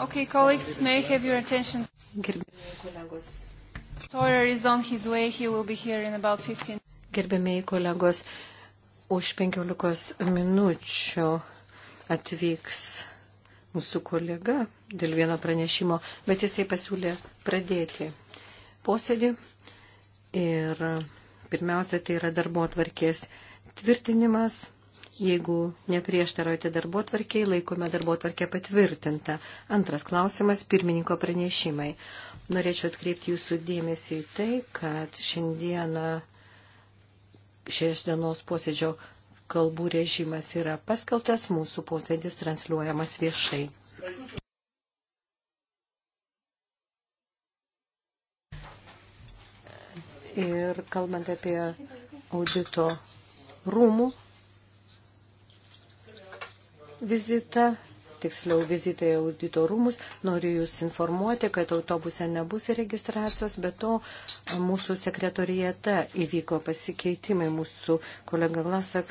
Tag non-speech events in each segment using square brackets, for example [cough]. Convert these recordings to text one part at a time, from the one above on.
Okay, colleagues, may I have your attention? Toyer is on his way. He will be here in about 15. Gerbėmiai kolegos, už 15 minučių atvyks mūsų kolega dėl vieno pranešimo, bet jisai pasiūlė pradėti posėdį. Ir pirmiausia, tai yra darbo atvarkės tvirtinimas. Jeigu neprieštarojate darbo tvarkiai, laikome darbo tvarkę patvirtintą. Antras klausimas - pirmininko pranešimai. Norėčiau atkreipti jūsų dėmesį į tai, kad šiandieną šios dienos posėdžio kalbų režimas yra paskeltas, mūsų posėdis transliuojamas viešai. Ir kalbant apie audito rūmų vizitą, tiksliau vizitą į auditorumus. Noriu Jūs informuoti, kad autobuse nebus registracijos, bet to mūsų sekretorijete įvyko pasikeitimai. Mūsų kolega Vlasak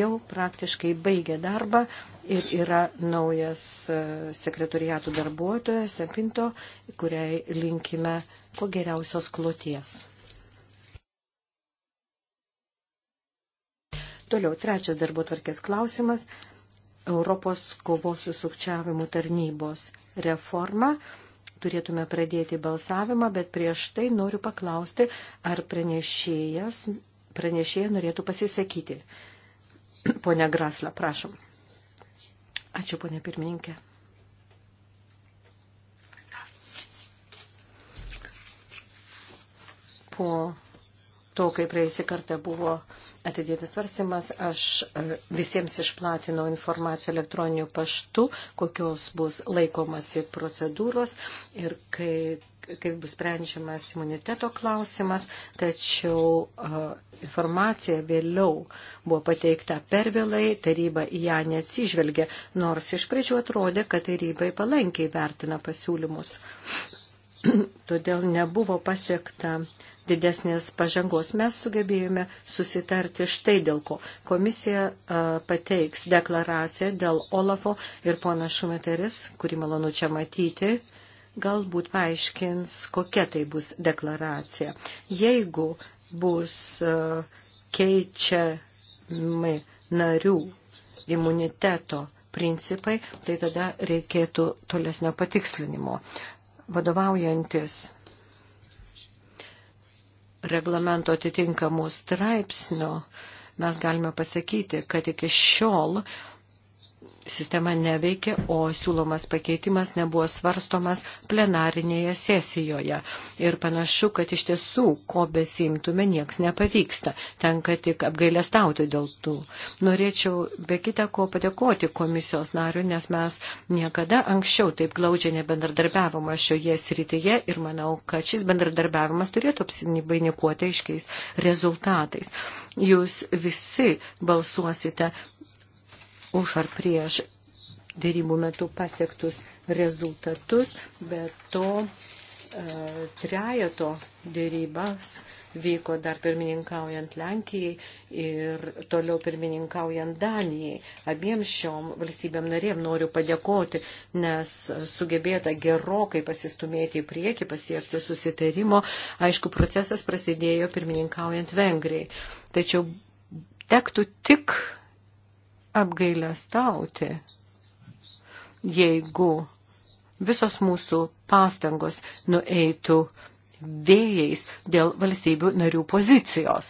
jau praktiškai baigė darbą ir yra naujas e, sekretoriatų darbuotojas, Sepinto, kuriai linkime kuo geriausios kloties. Toliau, trečias darbo tvarkės klausimas Europos kovos su sukčiavimu tarnybos reformą. Turėtume pradėti balsavimą, bet prieš tai noriu paklausti, ar pranešėjas, pranešėja norėtų pasisakyti. [clears throat] Pone Grasla, prašom. Ačiū, ponė pirmininkė. Po to, kai praėjusį kartą buvo atidėtas svarstymas, aš e, visiems išplatinau informaciją elektroniniu paštu, kokios bus laikomasi procedūros ir kaip kaip bus sprendžiamas imuniteto klausimas, tačiau uh, informacija vėliau buvo pateikta per vėlai, taryba į ją neatsižvelgė, nors iš pradžių atrodė, kad tarybai palankiai vertina pasiūlymus. [clears throat] Todėl nebuvo pasiekta uh, didesnės pažangos. Mes sugebėjome susitarti štai dėl ko. Komisija pateiks deklaraciją dėl Olafo ir pona Šumeteris, kurį malonu čia matyti, galbūt paaiškins, kokia tai bus deklaracija. Jeigu bus keičiami narių imuniteto principai, tai tada reikėtų tolesnio patikslinimo. Vadovaujantis reglamento atitinkamų straipsnių mes galime pasakyti, kad iki šiol uh, sistema neveikė, o siūlomas pakeitimas nebuvo svarstomas plenarinėje sesijoje. Ir panašu, kad iš tiesų, ko besimtume, nieks nepavyksta. Tenka tik apgailestauti dėl tų. Norėčiau be kita ko padėkoti komisijos nariu, nes mes niekada anksčiau taip glaudžiai nebendradarbiavome šioje srityje ir manau, kad šis bendradarbiavimas turėtų apsinibainikuoti aiškiais rezultatais. Jūs visi balsuosite už ar prieš dėrybų metu pasiektus rezultatus, bet to e, trejato dėrybas vyko dar pirmininkaujant Lenkijai ir toliau pirmininkaujant Danijai. Abiem šiom valstybėm narėm noriu padėkoti, nes sugebėta gerokai pasistumėti į priekį, pasiekti susitarimo. Aišku, procesas prasidėjo pirmininkaujant Vengrijai. Tačiau tektų tik apgailę stauti, jeigu visos mūsų pastangos nueitų vėjais dėl valstybių narių pozicijos.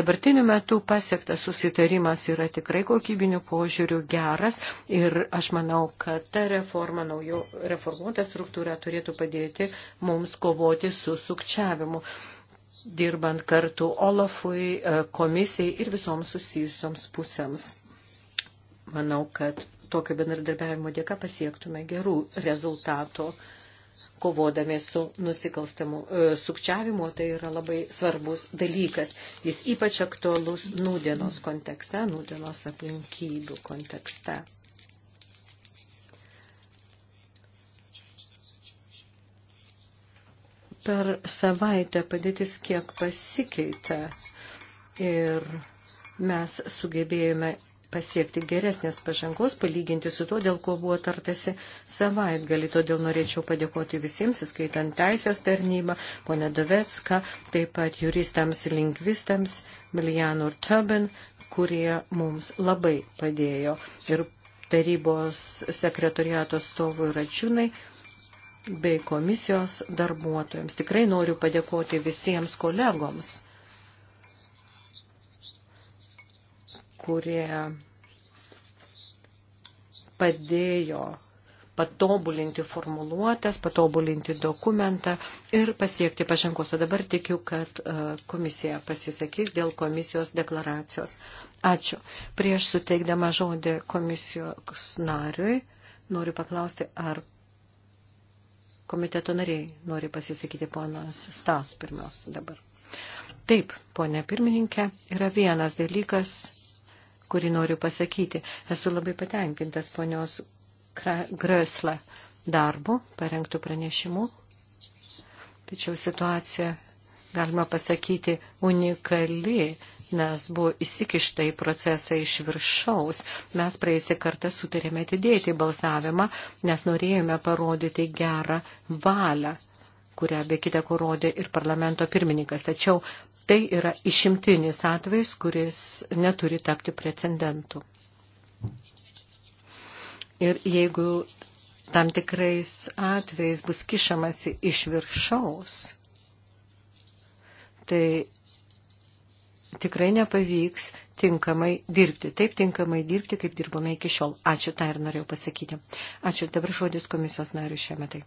Dabartiniu metu pasiektas susitarimas yra tikrai kokybinių požiūrių geras ir aš manau, kad ta reforma, naujo reformuota struktūra turėtų padėti mums kovoti su sukčiavimu, dirbant kartu Olafui, e, komisijai ir visoms susijusioms pusėms manau, kad tokio bendradarbiavimo dėka pasiektume gerų rezultatų kovodami su nusikalstamu e, sukčiavimu, tai yra labai svarbus dalykas. Jis ypač aktualus nūdienos kontekste, nūdienos aplinkybių kontekste. Per savaitę padėtis kiek pasikeitė ir mes sugebėjome pasiekti geresnės pažangos, palyginti su to, dėl ko buvo tartasi savaitgalį. Todėl norėčiau padėkoti visiems, įskaitant teisės tarnybą, ponę Dovetską, taip pat juristams, lingvistams, Milijanų ir Tobin, kurie mums labai padėjo. Ir tarybos sekretoriato stovų ir ačiūnai bei komisijos darbuotojams. Tikrai noriu padėkoti visiems kolegoms kurie padėjo patobulinti formuluotės, patobulinti dokumentą ir pasiekti pažangos. O dabar tikiu, kad e, komisija pasisakys dėl komisijos deklaracijos. Ačiū. Prieš suteikdama žodį komisijos nariui, noriu paklausti, ar komiteto nariai nori pasisakyti ponas Stas pirmiausia dabar. Taip, ponė pirmininkė, yra vienas dalykas, kurį noriu pasakyti. Esu labai patenkintas ponios Grösla darbu, parengtų pranešimų. Tačiau situacija, galima pasakyti, unikali, nes buvo įsikišta į procesą iš viršaus. Mes praėjusią kartą sutarėme atidėti balsavimą, nes norėjome parodyti gerą valią kurią be kita ko rodė ir parlamento pirmininkas. Tačiau Tai yra išimtinis atvejs, kuris neturi tapti precedentų. Ir jeigu tam tikrais atvejais bus kišamasi iš viršaus, tai tikrai nepavyks tinkamai dirbti. Taip tinkamai dirbti, kaip dirbome iki šiol. Ačiū, tą ir norėjau pasakyti. Ačiū, dabar žodis komisijos nariu šiame tai.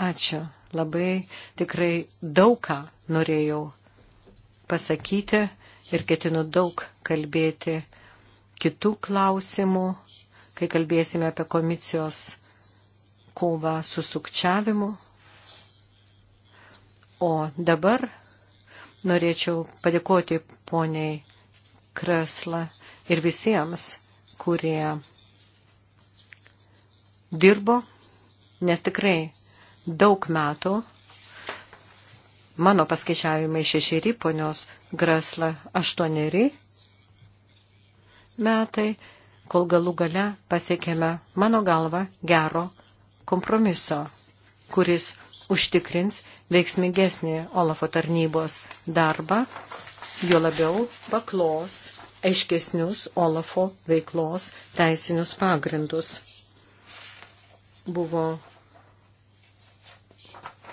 Ačiū. Labai tikrai daug ką norėjau pasakyti ir ketinu daug kalbėti kitų klausimų, kai kalbėsime apie komisijos kovą su sukčiavimu. O dabar norėčiau padėkoti poniai Kresla ir visiems, kurie dirbo, nes tikrai daug metų, mano paskaičiavimai šešeri, ponios Grasla aštuoneri metai, kol galų gale pasiekėme mano galva gero kompromiso, kuris užtikrins veiksmingesnį Olafo tarnybos darbą, jo labiau paklos aiškesnius Olafo veiklos teisinius pagrindus. Buvo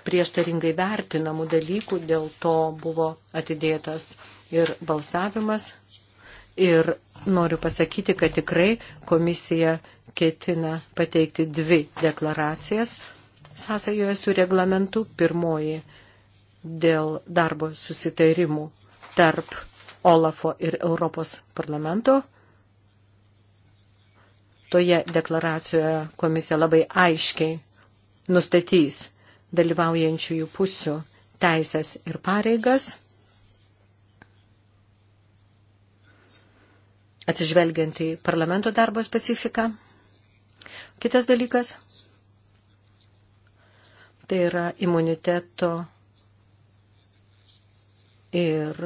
prieštaringai vertinamų dalykų, dėl to buvo atidėtas ir balsavimas. Ir noriu pasakyti, kad tikrai komisija ketina pateikti dvi deklaracijas sąsajoje su reglamentu. Pirmoji dėl darbo susitarimų tarp Olafo ir Europos parlamento. Toje deklaracijoje komisija labai aiškiai nustatys dalyvaujančiųjų pusių teisės ir pareigas, atsižvelgiant į parlamento darbo specifiką. Kitas dalykas – tai yra imuniteto ir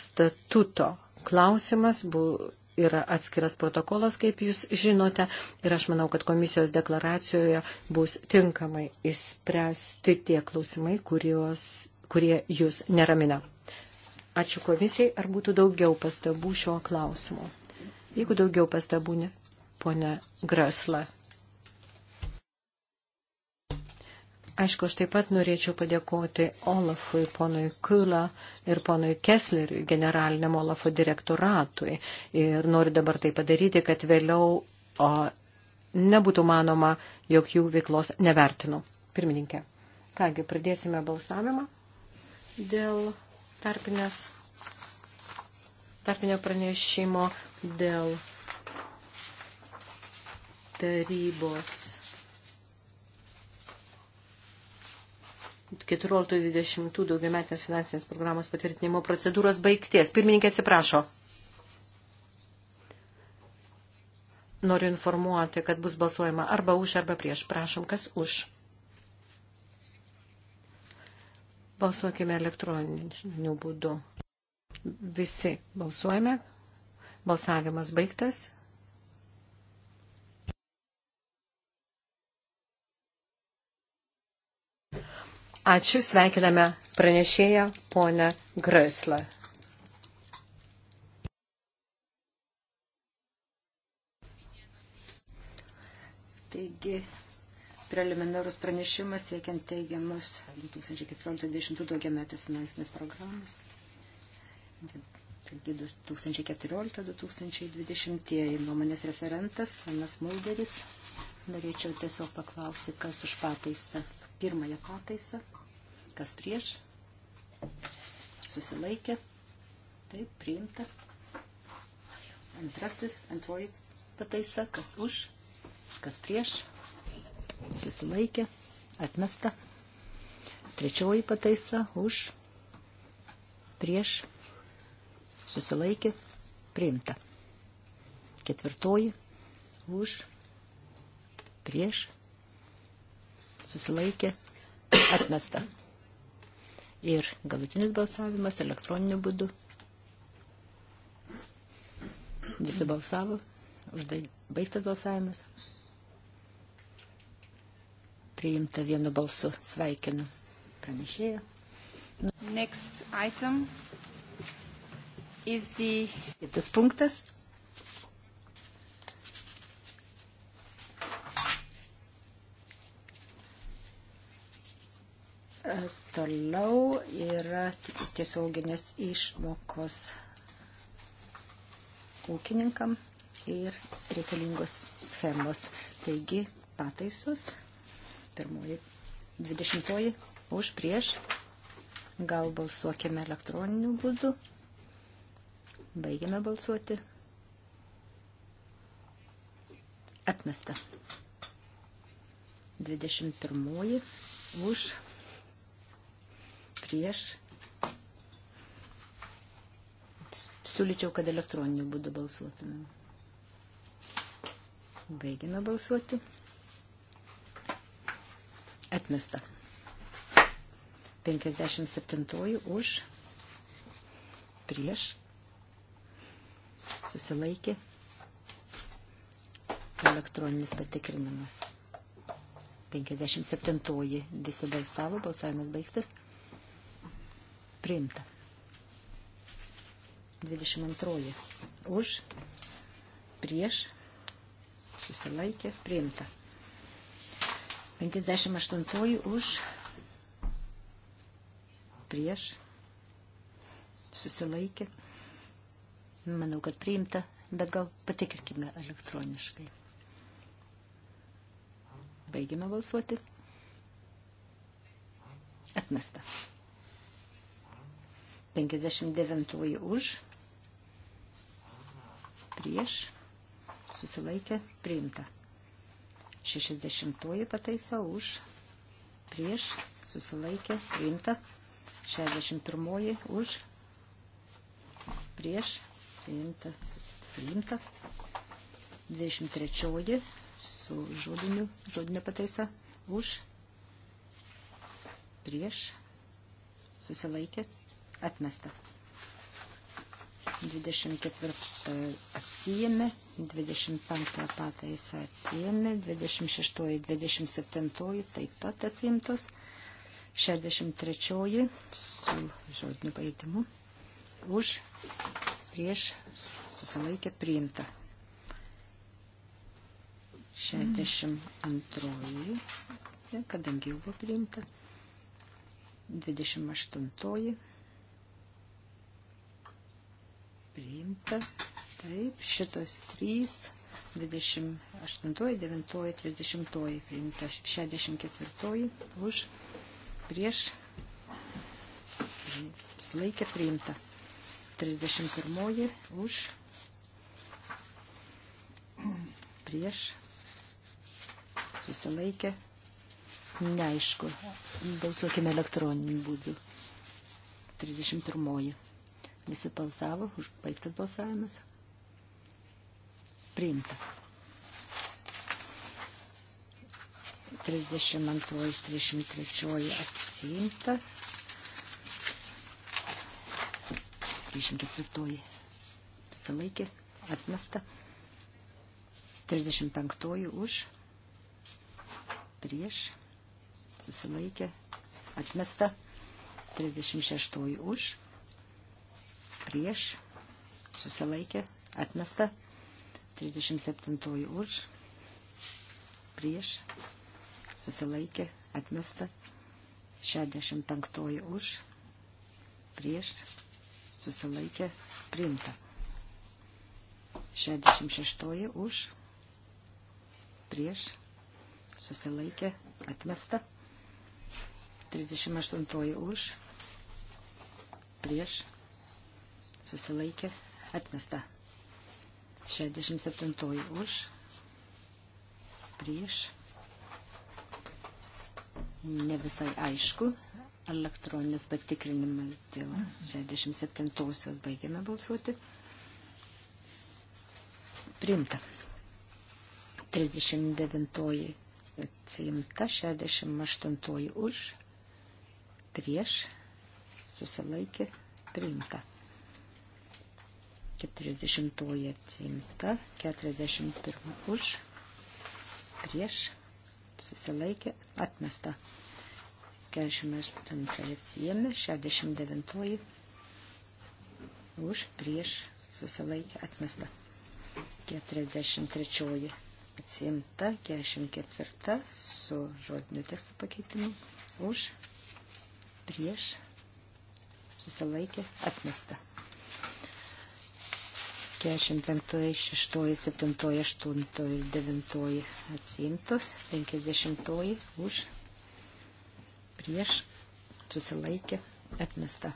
statuto klausimas bu, yra atskiras protokolas, kaip jūs žinote, ir aš manau, kad komisijos deklaracijoje bus tinkamai išspręsti tie klausimai, kurios, kurie jūs neramina. Ačiū komisijai, ar būtų daugiau pastabų šio klausimu? Jeigu daugiau pastabų, ne, ponė Grasla. Aišku, aš taip pat norėčiau padėkoti Olafui, ponui Kula ir ponui Kessleriui, generaliniam Olafo direktoratui. Ir noriu dabar tai padaryti, kad vėliau o, nebūtų manoma, jog jų veiklos nevertinu. Pirmininkė. Kągi, pradėsime balsavimą dėl tarpinės, tarpinio pranešimo dėl tarybos 14-20 daugiametės finansinės programos patvirtinimo procedūros baigties. Pirmininkė atsiprašo. Noriu informuoti, kad bus balsuojama arba už, arba prieš. Prašom, kas už. Balsuokime elektroniniu būdu. Visi balsuojame. Balsavimas baigtas. Ačiū, sveikiname pranešėją ponę Gröslą. Taigi, preliminarus pranešimas siekiant teigiamus 2014-2020 daugiametės finansinės programos. Taigi 2014-2020 nuomonės referentas, panas Mulderis. Norėčiau tiesiog paklausti, kas už pataisą. Pirmąją pataisą. Kas prieš? Susilaikė. Taip, priimta. Antrasis, antroji pataisa. Kas už? Kas prieš? Susilaikė. Atmesta. Trečioji pataisa. Už. Prieš. Susilaikė. Priimta. Ketvirtoji. Už. Prieš susilaikė, atmesta. Ir galutinis balsavimas elektroniniu būdu. Visi balsavo, uždai baigtas balsavimas. Priimta vienu balsu, sveikinu pranešėją. Next item is the... Kitas punktas Toliau yra tiesioginės išmokos ūkininkam ir reikalingos schemos. Taigi pataisos, pirmoji, dvidešimtoji, už prieš, gal balsuokime elektroniniu būdu, baigiame balsuoti, atmesta. Dvidešimt pirmoji, už prieš prieš. Siūlyčiau, kad elektroniniu būdu balsuotumėm. Baigime balsuoti. Atmesta. 57 už. Prieš. Susilaikė. Elektroninis patikrinimas. 57. Visi balsavo, balsavimas baigtas priimta. 22. Už, prieš, susilaikė, priimta. 58. Už, prieš, susilaikė. Manau, kad priimta, bet gal patikrinkime elektroniškai. Baigime balsuoti. Atmesta. 59 už, prieš, susilaikė, priimta. 60 pataisa už, prieš, susilaikė, priimta. 61 už, prieš, priimta, priimta. 23 su žodiniu, žodinė pataisa už, prieš, susilaikė, priimta Atmesta. 24 atsijėmė, 25 pataisa atsijėmė, 26, 27 taip pat atsijimtos, 63 su žodiniu paėdimu už, prieš, susilaikė priimta. 62, kadangi jau buvo priimta, 28 priimta. Taip, šitos trys, 28, 9, 30 priimta, 64 už, prieš, sulaikė priimta, 31 už, prieš, susilaikė, neaišku, balsuokime elektroniniu būdu, 31. Visi balsavo, užbaigtas balsavimas. Priimta. 32-33 atsiimta. 34 susilaikė, atmesta. 35 už, prieš, susilaikė, atmesta. 36 už, prieš, susilaikė, atmesta, 37 už, prieš, susilaikė, atmesta, 65 už, prieš, susilaikė, priimta, 66 už, prieš, susilaikė, atmesta, 38 už, prieš, susilaikė, atmesta. 67 už, prieš, ne visai aišku, elektroninis patikrinimas dėl 67-osios baigėme balsuoti. Primta. 39 atsiimta, 68 už, prieš, susilaikė, priimta. 40 atsimta, 41 už, prieš, susilaikė, atmesta. 48 atsijėmė, 69 už, prieš, susilaikė, atmesta. 43 atsimta, 44 su žodiniu tekstu pakeitimu, už, prieš, susilaikė, atmesta. 45, 6, 7, 8 ir 9 atsimtos, 50 už, prieš, susilaikė, atmesta,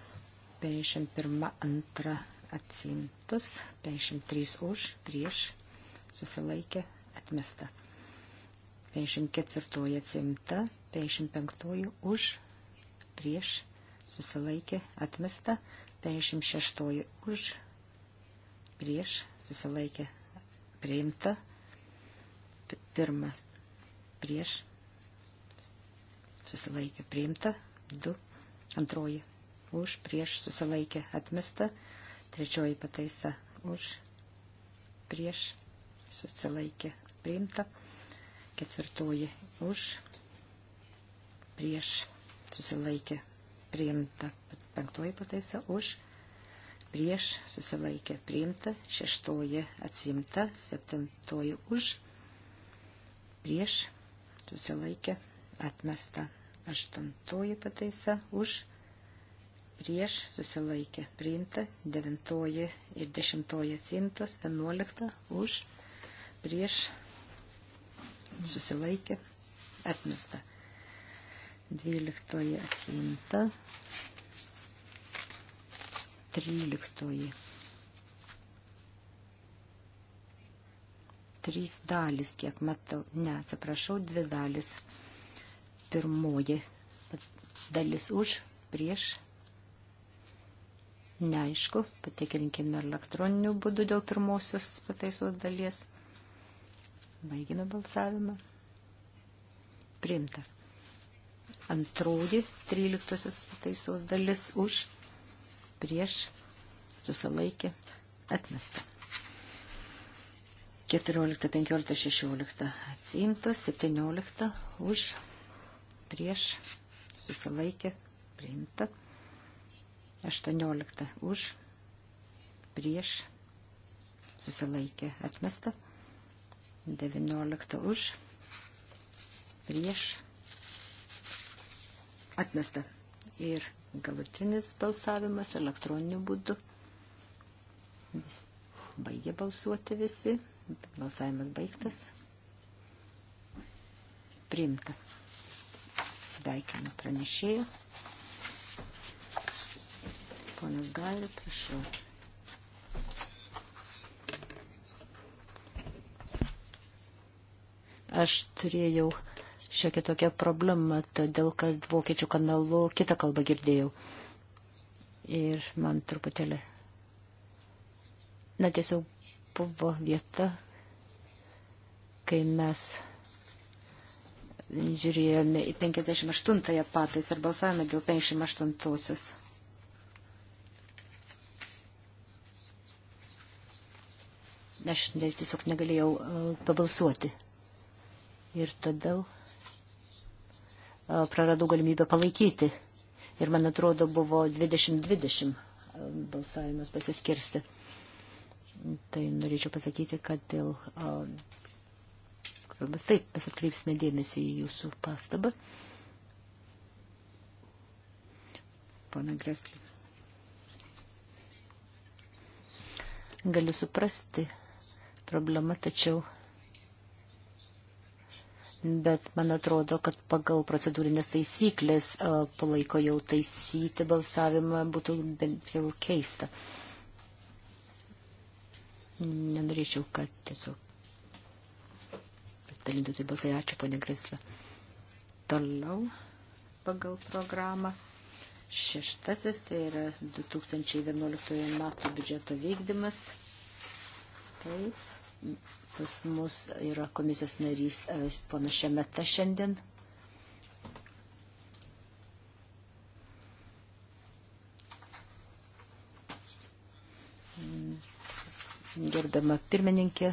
51, 2 atsimtos, 53 už, prieš, susilaikė, atmesta, 54 atsimta, 55 už, prieš, susilaikė, atmesta, 56 už, prieš, susilaikė, priimta, pirmas, prieš, susilaikė, priimta, du, antroji, už, prieš, susilaikė, atmesta, trečioji pataisa, už, prieš, susilaikė, priimta, ketvirtoji, už, prieš, susilaikė, priimta, penktoji pataisa, už, prieš, susilaikė priimta, šeštoji atsimta, septintoji už, prieš, susilaikė atmesta, aštuntoji pataisa už, prieš, susilaikė priimta, devintoji ir dešimtoji atsimtos, vienuolikta už, prieš, susilaikė atmesta, dvyliktoji atsimta, 13. Trys dalis, kiek matau, ne, atsiprašau, dvi dalis. Pirmoji dalis už, prieš, neaišku, patikrinkime elektroniniu būdu dėl pirmosios pataisos dalies. Baigime balsavimą. Priimta. Antroji, 13 pataisos dalis už, prieš, susilaikė, atmesta. 14, 15, 16 atsiimta, 17 už, prieš, susilaikė, priimta, 18 už, prieš, susilaikė, atmesta, 19 už, prieš, atmesta. Ir galutinis balsavimas elektroniniu būdu. Vis baigė balsuoti visi. Balsavimas baigtas. Priimta. Sveikinu pranešėją. Ponas Gairė, prašau. Aš turėjau šiokia tokia problema, todėl kad vokiečių kanalu kitą kalbą girdėjau. Ir man truputėlį. Na, tiesiog buvo vieta, kai mes žiūrėjome į 58 patais ir balsavome dėl 58. -osios. Aš tiesiog negalėjau e, pabalsuoti. Ir todėl E, praradau galimybę palaikyti. Ir man atrodo, buvo 20-20 e, balsavimas pasiskirsti. Tai norėčiau pasakyti, kad dėl e, kalbas taip, mes atkreipsime dėmesį į jūsų pastabą. Pana Greslį. Galiu suprasti problemą, tačiau bet man atrodo, kad pagal procedūrinės taisyklės e, palaiko jau taisyti balsavimą būtų bent jau keista. Nenorėčiau, kad tiesiog pasidalintų tai balsai. Ačiū, ponė Grislė. Toliau pagal programą. Šeštasis tai yra 2011 metų biudžeto vykdymas. Taip Pas mus yra komisijos narys e, panašia meta šiandien. Mm, gerbiama pirmininkė,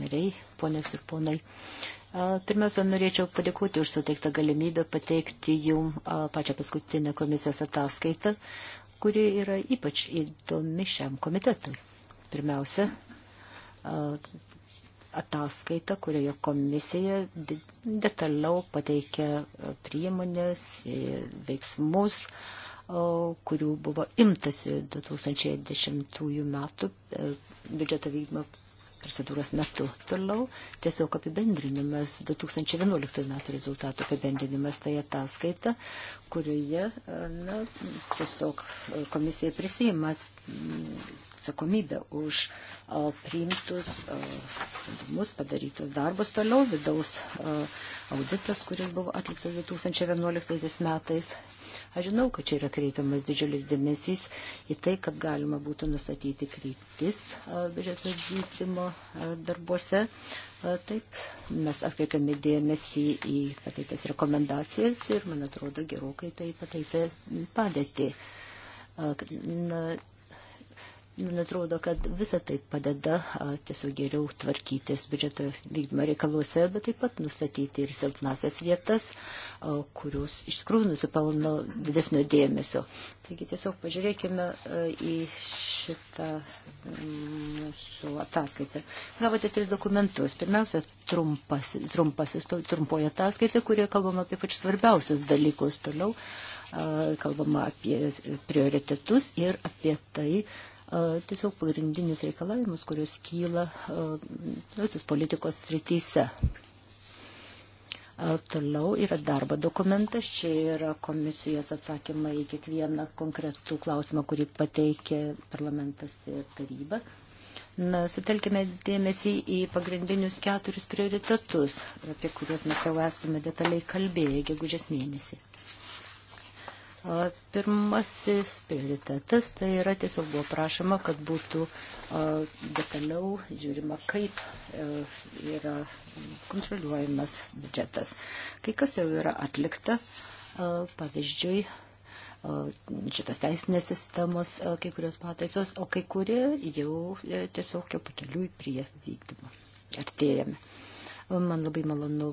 nariai, ponios ir ponai. E, pirmiausia, norėčiau padėkoti už suteiktą galimybę pateikti jum e, pačią paskutinę komisijos ataskaitą, kuri yra ypač įdomi šiam komitetui. Pirmiausia, ataskaita, kurioje komisija detaliau pateikia e, priemonės ir e, veiksmus, kurių buvo imtasi 2010 metų e, biudžeto vykdymo procedūros metu. Toliau tiesiog apibendrinimas 2011 metų rezultatų apibendrinimas tai ataskaita, kurioje na, tiesiog komisija prisima atsakomybę už priimtus sprendimus, padarytus darbus toliau, vidaus auditas, kuris buvo atliktas 2011 metais. Aš žinau, kad čia yra kreipiamas didžiulis dėmesys į tai, kad galima būtų nustatyti kryptis biudžeto vykdymo darbuose. Taip, mes atkreipiame dėmesį į pateiktas rekomendacijas ir, man atrodo, gerokai tai pataisė padėti. Na, Man atrodo, kad visa tai padeda a, tiesiog geriau tvarkytis biudžeto vykdymo reikaluose, bet taip pat nustatyti ir silpnasias vietas, a, kurios iš tikrųjų nusipelno didesnio dėmesio. Taigi tiesiog pažiūrėkime a, į šitą mm, mūsų ataskaitą. Gavote tris dokumentus. Pirmiausia, trumpas, trumpasis, trumpoji ataskaita, kurioje kalbama apie pačius svarbiausius dalykus. Toliau kalbama apie prioritetus ir apie tai, tiesiog pagrindinius reikalavimus, kurios kyla visos politikos srityse. Toliau yra darbo dokumentas, čia yra komisijos atsakymai į kiekvieną konkretų klausimą, kurį pateikė parlamentas ir taryba. Na, sutelkime dėmesį į pagrindinius keturis prioritetus, apie kuriuos mes jau esame detaliai kalbėję gegužės mėnesį. Pirmasis prioritetas tai yra tiesiog buvo prašoma, kad būtų detaliau žiūrima, kaip e, yra kontroliuojamas biudžetas. Kai kas jau yra atlikta, pavyzdžiui, šitos teisinės sistemos kai kurios pataisos, o kai kurie jau e, tiesiog jau pakeliui prie vykdymo. Artėjame. Man labai malonu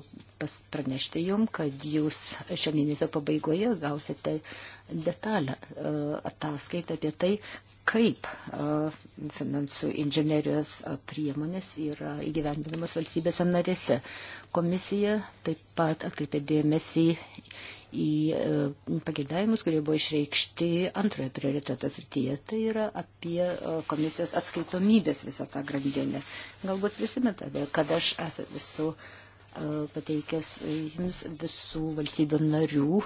pranešti jum, kad jūs šio mėnesio pabaigoje gausite detalę e, ataskaitą apie tai, kaip e, finansų inžinerijos priemonės yra įgyvendinamas valstybėse narėse. Komisija taip pat atkreipė dėmesį į e, pagėdavimus, kurie buvo išreikšti antroje prioriteto srityje. Tai yra apie e, komisijos atskaitomybės visą tą grandinę. Galbūt prisimetate, kad aš esu visų e, pateikęs jums visų valstybių narių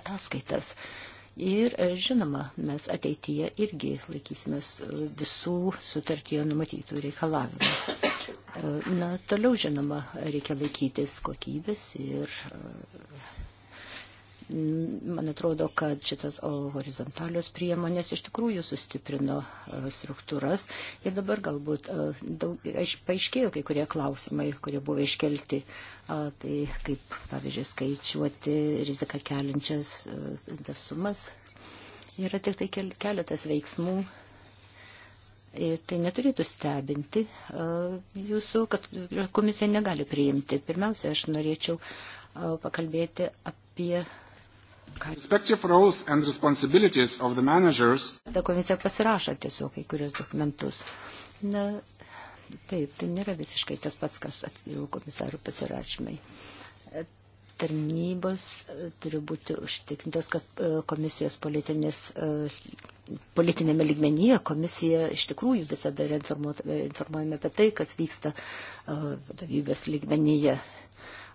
ataskaitas. Uh, Ir e, žinoma, mes ateityje irgi laikysimės e, visų sutartyje numatytų reikalavimų. E, na, toliau žinoma, reikia laikytis kokybės ir Man atrodo, kad šitas horizontalios priemonės iš tikrųjų sustiprino e, struktūras ir dabar galbūt e, daug, aš, paaiškėjo kai kurie klausimai, kurie buvo iškelti. Tai kaip, pavyzdžiui, skaičiuoti riziką keliančias e, tas sumas. Yra tik tai keletas veiksmų, Ir tai neturėtų stebinti jūsų, kad komisija negali priimti. Pirmiausia, aš norėčiau pakalbėti apie Ta komisija pasirašo tiesiog kai kurios dokumentus. Na, taip, tai nėra visiškai tas pats, kas atvirų komisarų pasirašymai. Tarnybos e, turi būti užtikrintos, kad e, komisijos politinės e, politinėme lygmenyje komisija iš tikrųjų visada yra informuojama apie tai, kas vyksta vadovybės lygmenyje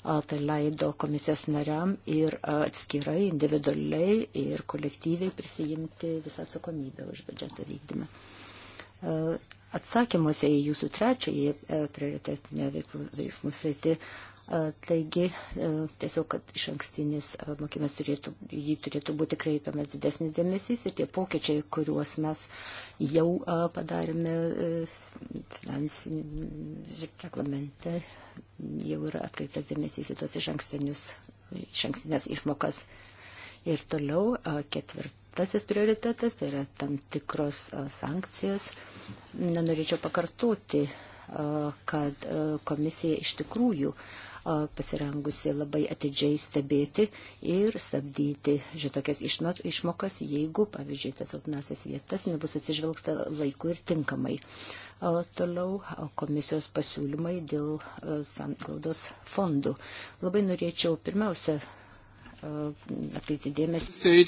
tai leido komisijos nariam ir atskirai, individualiai ir kolektyviai prisijimti visą atsakomybę už biudžeto vykdymą. Atsakymuose į jūsų trečiąjį e, prioritetinę veiksmų sritį E, taigi, e, tiesiog, kad iš ankstinis e, mokymas turėtų, jį turėtų būti kreipiamas didesnis dėmesys ir tie pokyčiai, kuriuos mes jau padarėme finansinį reglamentą, jau yra atkreiptas dėmesys į tos iš ankstinius, iš ankstinės išmokas. Ir toliau ketvirtasis prioritetas, tai yra tam tikros sankcijos. Nenorėčiau pakartoti kad komisija iš tikrųjų pasirengusi labai atidžiai stebėti ir stabdyti šitokias išmokas, jeigu, pavyzdžiui, tas silpnasias vietas nebus atsižvelgta laiku ir tinkamai. Toliau komisijos pasiūlymai dėl sanglaudos fondų. Labai norėčiau pirmiausia atkreipti dėmesį.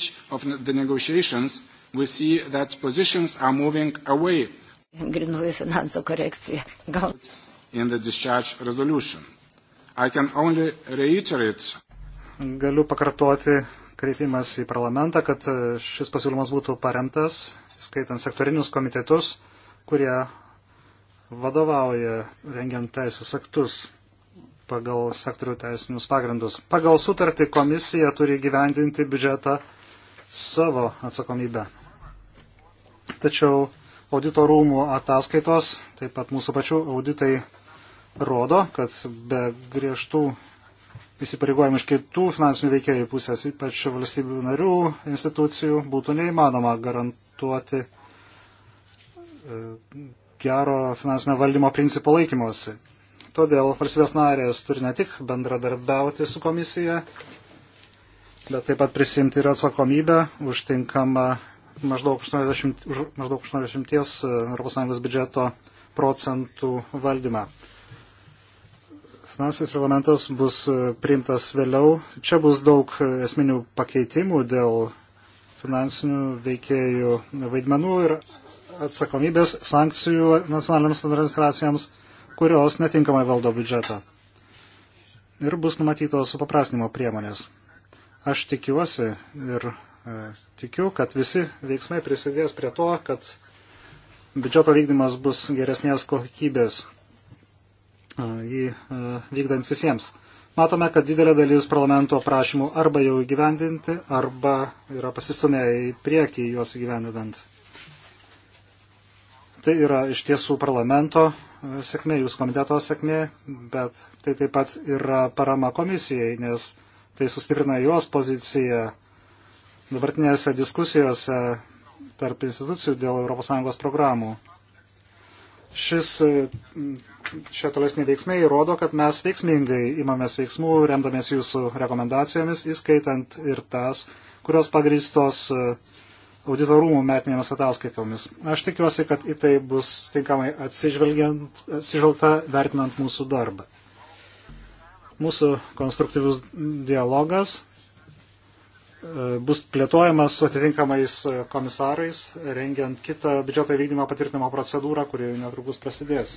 Grinuoju finansų korekciją. Gal. Galiu pakartoti kreipimas į parlamentą, kad e, šis pasiūlymas būtų paremtas, skaitant sektorinius komitetus, kurie vadovauja rengiant teisės aktus pagal sektorių teisinius pagrindus. Pagal sutartį komisija turi gyvendinti biudžetą savo atsakomybę. Tačiau audito rūmų ataskaitos, taip pat mūsų pačių auditai rodo, kad be griežtų įsipareigojimų iš kitų finansinių veikėjų pusės, ypač valstybių narių institucijų, būtų neįmanoma garantuoti e, gero finansinio valdymo principo laikymosi. Todėl valstybės narės turi ne tik bendradarbiauti su komisija, bet taip pat prisimti ir atsakomybę už tinkamą maždaug 80, maždaug 80 ES e, biudžeto procentų valdymą. Finansinis reglamentas bus e, priimtas vėliau. Čia bus daug e, esminių pakeitimų dėl finansinių veikėjų vaidmenų ir atsakomybės sankcijų nacionaliniams administracijoms, kurios netinkamai valdo biudžetą. Ir bus numatytos supaprasnimo priemonės. Aš tikiuosi ir e, tikiu, kad visi veiksmai prisidės prie to, kad biudžeto vykdymas bus geresnės kokybės veiksmą jį vykdant visiems. Matome, kad didelė dalis parlamento prašymų arba jau įgyvendinti, arba yra pasistumę į priekį juos įgyvendinant. Tai yra iš tiesų parlamento sėkmė, jūs komiteto sėkmė, bet tai taip pat yra parama komisijai, nes tai sustiprina jos poziciją dabartinėse diskusijose tarp institucijų dėl ES programų. Šis, mm, šie tolesniai veiksmai įrodo, kad mes veiksmingai imamės veiksmų, remdamės jūsų rekomendacijomis, įskaitant ir tas, kurios pagrįstos e, auditorumų metinėmis ataskaitomis. Aš tikiuosi, kad į tai bus tinkamai atsižvelgta vertinant mūsų darbą. Mūsų konstruktyvus dialogas bus plėtojamas su atitinkamais komisarais, rengiant kitą biudžeto vykdymo patvirtinimo procedūrą, kuri netrukus prasidės.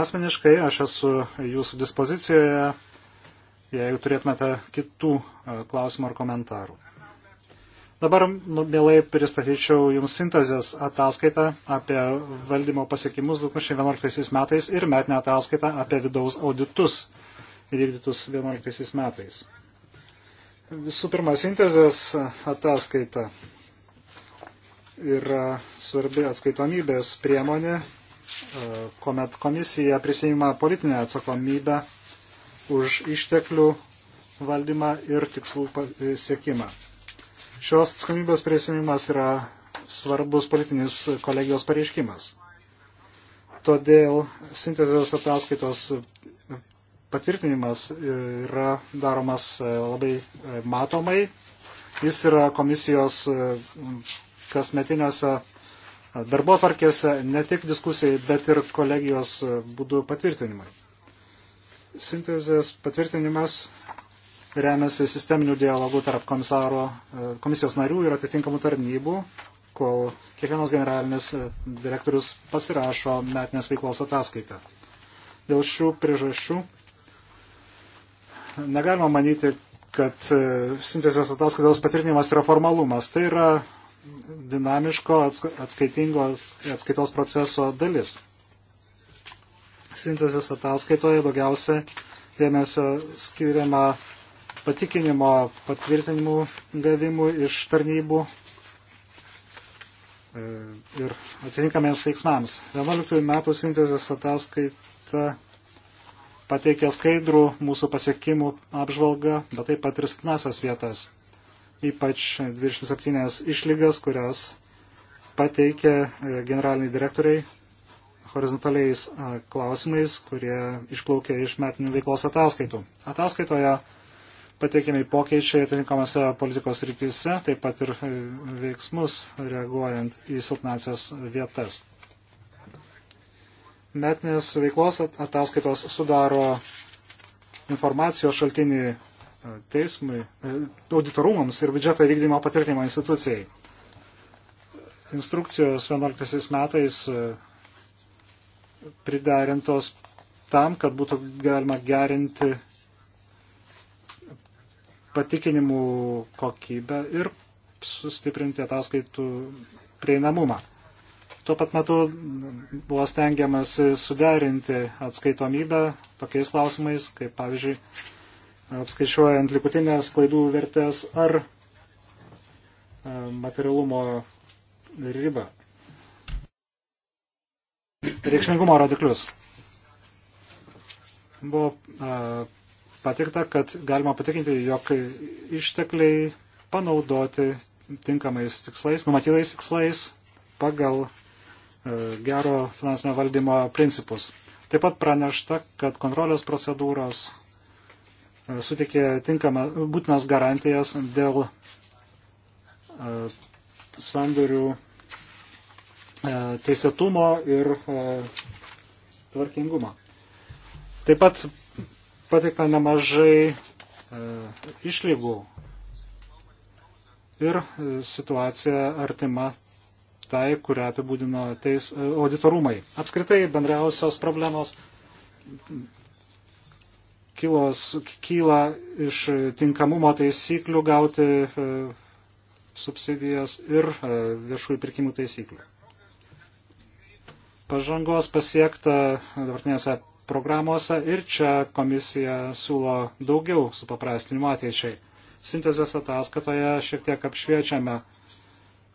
Asmeniškai aš esu jūsų dispozicijoje, jeigu turėtumėte kitų e, klausimų ar komentarų. Dabar nu, mielai pristatyčiau Jums sintezės ataskaitą apie valdymo pasiekimus 2011 metais ir metinę ataskaitą apie vidaus auditus įvykdytus 2011 metais. Visų pirma, sintezės ataskaita yra svarbi atskaitomybės priemonė, e, kuomet komisija prisima politinę atsakomybę už išteklių valdymą ir tikslų e, siekimą. Šios atsakomybės prisimimas yra svarbus politinis kolegijos pareiškimas. Todėl sintezės ataskaitos patvirtinimas e, yra daromas e, labai e, matomai. Jis yra komisijos kasmetiniuose darbo tvarkėse ne tik diskusijai, bet ir kolegijos būdų patvirtinimai. Sintezės patvirtinimas remiasi sisteminių dialogų tarp komisaro, komisijos narių ir atitinkamų tarnybų, kol kiekvienas generalinis direktorius pasirašo metinės veiklos ataskaitą. Dėl šių priežasčių negalima manyti, kad e, sintezės ataskaitos patvirtinimas yra formalumas. Tai yra dinamiško atskaitingos atskaitos proceso dalis. Sintezės ataskaitoje daugiausia dėmesio skiriama patikinimo patvirtinimų gavimų iš tarnybų e, ir atitinkamiems veiksmams. 11 metų sintezės ataskaita pateikė skaidrų mūsų pasiekimų apžvalgą, bet taip pat ir silpnasias vietas, ypač 27 išlygas, kurias pateikė e, generaliniai direktoriai horizontaliais e, klausimais, kurie išplaukė iš metinių veiklos ataskaitų. Ataskaitoje pateikiami pokyčiai atitinkamose politikos rytise, taip pat ir e, veiksmus reaguojant į silpnasias vietas. Metinės veiklos ataskaitos sudaro informacijos šaltinį e, teismui, e, auditorumams ir biudžeto įvykdymo patvirtinimo institucijai. Instrukcijos 11 metais e, pridarintos tam, kad būtų galima gerinti patikinimų kokybę ir sustiprinti ataskaitų prieinamumą. Tuo pat metu buvo stengiamas suderinti atskaitomybę tokiais klausimais, kaip pavyzdžiui, apskaičiuojant likutinės klaidų vertės ar e, materialumo ribą. Reikšmingumo rodiklius. Buvo a, e, patikta, kad galima patikinti, jog ištekliai panaudoti tinkamais tikslais, numatytais tikslais pagal gero finansinio valdymo principus. Taip pat pranešta, kad kontrolės procedūros e, sutikė tinkamą būtinas garantijas dėl e, sandorių e, teisėtumo ir tvarkingumo. Taip pat pateikta nemažai išlygų ir situacija artima tai, kurią apibūdino teis, auditorumai. Apskritai bendriausios problemos kilos, kyla iš tinkamumo taisyklių gauti e, subsidijas ir e, viešųjų pirkimų taisyklių. Pažangos pasiekta dabartinėse programuose ir čia komisija siūlo daugiau supaprastinimo ateičiai. Sintezės ataskatoje šiek tiek apšviečiame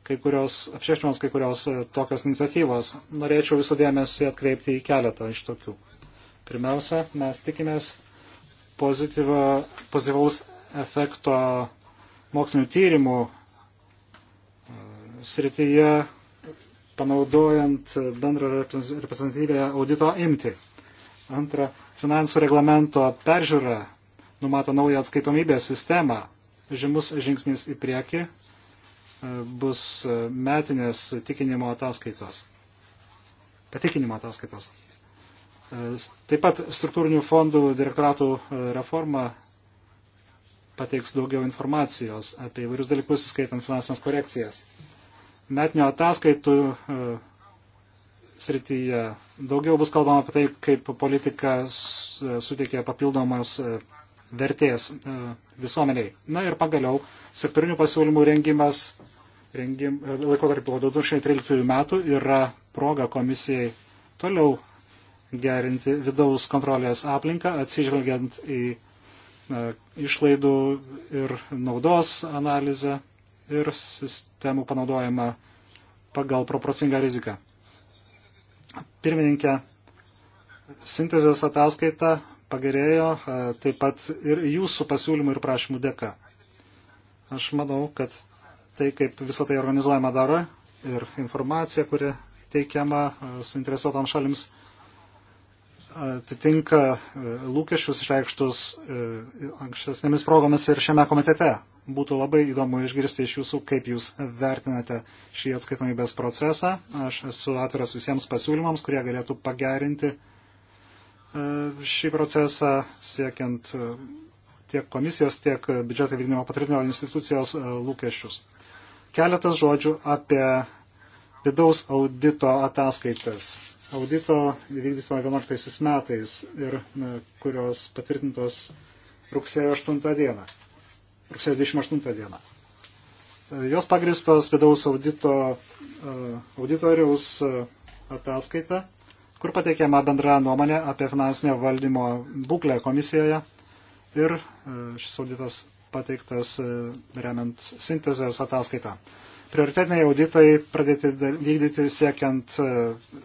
kai kurios, apšešinimas kai kurios e, tokios iniciatyvos. Norėčiau visų dėmesį atkreipti į keletą iš tokių. Pirmiausia, mes tikimės pozityvaus efekto mokslinių tyrimų e, srityje, panaudojant bendrą reprezentatyvę audito imti. Antra, finansų reglamento peržiūra numato naują atskaitomybės sistemą, žymus žingsnis į priekį, bus metinės tikinimo ataskaitos. Patikinimo ataskaitos. Taip pat struktūrinių fondų direktoratų reforma pateiks daugiau informacijos apie įvairius dalykus, skaitant finansinės korekcijas. Metinio ataskaitų e, srityje daugiau bus kalbama apie tai, kaip politika suteikia papildomos e, vertės e, visuomeniai. Na ir pagaliau sektorinių pasiūlymų rengimas laikotarpį po 2013 metų yra proga komisijai toliau gerinti vidaus kontrolės aplinką, atsižvelgiant į išlaidų ir naudos analizę ir sistemų panaudojimą pagal proporcingą riziką. Pirmininkė, sintezės ataskaita pagerėjo e, taip pat ir jūsų pasiūlymų ir prašymų dėka. Aš manau, kad tai, kaip visą tai organizuojama daro ir informacija, kuri teikiama e, suinteresuotam šalims, atitinka e, lūkesčius išreikštus e, ankstesnėmis progomis ir šiame komitete. Būtų labai įdomu išgirsti iš jūsų, kaip jūs vertinate šį atskaitomybės procesą. Aš esu atviras visiems pasiūlymams, kurie galėtų pagerinti šį procesą, siekiant tiek komisijos, tiek biudžeto vykdymo patvirtinimo institucijos lūkesčius. Keletas žodžių apie vidaus audito ataskaitas. Audito įvykdyto 11 metais ir kurios patvirtintos rugsėjo 8 dieną. Rugsėjo 28 dieną. Jos pagristos vidaus audito, auditoriaus ataskaita, kur pateikiama bendra nuomonė apie finansinę valdymo būklę komisijoje ir šis auditas pateiktas e, remiant sintezės ataskaitą. Prioritetiniai auditai pradėti vykdyti siekiant e,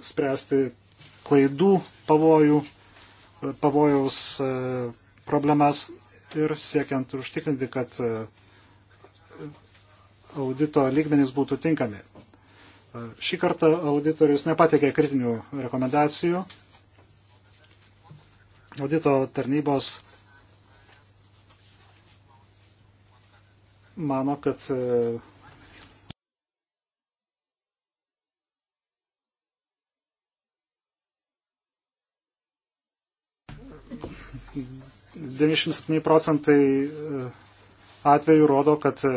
spręsti klaidų pavojų, e, pavojaus problemas ir siekiant užtikrinti, kad audito lygmenys būtų tinkami. Šį kartą auditorius nepateikė kritinių rekomendacijų. Audito tarnybos mano, kad e, Devišim septyni procentai e, atvejų rodo, kad e,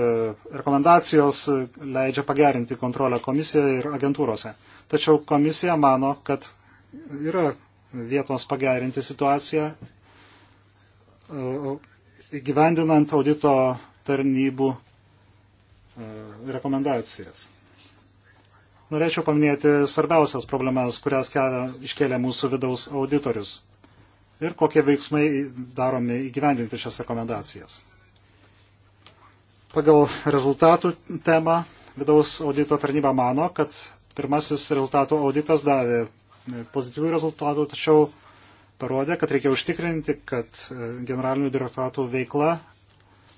rekomendacijos leidžia pagerinti kontrolę komisijoje ir agentūrose. Tačiau komisija mano, kad yra vietos pagerinti situaciją įgyvendinant audito tarnybų e, rekomendacijas. Norėčiau paminėti svarbiausias problemas, kurias kelia, iškėlė mūsų vidaus auditorius ir kokie veiksmai daromi įgyvendinti šias rekomendacijas. Pagal rezultatų temą vidaus audito tarnyba mano, kad pirmasis rezultatų auditas davė e, pozityvių rezultatų, tačiau parodė, kad reikia užtikrinti, kad e, generalinių direktoratų veikla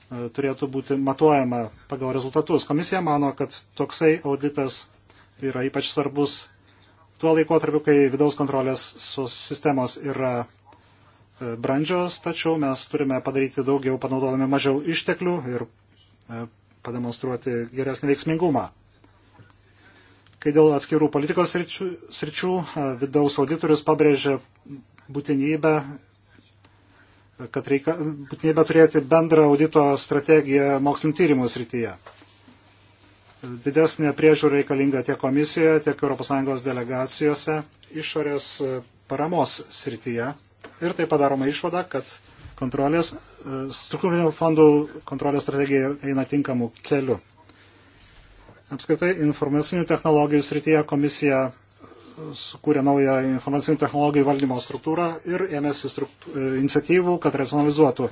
E, turėtų būti matuojama pagal rezultatus. Komisija mano, kad toksai auditas yra ypač svarbus tuo laikotarpiu, kai vidaus kontrolės sistemos yra e, brandžios, tačiau mes turime padaryti daugiau panaudodami mažiau išteklių ir e, pademonstruoti geresnį veiksmingumą. Kai dėl atskirų politikos sričių, sričių vidaus auditorius pabrėžia būtinybę kad reikia būtinybę turėti bendrą audito strategiją mokslinio tyrimų srityje. Didesnė priežiūra reikalinga tiek komisijoje, tiek ES delegacijose išorės e, paramos srityje. Ir tai padaroma išvada, kad kontrolės, e, struktūrinių fondų kontrolės strategija eina tinkamų kelių. Apskritai, informacinių technologijų srityje komisija sukūrė naują informacinių technologijų valdymo struktūrą ir ėmėsi struktū... E, iniciatyvų, kad racionalizuotų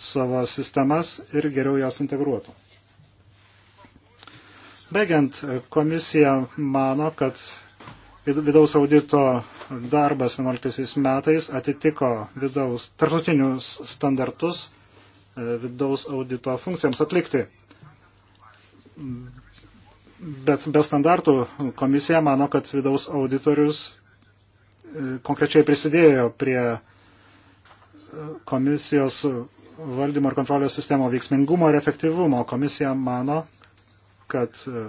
savo sistemas ir geriau jas integruotų. Baigiant, komisija mano, kad vidaus audito darbas 11 metais atitiko vidaus tarptautinius standartus e, vidaus audito funkcijams atlikti Bet be standartų komisija mano, kad vidaus auditorius e, konkrečiai prisidėjo prie e, komisijos valdymo ir kontrolės sistemo veiksmingumo ir efektyvumo. Komisija mano, kad e,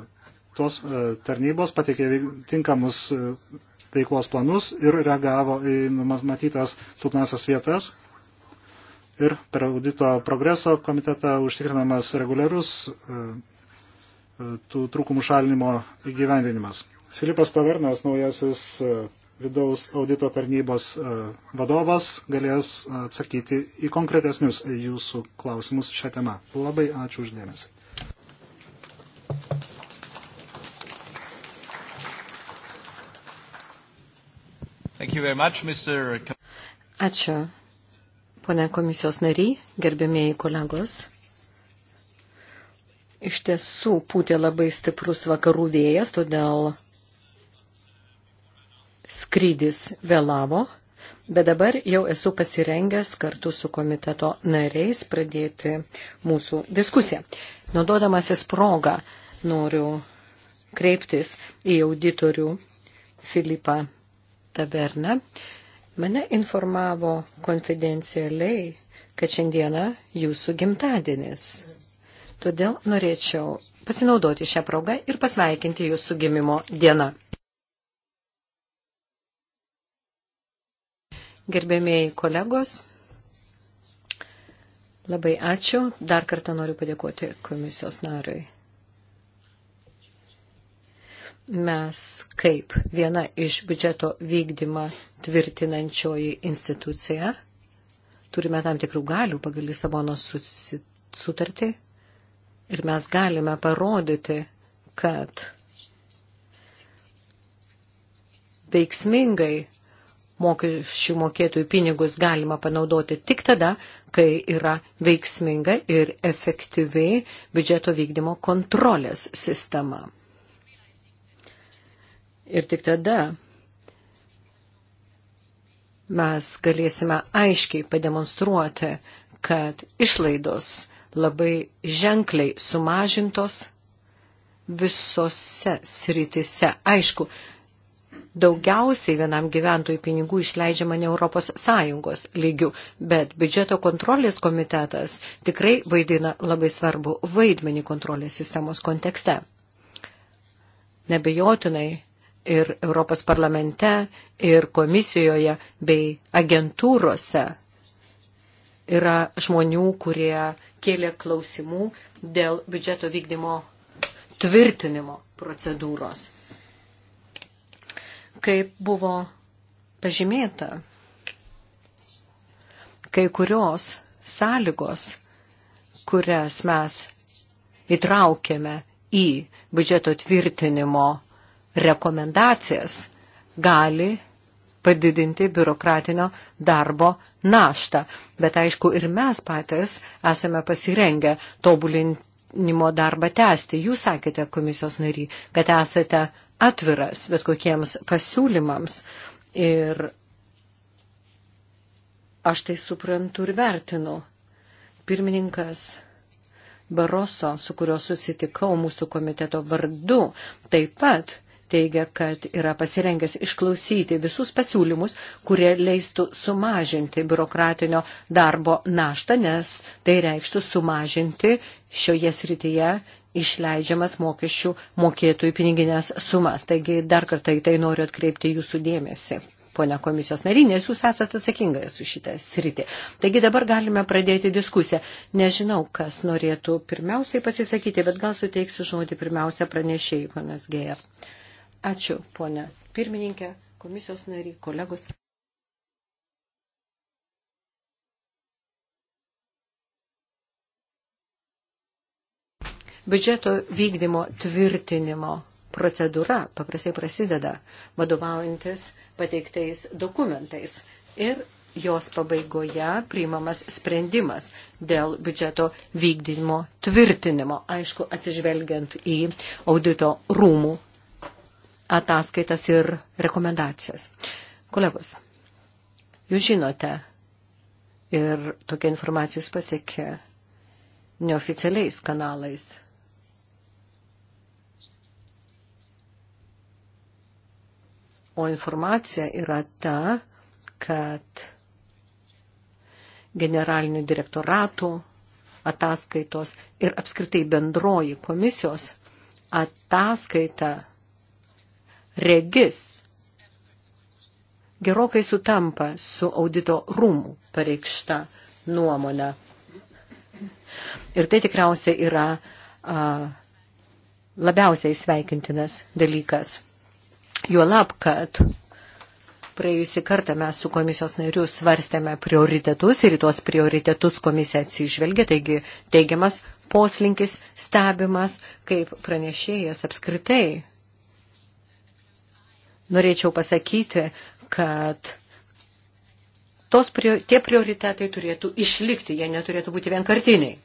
tos tarnybos pateikė tinkamus veiklos planus ir reagavo į numatytas silpnasias vietas. Ir per audito progreso komitetą užtikrinamas reguliarus E, tų trūkumų šalinimo įgyvendinimas. Filipas Tavernas, naujasis e, vidaus audito tarnybos e, vadovas, galės atsakyti į konkretesnius jūsų klausimus šią temą. Labai ačiū uždėmesį. Much, Mr... Ačiū, pone komisijos nariai, gerbėmėjai kolegos. Iš tiesų pūtė labai stiprus vakarų vėjas, todėl skrydis vėlavo, bet dabar jau esu pasirengęs kartu su komiteto nariais pradėti mūsų diskusiją. Naudodamasis progą noriu kreiptis į auditorių Filipą Taberną. Mane informavo konfidencialiai, kad šiandieną jūsų gimtadienis. Todėl norėčiau pasinaudoti šią progą ir pasveikinti jūsų gimimo dieną. Gerbėmėjai kolegos, labai ačiū. Dar kartą noriu padėkoti komisijos nariui. Mes kaip viena iš biudžeto vykdymą tvirtinančioji institucija turime tam tikrų galių pagal Lisabono sutartį Ir mes galime parodyti, kad veiksmingai mokesčių mokėtojų pinigus galima panaudoti tik tada, kai yra veiksminga ir efektyvi biudžeto vykdymo kontrolės sistema. Ir tik tada mes galėsime aiškiai pademonstruoti, kad išlaidos labai ženkliai sumažintos visose sritise. Aišku, daugiausiai vienam gyventojui pinigų išleidžiama ne Europos Sąjungos lygių, bet biudžeto kontrolės komitetas tikrai vaidina labai svarbu vaidmenį kontrolės sistemos kontekste. Nebejotinai ir Europos parlamente, ir komisijoje bei agentūrose yra žmonių, kurie kėlė klausimų dėl biudžeto vykdymo tvirtinimo procedūros. Kaip buvo pažymėta, kai kurios sąlygos, kurias mes įtraukėme į biudžeto tvirtinimo rekomendacijas, gali padidinti biurokratinio darbo naštą. Bet aišku, ir mes patys esame pasirengę tobulinimo darbą tęsti. Jūs sakėte, komisijos nary, kad esate atviras bet kokiems pasiūlymams. Ir aš tai suprantu ir vertinu. Pirmininkas Baroso, su kurio susitikau mūsų komiteto vardu, taip pat teigia, kad yra pasirengęs išklausyti visus pasiūlymus, kurie leistų sumažinti biurokratinio darbo naštą, nes tai reikštų sumažinti šioje srityje išleidžiamas mokesčių mokėtojų piniginės sumas. Taigi dar kartą į tai noriu atkreipti jūsų dėmesį. Pone komisijos nariai, nes jūs esate atsakingas už šitą sritį. Taigi dabar galime pradėti diskusiją. Nežinau, kas norėtų pirmiausiai pasisakyti, bet gal suteiksiu žodį pirmiausia pranešėjai, panas Gėja. Uh, Ačiū, ponė pirmininkė, komisijos nariai, kolegos. Biudžeto vykdymo tvirtinimo procedūra paprastai prasideda vadovaujantis pateiktais dokumentais ir jos pabaigoje priimamas sprendimas dėl biudžeto vykdymo tvirtinimo, aišku, atsižvelgiant į audito rūmų ataskaitas ir rekomendacijas. Kolegos, jūs žinote, ir tokia informacija jūs pasiekė neoficialiais kanalais. O informacija yra ta, kad generalinių direktoratų ataskaitos ir apskritai bendroji komisijos ataskaita regis gerokai sutampa su audito rūmų pareikšta nuomonė. Ir tai tikriausiai yra a, labiausiai sveikintinas dalykas. Juolab, kad praėjusį kartą mes su komisijos nariu svarstėme prioritetus ir į tuos prioritetus komisija atsižvelgia, taigi teigiamas poslinkis stebimas, kaip pranešėjas apskritai norėčiau pasakyti, kad tos, tie prioritetai turėtų išlikti, jie neturėtų būti vienkartiniai,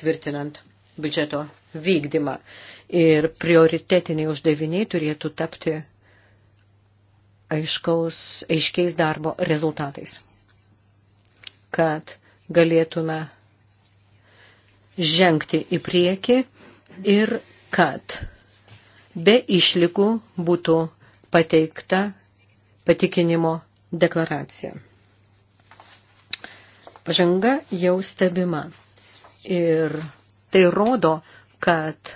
tvirtinant biudžeto vykdymą. Ir prioritetiniai uždaviniai turėtų tapti aiškaus, aiškiais darbo rezultatais, kad galėtume žengti į priekį ir kad be išlikų būtų pateikta patikinimo deklaracija. Pažanga jau stebima ir tai rodo, kad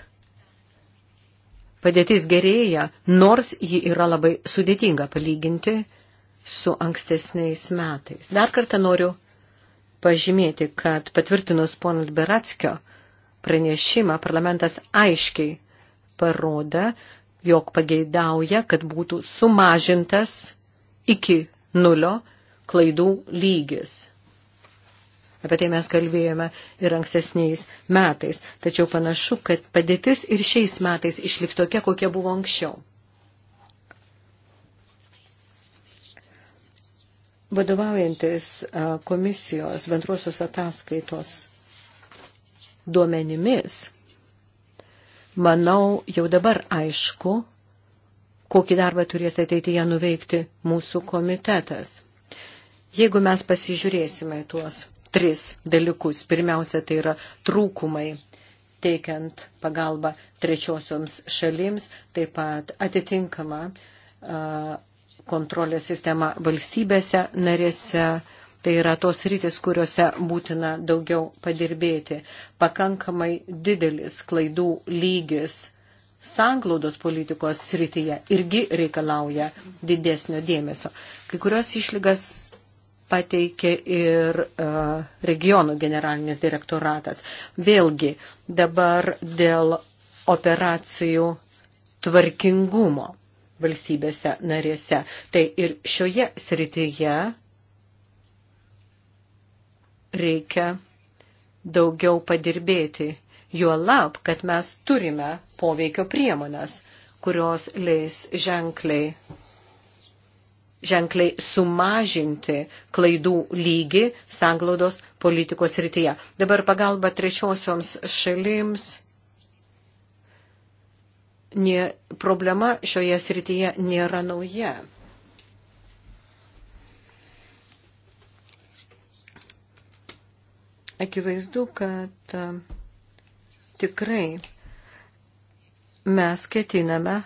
padėtis gerėja, nors ji yra labai sudėtinga palyginti su ankstesniais metais. Dar kartą noriu pažymėti, kad patvirtinus pono Liberatskio pranešimą parlamentas aiškiai parodė, jog pageidauja, kad būtų sumažintas iki nulio klaidų lygis. Apie tai mes kalbėjome ir ankstesniais metais. Tačiau panašu, kad padėtis ir šiais metais išliks tokia, kokia buvo anksčiau. Vadovaujantis komisijos bendrosios ataskaitos duomenimis, manau, jau dabar aišku, kokį darbą turės ateityje nuveikti mūsų komitetas. Jeigu mes pasižiūrėsime tuos tris dalykus, pirmiausia, tai yra trūkumai teikiant pagalbą trečiosioms šalims, taip pat atitinkama kontrolės sistema valstybėse narėse Tai yra tos rytis, kuriuose būtina daugiau padirbėti. Pakankamai didelis klaidų lygis sanglaudos politikos srityje irgi reikalauja didesnio dėmesio. Kai kurios išlygas pateikė ir uh, regionų generalinis direktoratas. Vėlgi dabar dėl operacijų tvarkingumo valstybėse narėse. Tai ir šioje srityje reikia daugiau padirbėti. Juolab, kad mes turime poveikio priemonės, kurios leis ženkliai, ženkliai sumažinti klaidų lygį sanglaudos politikos rytyje. Dabar pagalba trečiosioms šalims problema šioje srityje nėra nauja. Akivaizdu, kad e, tikrai mes ketiname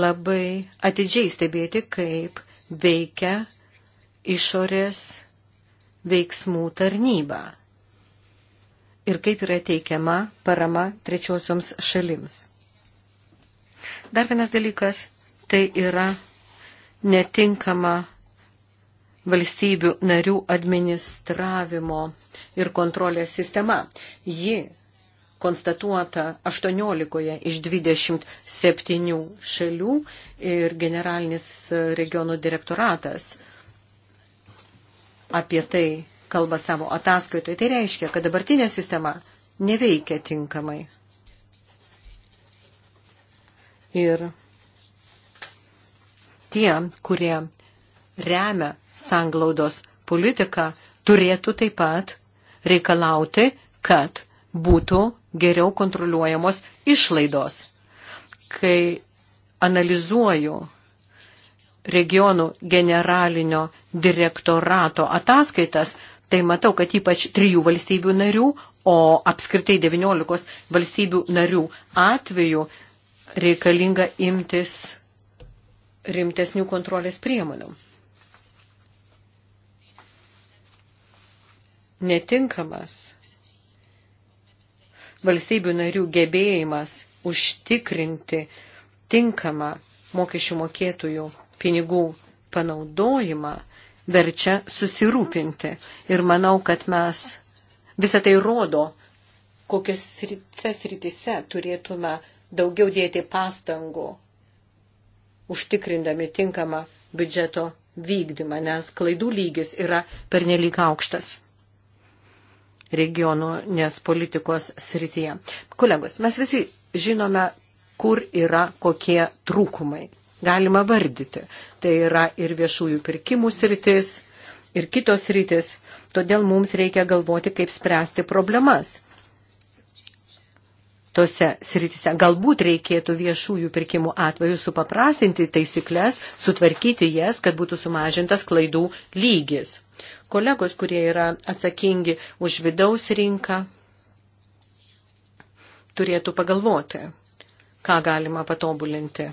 labai atidžiai stebėti, kaip veikia išorės veiksmų tarnyba ir kaip yra teikiama parama trečiosioms šalims. Dar vienas dalykas tai yra netinkama valstybių narių administravimo ir kontrolės sistema. Ji konstatuota 18 iš 27 šalių ir generalinis regionų direktoratas apie tai kalba savo ataskaitoje. Tai reiškia, kad dabartinė sistema neveikia tinkamai. Ir tie, kurie remia sanglaudos politika turėtų taip pat reikalauti, kad būtų geriau kontroliuojamos išlaidos. Kai analizuoju regionų generalinio direktorato ataskaitas, tai matau, kad ypač trijų valstybių narių, o apskritai 19 valstybių narių atveju reikalinga imtis rimtesnių kontrolės priemonių. netinkamas. Valstybių narių gebėjimas užtikrinti tinkamą mokesčių mokėtojų pinigų panaudojimą verčia susirūpinti. Ir manau, kad mes visą tai rodo, kokiuose srityse turėtume daugiau dėti pastangų, užtikrindami tinkamą biudžeto vykdymą, nes klaidų lygis yra pernelyg aukštas regionų nes politikos srityje. Kolegos, mes visi žinome, kur yra kokie trūkumai. Galima vardyti. Tai yra ir viešųjų pirkimų sritis, ir kitos sritis. Todėl mums reikia galvoti, kaip spręsti problemas tose sritise. Galbūt reikėtų viešųjų pirkimų atveju supaprastinti taisyklės, sutvarkyti jas, kad būtų sumažintas klaidų lygis kolegos, kurie yra atsakingi už vidaus rinką, turėtų pagalvoti, ką galima patobulinti.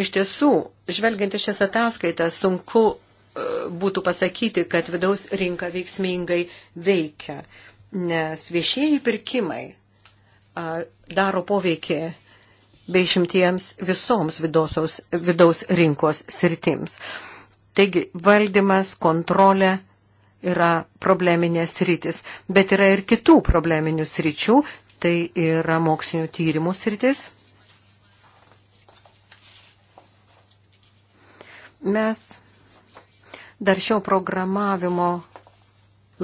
Iš tiesų, žvelgiant iš šias ataskaitas, sunku e, būtų pasakyti, kad vidaus rinka veiksmingai veikia, nes viešieji pirkimai daro poveikį bei šimtiems visoms vidosos, vidaus rinkos sritims. Taigi valdymas, kontrolė yra probleminės rytis, bet yra ir kitų probleminių sričių, tai yra mokslinių tyrimų sritis. Mes dar šio programavimo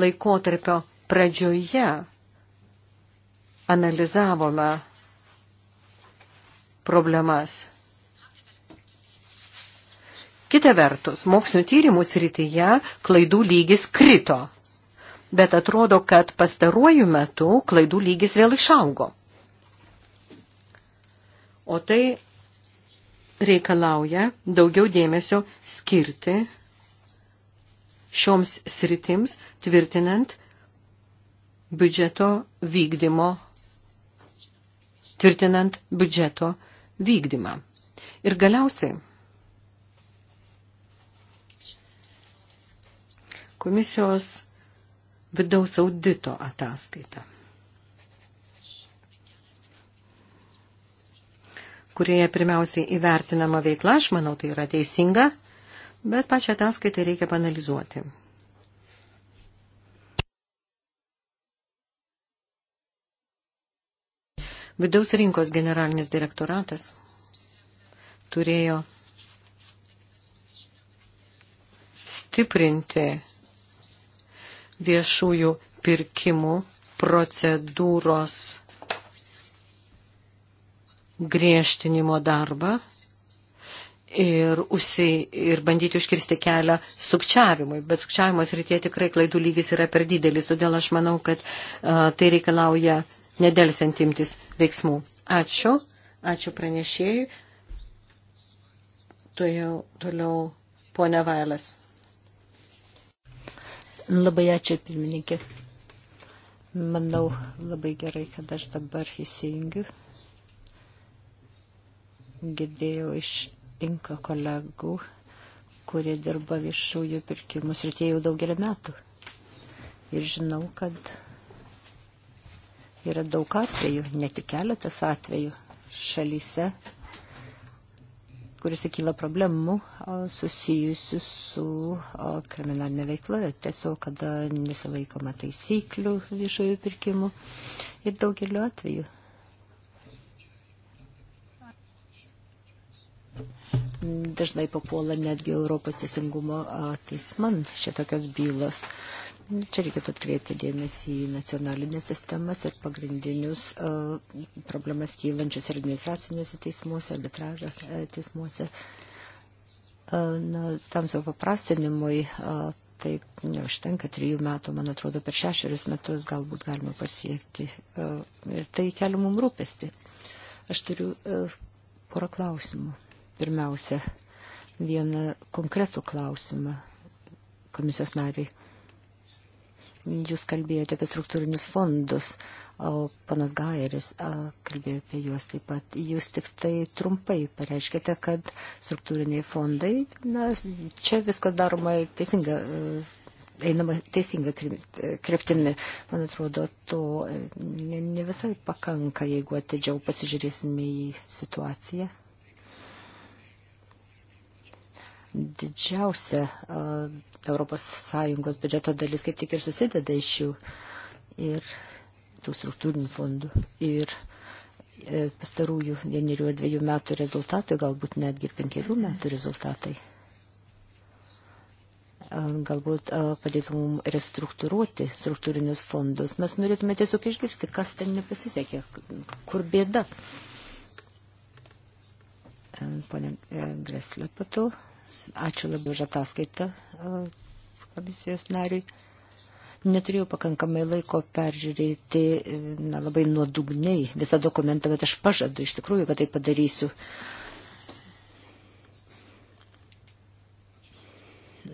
laikotarpio pradžioje analizavome problemas Kita vertus, mokslinio tyrimų srityje klaidų lygis krito, bet atrodo, kad pastaruoju metu klaidų lygis vėl išaugo. O tai reikalauja daugiau dėmesio skirti šioms sritims, tvirtinant biudžeto vykdymo, tvirtinant biudžeto vykdymą. Ir galiausiai komisijos vidaus audito ataskaitą, kurioje pirmiausiai įvertinama veikla, aš manau, tai yra teisinga, bet pačią ataskaitą reikia panalizuoti. Vidaus rinkos generalinis direktoratas turėjo stiprinti viešųjų pirkimų procedūros griežtinimo darbą ir, užsi, ir bandyti užkirsti kelią sukčiavimui. Bet sukčiavimo srityje tikrai klaidų lygis yra per didelis, todėl aš manau, kad a, tai reikalauja nedelsiant imtis veiksmų. Ačiū, ačiū pranešėjui. Toliau, toliau ponia Vailas. Labai ačiū, pirmininkė. Manau, labai gerai, kad aš dabar įsijungiu. Girdėjau iš inko kolegų, kurie dirba viešųjų pirkimų srityje jau daugelį metų. Ir žinau, kad yra daug atvejų, ne tik keletas atvejų šalyse, kuriuose kyla problemų susijusių su kriminalinė veikla, tiesiog kada nesilaikoma taisyklių viešojų pirkimų ir daugeliu atveju. Dažnai papuola netgi Europos teisingumo teisman šitokios bylos. Uh, Čia reikėtų atkreipti dėmesį į nacionalinės sistemas ir pagrindinius uh, problemas kylančias ir administracinėse teismuose, arbitražo e, teismuose. Uh, na, tam savo paprastinimui, uh, tai neužtenka trijų metų, man atrodo, per šešerius metus galbūt galima pasiekti. Uh, ir tai kelia mum rūpesti. Aš turiu uh, porą klausimų. Pirmiausia, vieną konkretų klausimą komisijos nariai Jūs kalbėjote apie struktūrinius fondus, o panas Gairis kalbėjo apie juos taip pat. Jūs tik tai trumpai pareiškite, kad struktūriniai fondai, na, čia viskas daroma teisinga, e, einama teisinga kryptimi. Man atrodo, to e, ne, ne visai pakanka, jeigu atidžiau pasižiūrėsime į situaciją. Didžiausia ES biudžeto dalis kaip tik ir susideda iš jų ir tų struktūrinių fondų. Ir e, pastarųjų vienerių ar dviejų metų rezultatai, galbūt netgi ir penkerių metų rezultatai, galbūt padėtų mums restruktūruoti struktūrinius fondus. Mes norėtume tiesiog išgirsti, kas ten nepasisekė, kur bėda. Pone e, Greslio patu, Ačiū labai už ataskaitą e, komisijos nariui. Neturėjau pakankamai laiko peržiūrėti e, na, labai nuodugniai visą dokumentą, bet aš pažadu iš tikrųjų, kad tai padarysiu.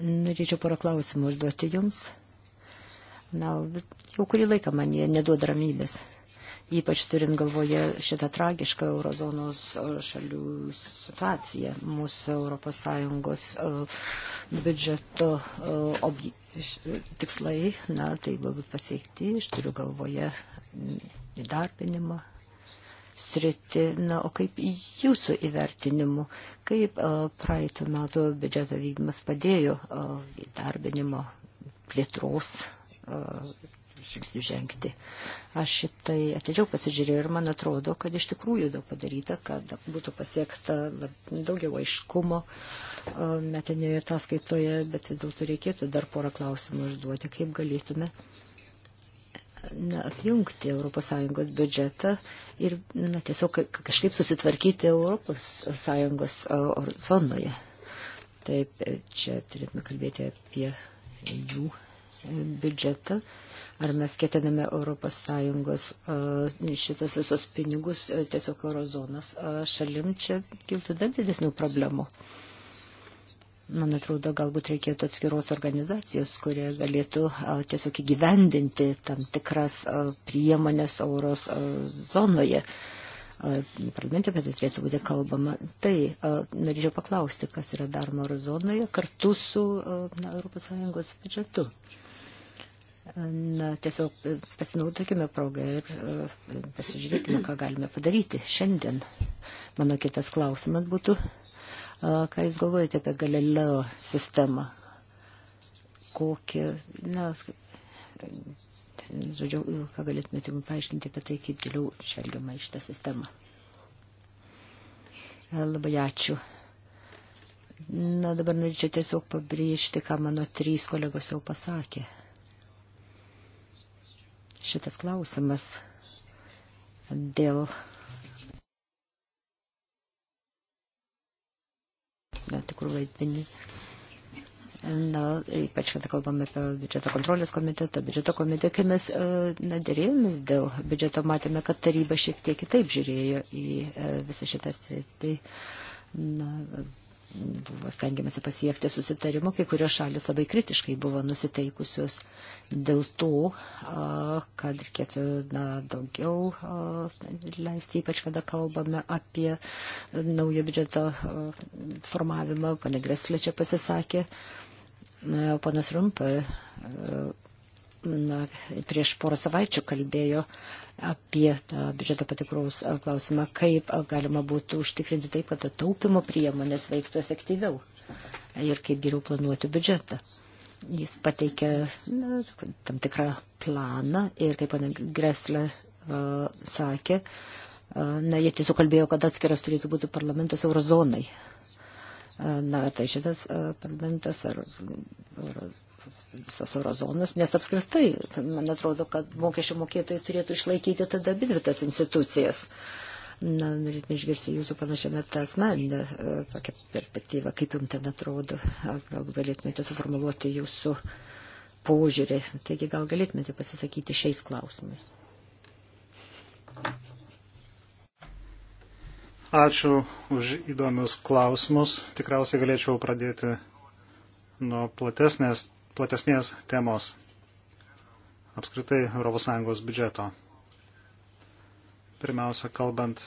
Norėčiau porą klausimų užduoti jums. Na, jau kurį laiką man jie neduoda ramybės ypač turint galvoje šitą tragišką eurozonos e, šalių situaciją. Mūsų ES e, biudžeto e, tikslai, na, tai galbūt pasiekti, aš turiu galvoje įdarbinimą sritį, na, o kaip jūsų įvertinimu, kaip praeitų metų biudžeto vykdymas padėjo įdarbinimo plėtros žingsnių žengti. Aš šitai atidžiau pasižiūrėjau ir man atrodo, kad iš tikrųjų daug padaryta, kad būtų pasiekta daugiau aiškumo e, metinėje ataskaitoje, bet vis dėlto reikėtų dar porą klausimų užduoti, kaip galėtume na, apjungti ES biudžetą ir na, tiesiog kažkaip susitvarkyti ES e, zonoje. Taip, e, čia turėtume kalbėti apie jų biudžetą Ar mes ketiname ES šitas visos pinigus tiesiog eurozonas šalim, čia kiltų dar didesnių problemų. Man atrodo, galbūt reikėtų atskiros organizacijos, kurie galėtų tiesiog įgyvendinti tam tikras priemonės euros zonoje parlamente, kad tai turėtų būti kalbama. Tai norėčiau paklausti, kas yra daroma eurozonoje kartu su na, ES biudžetu. Na, tiesiog e, pasinaudokime progą ir e, pasižiūrėkime, ką galime padaryti šiandien. Mano kitas klausimas būtų, ką Jūs galvojate apie Galileo sistemą? Kokį, na, žodžiu, ką galėtumėte mums paaiškinti apie tai, kaip giliau žvelgiama į šitą sistemą? E, labai ačiū. Na, dabar norėčiau tiesiog pabrėžti, ką mano trys kolegos jau pasakė šitas klausimas dėl na, tikrų vaidmenį. Na, ypač, kad kalbame apie biudžeto kontrolės komitetą, biudžeto komitetą, kai mes e, na, dėrėjomės dėl biudžeto, matėme, kad taryba šiek tiek kitaip žiūrėjo į e, visą šitą sritį. Tai, na, buvo stengiamasi pasiekti susitarimo, kai kurios šalis labai kritiškai buvo nusiteikusios dėl to, kad reikėtų na, daugiau leisti, ypač kada kalbame apie naujo biudžeto formavimą. Pane Greslė čia pasisakė, ponas Rumpai na, prieš porą savaičių kalbėjo apie tą biudžeto patikraus klausimą, kaip galima būtų užtikrinti taip, kad taupimo priemonės veiktų efektyviau ir kaip geriau planuoti biudžetą. Jis pateikė na, tam tikrą planą ir kaip pana Greslė uh, sakė, uh, na, jie tiesiog kalbėjo, kad atskiras turėtų būti parlamentas eurozonai. Uh, na, tai šitas uh, parlamentas ar, ar visas eurozonas, nes apskritai, man atrodo, kad mokesčių mokėtojai turėtų išlaikyti tada abidvitas institucijas. Na, norėtume išgirsti jūsų panašiame tasmenę e, tokią perspektyvą, kaip jums ten atrodo. Galbūt galėtumėte suformuoluoti jūsų požiūrį. Taigi gal galėtumėte pasisakyti šiais klausimais. Ačiū už įdomius klausimus. Tikriausiai galėčiau pradėti nuo platesnės platesnės temos apskritai ES biudžeto. Pirmiausia, kalbant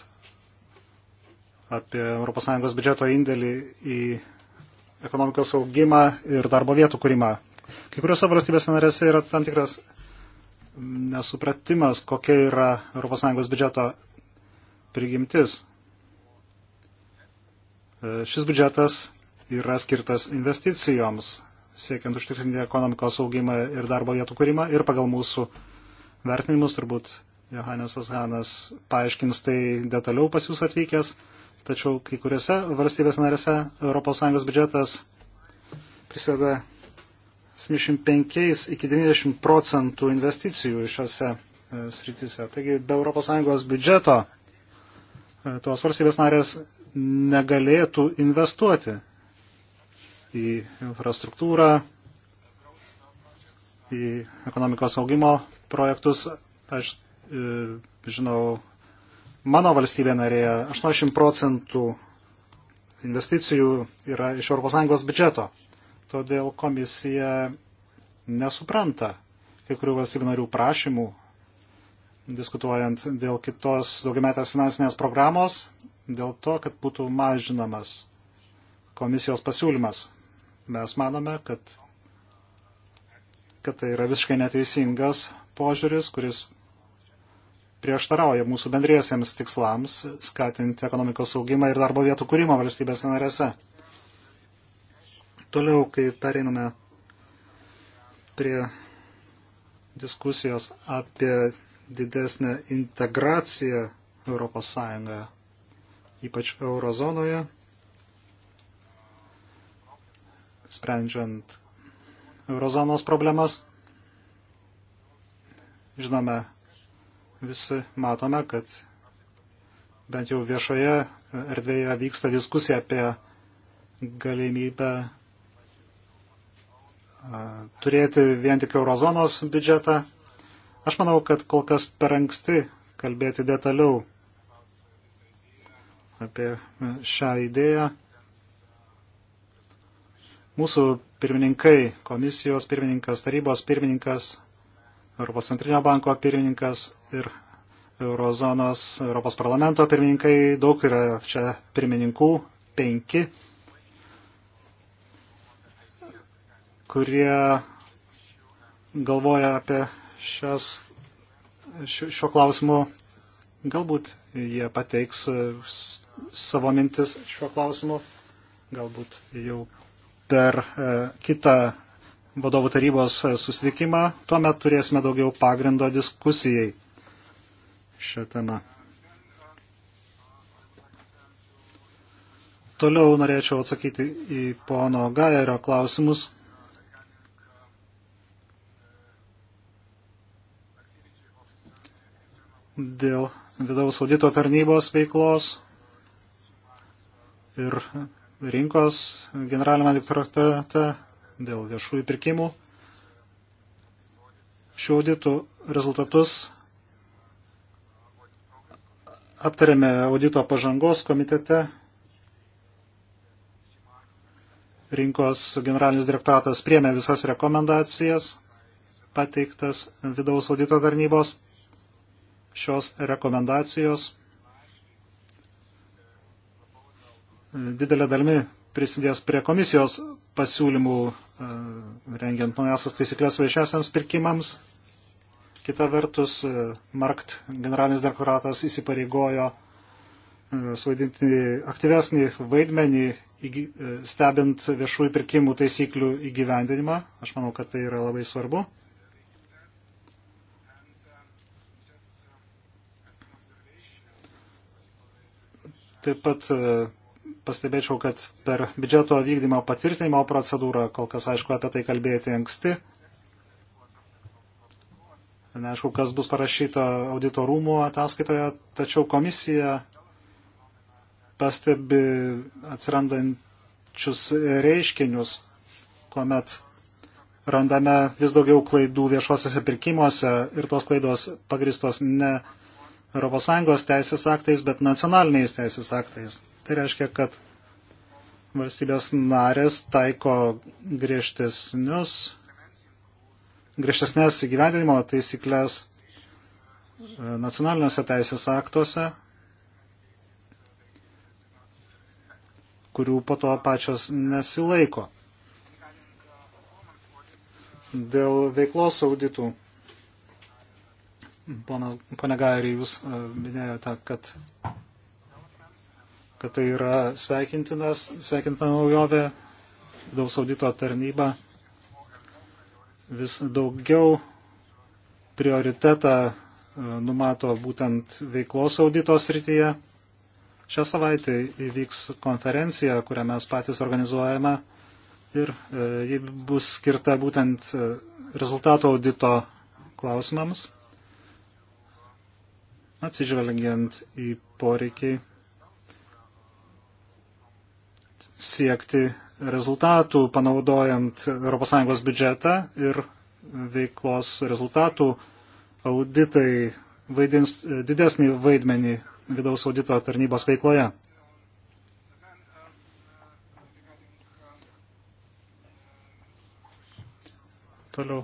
apie ES biudžeto indėlį į ekonomikos augimą ir darbo vietų kūrimą. Kai kuriuose valstybės narėse yra tam tikras nesupratimas, kokia yra ES biudžeto prigimtis. Šis biudžetas yra skirtas investicijoms, siekiant užtikrinti ekonomikos augimą ir darbo vietų kūrimą. Ir pagal mūsų vertinimus turbūt Johannesas Hanas paaiškins tai detaliau pas jūs atvykęs. Tačiau kai kuriuose valstybės narėse ES biudžetas prisideda 75 iki 90 procentų investicijų šiuose e, srityse. Taigi be ES biudžeto e, tos valstybės narės negalėtų investuoti į infrastruktūrą, į ekonomikos augimo projektus. Aš e, žinau, mano valstybė narėje 80 procentų investicijų yra iš ES biudžeto. Todėl komisija nesupranta kai kurių valstybių narių prašymų, diskutuojant dėl kitos daugiametės finansinės programos, dėl to, kad būtų mažinamas komisijos pasiūlymas. Mes manome, kad, kad tai yra visiškai neteisingas požiūris, kuris prieštarauja mūsų bendriesiems tikslams skatinti ekonomikos augimą ir darbo vietų kūrimą valstybės narėse. Toliau, kai pereiname prie diskusijos apie didesnę integraciją ES, ypač eurozonoje, sprendžiant eurozonos problemas. Žinome, visi matome, kad bent jau viešoje erdvėje vyksta diskusija apie galimybę turėti vien tik eurozonos biudžetą. Aš manau, kad kol kas per anksti kalbėti detaliau apie šią idėją. Mūsų pirmininkai, komisijos pirmininkas, tarybos pirmininkas, Europos centrinio banko pirmininkas ir Eurozonos Europos parlamento pirmininkai, daug yra čia pirmininkų, penki, kurie galvoja apie šias, šiuo klausimu. Galbūt jie pateiks savo mintis šiuo klausimu, galbūt jau per e, kitą vadovų tarybos e, susitikimą, tuomet turėsime daugiau pagrindo diskusijai šią temą. Toliau norėčiau atsakyti į pono Gajerio klausimus. Dėl vidaus audito tarnybos veiklos ir rinkos generalinėme direktorate dėl viešųjų pirkimų. Šių auditų rezultatus aptarėme audito pažangos komitete. Rinkos generalinis direktoratas priemė visas rekomendacijas pateiktas vidaus audito tarnybos. Šios rekomendacijos didelė dalimi prisidės prie komisijos pasiūlymų e, rengiant naujasias taisyklės viešiesiams pirkimams. Kita vertus, e, Markt generalinis dekoratas įsipareigojo e, suvaidinti aktyvesnį vaidmenį stebint viešųjų pirkimų taisyklių įgyvendinimą. Aš manau, kad tai yra labai svarbu. Taip pat pastebėčiau, kad per biudžeto vykdymo patvirtinimo procedūrą, kol kas aišku apie tai kalbėti anksti, neaišku, kas bus parašyta audito rūmų ataskaitoje, tačiau komisija pastebi atsirandančius reiškinius, kuomet randame vis daugiau klaidų viešuosiuose pirkimuose ir tos klaidos pagristos ne ES teisės aktais, bet nacionaliniais teisės aktais. Tai reiškia, kad valstybės narės taiko griežtesnius, griežtesnės įgyvendinimo taisyklės e, nacionaliniuose teisės aktuose, kurių po to pačios nesilaiko. Dėl veiklos auditų Pone Gairį, jūs e, minėjote, kad, kad tai yra sveikintina naujovė, vidaus audito tarnyba vis daugiau prioritetą e, numato būtent veiklos audito srityje. Šią savaitę įvyks konferencija, kurią mes patys organizuojame ir e, ji bus skirta būtent rezultato audito klausimams atsižvelgiant į poreikį siekti rezultatų, panaudojant ES biudžetą ir veiklos rezultatų auditai vaidins didesnį vaidmenį vidaus audito tarnybos veikloje. Toliau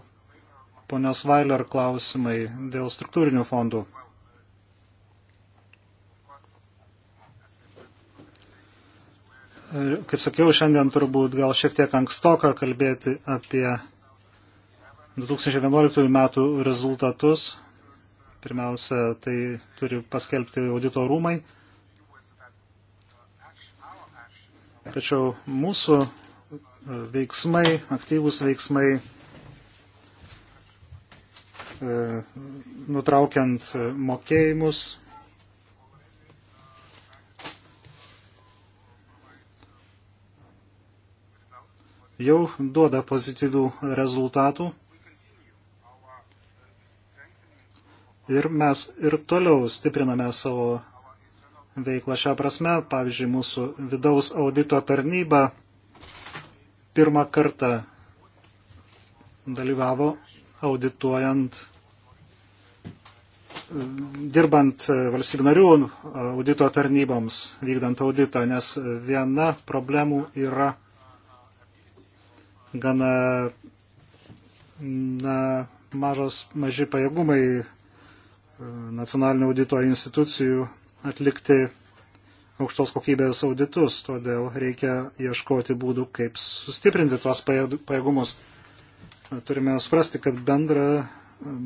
ponios Vailer klausimai dėl struktūrinių fondų. kaip sakiau, šiandien turbūt gal šiek tiek ankstoka kalbėti apie 2011 metų rezultatus. Pirmiausia, tai turi paskelbti audito rūmai. Tačiau mūsų e, veiksmai, aktyvūs veiksmai, e, nutraukiant e, mokėjimus, jau duoda pozityvių rezultatų. Ir mes ir toliau stipriname savo veiklą šią prasme. Pavyzdžiui, mūsų vidaus audito tarnyba pirmą kartą dalyvavo audituojant, dirbant valstybių narių audito tarnyboms, vykdant auditą, nes viena problemų yra gana na, mažos, maži pajėgumai e, nacionalinio audito institucijų atlikti aukštos kokybės auditus, todėl reikia ieškoti būdų, kaip sustiprinti tuos pajėgumus. E, turime suprasti, kad bendra,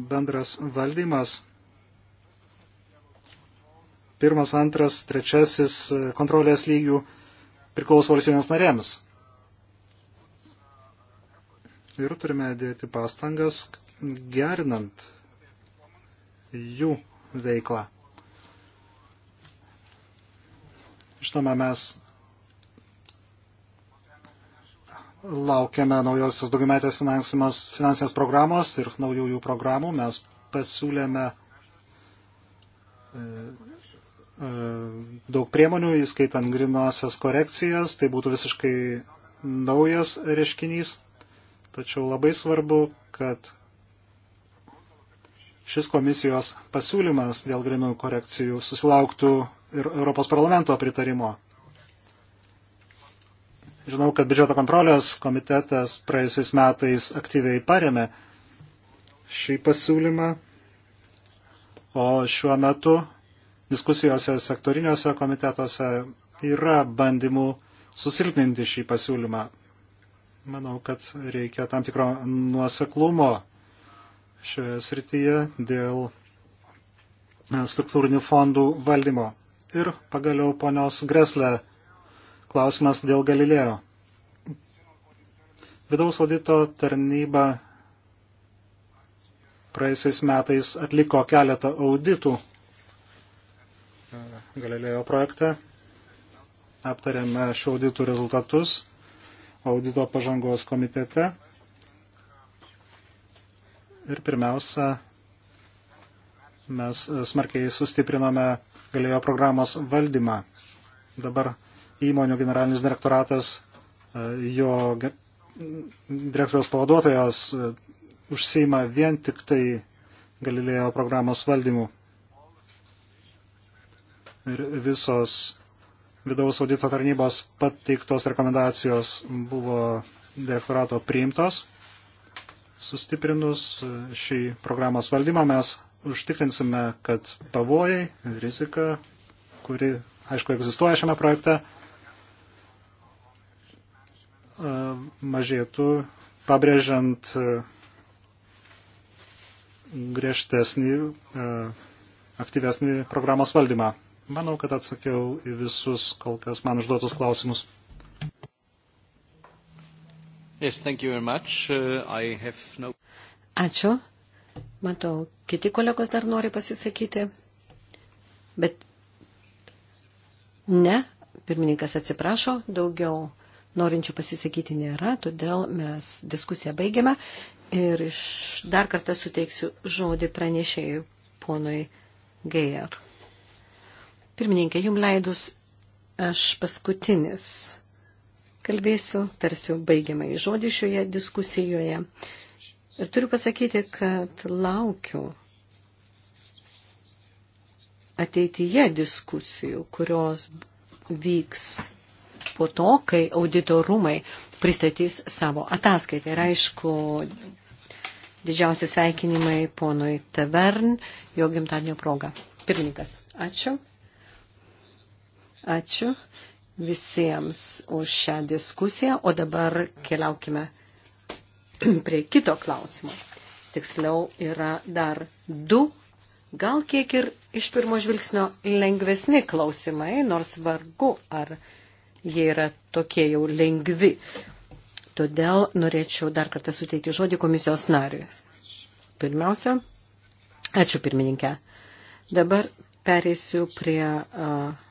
bendras valdymas, pirmas, antras, trečiasis e, kontrolės lygių priklauso valstybėms narėms ir turime dėti pastangas gerinant jų veiklą. Žinoma, mes laukiame naujosios daugiametės finansinės programos ir naujųjų programų. Mes pasiūlėme e, e, daug priemonių, įskaitant grinuosias korekcijas. Tai būtų visiškai naujas reiškinys. Tačiau labai svarbu, kad šis komisijos pasiūlymas dėl grinų korekcijų susilauktų ir Europos parlamento pritarimo. Žinau, kad biudžeto kontrolės komitetas praėjusiais metais aktyviai paremė šį pasiūlymą, o šiuo metu diskusijose sektoriniuose komitetuose yra bandymų susilpninti šį pasiūlymą manau, kad reikia tam tikro nuoseklumo šioje srityje dėl e, struktūrinių fondų valdymo. Ir pagaliau ponios Greslė klausimas dėl Galilėjo. Vidaus audito tarnyba praėjusiais metais atliko keletą auditų e, Galilėjo projekte. Aptarėme šių auditų rezultatus audito pažangos komitete. Ir pirmiausia, mes e, smarkiai sustiprinome galėjo programos valdymą. Dabar įmonių generalinis direktoratas, e, jo direktoriaus pavaduotojas e, užsima vien tik tai Galilėjo programos valdymu. Ir visos vidaus audito tarnybos pateiktos rekomendacijos buvo direktorato priimtos. Sustiprinus e, šį programos valdymą mes užtikrinsime, kad pavojai, rizika, kuri, aišku, egzistuoja šiame projekte, e, mažėtų, pabrėžiant e, griežtesnį, aktyvesnį programos valdymą. Manau, kad atsakiau į visus kol kas man užduotus klausimus. Yes, thank you very much. Uh, I have no... Ačiū. Matau, kiti kolegos dar nori pasisakyti. Bet ne, pirmininkas atsiprašo, daugiau norinčių pasisakyti nėra, todėl mes diskusiją baigiame ir iš, dar kartą suteiksiu žodį pranešėjui ponui Geir. Pirmininkė, jum leidus aš paskutinis kalbėsiu, tarsiu baigiamai žodį šioje diskusijoje. Ir turiu pasakyti, kad laukiu ateityje diskusijų, kurios vyks po to, kai auditorumai pristatys savo ataskaitą. Ir aišku, didžiausi sveikinimai ponui Tavern, jo gimtadienio proga. Pirmininkas, ačiū. Ačiū visiems už šią diskusiją, o dabar keliaukime [clears throat] prie kito klausimo. Tiksliau yra dar du, gal kiek ir iš pirmo žvilgsnio lengvesni klausimai, nors vargu ar jie yra tokie jau lengvi. Todėl norėčiau dar kartą suteikti žodį komisijos nariui. Pirmiausia, ačiū pirmininkė. Dabar pereisiu prie uh,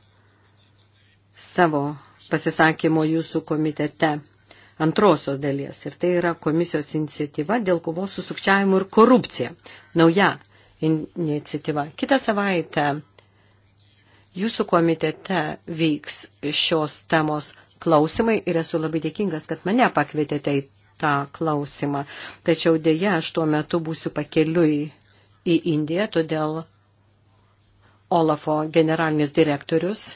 savo pasisakymo jūsų komitete antrosios dalies. Ir tai yra komisijos iniciatyva dėl kovos su sukčiavimu ir korupcija. Nauja iniciatyva. Kitą savaitę jūsų komitete vyks šios temos klausimai ir esu labai dėkingas, kad mane pakvietėte į tą klausimą. Tačiau dėja, aš tuo metu būsiu pakeliui į Indiją, todėl Olafo generalinis direktorius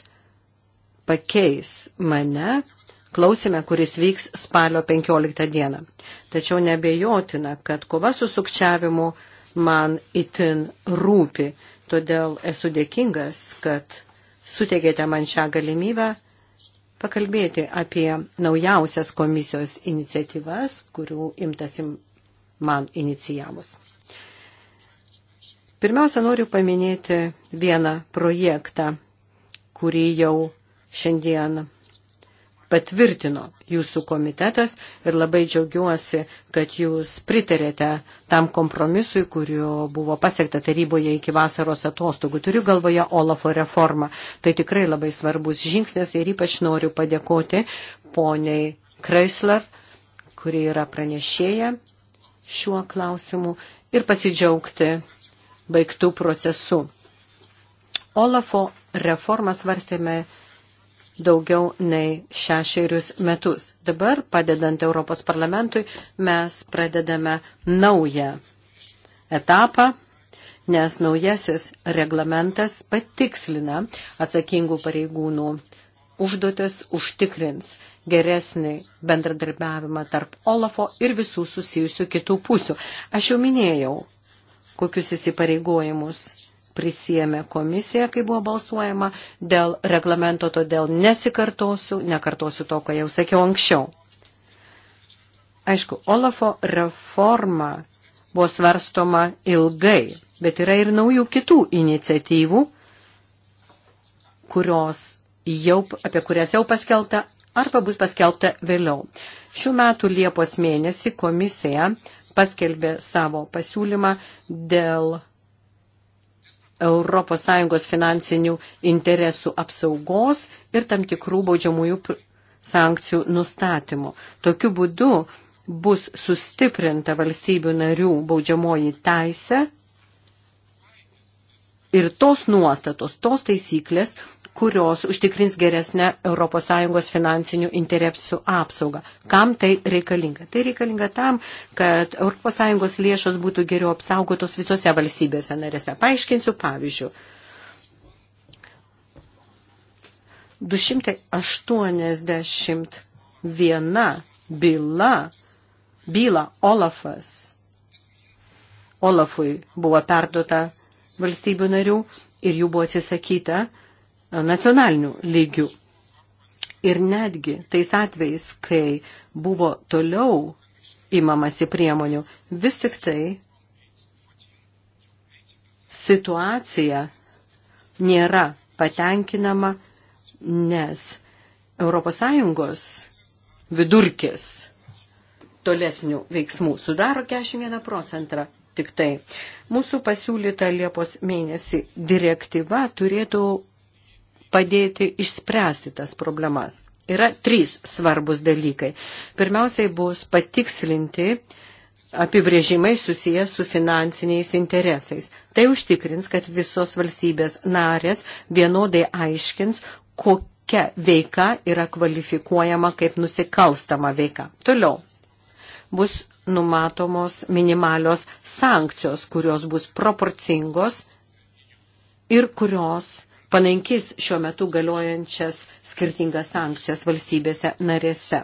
pakeis mane klausime, kuris vyks spalio 15 dieną. Tačiau nebejotina, kad kova su sukčiavimu man itin rūpi. Todėl esu dėkingas, kad suteikėte man šią galimybę pakalbėti apie naujausias komisijos iniciatyvas, kurių imtasi man inicijavus. Pirmiausia, noriu paminėti vieną projektą, kurį jau šiandien patvirtino jūsų komitetas ir labai džiaugiuosi, kad jūs pritarėte tam kompromisui, kurio buvo pasiekta taryboje iki vasaros atostogų. Turiu galvoje Olafo reformą. Tai tikrai labai svarbus žingsnis ir ypač noriu padėkoti poniai Kreisler, kuri yra pranešėja šiuo klausimu ir pasidžiaugti baigtų procesų. Olafo reformą svarstėme daugiau nei šešerius metus. Dabar, padedant Europos parlamentui, mes pradedame naują etapą, nes naujasis reglamentas patikslina atsakingų pareigūnų užduotis užtikrins geresnį bendradarbiavimą tarp Olafo ir visų susijusių kitų pusių. Aš jau minėjau, kokius įsipareigojimus prisėmė komisija, kai buvo balsuojama dėl reglamento, todėl nesikartosiu, nekartosiu to, ką jau sakiau anksčiau. Aišku, Olafo reforma buvo svarstoma ilgai, bet yra ir naujų kitų iniciatyvų, kurios jau, apie kurias jau paskelta arba bus paskelbta vėliau. Šių metų Liepos mėnesį komisija paskelbė savo pasiūlymą dėl ES finansinių interesų apsaugos ir tam tikrų baudžiamųjų sankcijų nustatymo. Tokiu būdu bus sustiprinta valstybių narių baudžiamoji teisė ir tos nuostatos, tos taisyklės, kurios užtikrins geresnę ES finansinių interesų apsaugą. Kam tai reikalinga? Tai reikalinga tam, kad ES lėšos būtų geriau apsaugotos visose valstybėse narėse. Paaiškinsiu pavyzdžių. 281 byla, byla Olafas. Olafui buvo perduota valstybių narių ir jų buvo atsisakyta nacionalinių lygių. Ir netgi tais atvejais, kai buvo toliau imamasi priemonių, vis tik tai situacija nėra patenkinama, nes ES vidurkis tolesnių veiksmų sudaro 41 procentą tik tai. Mūsų pasiūlyta Liepos mėnesį direktyva turėtų padėti išspręsti tas problemas. Yra trys svarbus dalykai. Pirmiausiai bus patikslinti apibrėžimai susijęs su finansiniais interesais. Tai užtikrins, kad visos valstybės narės vienodai aiškins, kokia veika yra kvalifikuojama kaip nusikalstama veika. Toliau bus numatomos minimalios sankcijos, kurios bus proporcingos ir kurios panaikis šiuo metu galiojančias skirtingas sankcijas valstybėse narėse.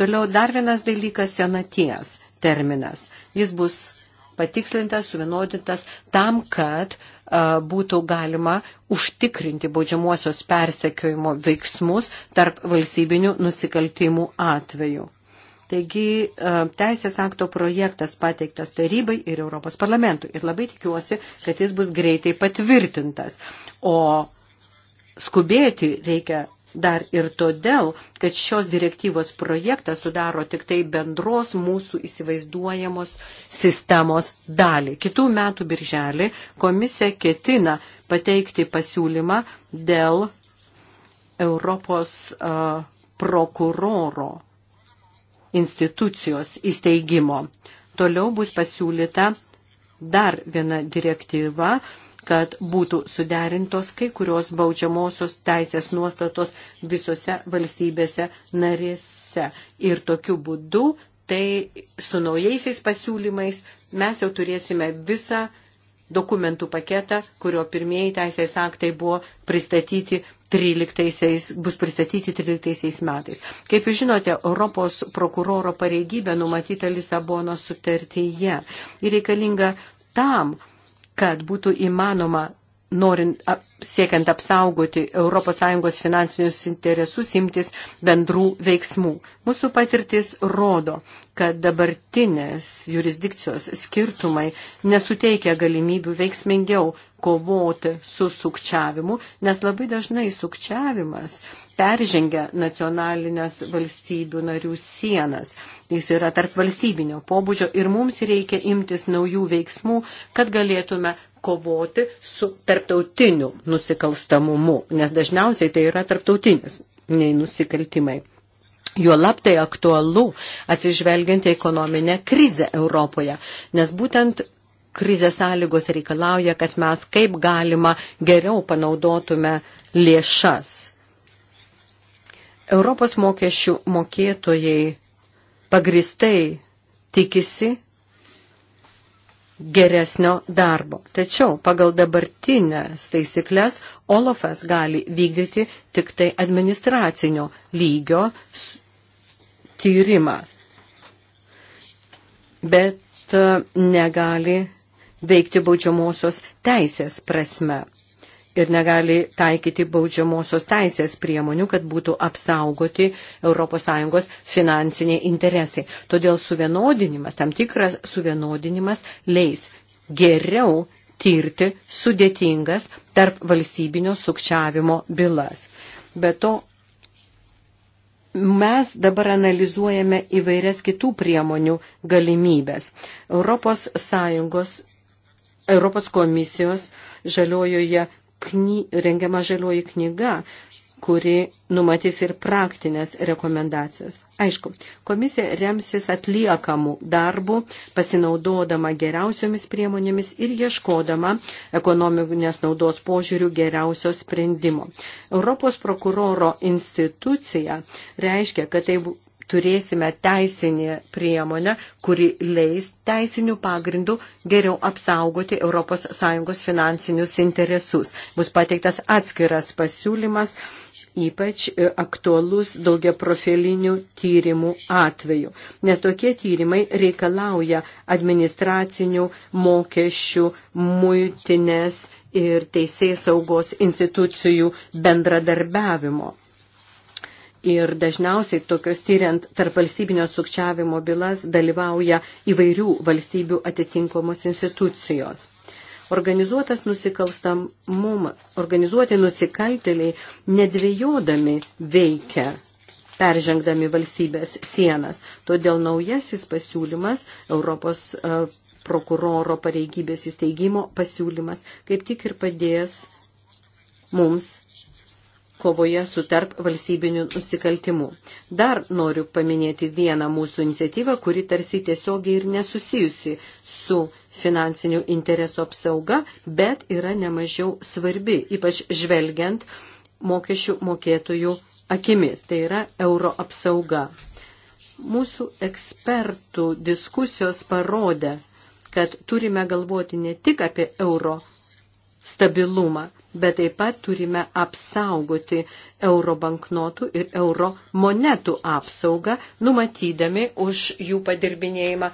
Toliau dar vienas dalykas - senaties terminas. Jis bus patikslintas, suvienodintas tam, kad a, būtų galima užtikrinti baudžiamuosios persekiojimo veiksmus tarp valstybinių nusikaltimų atveju. Taigi teisės akto projektas pateiktas tarybai ir Europos parlamentui ir labai tikiuosi, kad jis bus greitai patvirtintas. O skubėti reikia dar ir todėl, kad šios direktyvos projektas sudaro tik tai bendros mūsų įsivaizduojamos sistemos dalį. Kitų metų birželį komisija ketina pateikti pasiūlymą dėl Europos uh, prokuroro institucijos įsteigimo. Toliau bus pasiūlyta dar viena direktyva, uh, kad būtų suderintos kai kurios baudžiamosios teisės nuostatos visose valstybėse narėse. Ir tokiu būdu, tai su naujaisiais pasiūlymais mes jau turėsime visą dokumentų paketą, kurio pirmieji teisės aktai buvo pristatyti 13, bus pristatyti 13 metais. Kaip jūs žinote, Europos prokuroro pareigybė numatyta Lisabono sutartyje ir reikalinga tam, kad būtų įmanoma norint siekiant apsaugoti ES finansinius interesus, imtis bendrų veiksmų. Mūsų patirtis rodo, kad dabartinės jurisdikcijos skirtumai nesuteikia galimybių veiksmingiau kovoti su sukčiavimu, nes labai dažnai sukčiavimas peržengia nacionalinės valstybių narių sienas. Jis yra tarp valstybinio pobūdžio ir mums reikia imtis naujų veiksmų, kad galėtume kovoti su tarptautiniu nusikalstamumu, nes dažniausiai tai yra tarptautinis nei nusikaltimai. Juolab tai aktualu atsižvelgiant į ekonominę krizę Europoje, nes būtent krizės sąlygos reikalauja, kad mes kaip galima geriau panaudotume lėšas. Europos mokesčių mokėtojai pagristai tikisi, geresnio darbo. Tačiau pagal dabartinės taisyklės Olofas gali vykdyti tik tai administracinio lygio tyrimą, bet e, negali veikti baudžiamosios teisės prasme ir negali taikyti baudžiamosios teisės priemonių, kad būtų apsaugoti ES finansiniai interesai. Todėl suvienodinimas, tam tikras suvienodinimas leis geriau tirti sudėtingas tarp valstybinio sukčiavimo bylas. Be to, mes dabar analizuojame įvairias kitų priemonių galimybės. ES Europos komisijos žaliojoje kny, rengiama žalioji knyga, kuri numatys ir praktinės rekomendacijas. Aišku, komisija remsis atliekamų darbų, pasinaudodama geriausiomis priemonėmis ir ieškodama ekonominės naudos požiūrių geriausio sprendimo. Europos prokuroro institucija reiškia, kad tai turėsime teisinį priemonę, kuri leis teisinių pagrindų geriau apsaugoti ES finansinius interesus. Bus pateiktas atskiras pasiūlymas, ypač e, aktualus daugia profilinių tyrimų atveju, nes tokie tyrimai reikalauja administracinių mokesčių, muitinės ir teisės saugos institucijų bendradarbiavimo. Ir dažniausiai tokios tyriant tarp valstybinio sukčiavimo bylas dalyvauja įvairių valstybių atitinkamos institucijos. Organizuotas nusikalstamumas, organizuoti nusikaltėliai nedvėjodami veikia, peržengdami valstybės sienas. Todėl naujasis pasiūlymas Europos e, prokuroro pareigybės įsteigimo pasiūlymas kaip tik ir padės mums kovoje su tarp valstybiniu nusikaltimu. Dar noriu paminėti vieną mūsų iniciatyvą, kuri tarsi tiesiogiai ir nesusijusi su finansinių interesų apsauga, bet yra nemažiau svarbi, ypač žvelgiant mokesčių mokėtojų akimis. Tai yra euro apsauga. Mūsų ekspertų diskusijos parodė, kad turime galvoti ne tik apie euro stabilumą, bet taip pat turime apsaugoti euro banknotų ir euro monetų apsaugą, numatydami už jų padirbinėjimą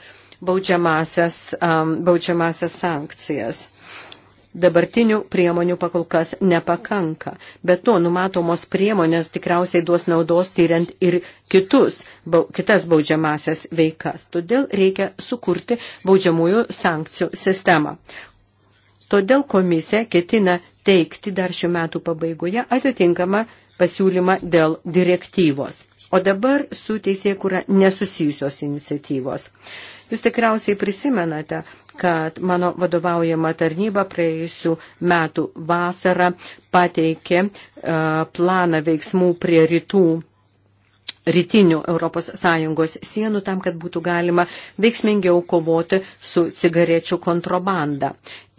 baudžiamasias, um, baudžiamasias sankcijas. Dabartinių priemonių pakolkas nepakanka, bet to numatomos priemonės tikriausiai duos naudos tyriant ir kitus, bau, kitas baudžiamasias veikas. Todėl reikia sukurti baudžiamųjų sankcijų sistemą. Todėl komisija ketina teikti dar šių metų pabaigoje atitinkamą pasiūlymą dėl direktyvos. O dabar su teisėkura nesusijusios iniciatyvos. Jūs tikriausiai prisimenate, kad mano vadovaujama tarnyba praėjusių metų vasarą pateikė uh, planą veiksmų prie rytų rytinių ES sienų tam, kad būtų galima veiksmingiau kovoti su cigarečių kontrabanda.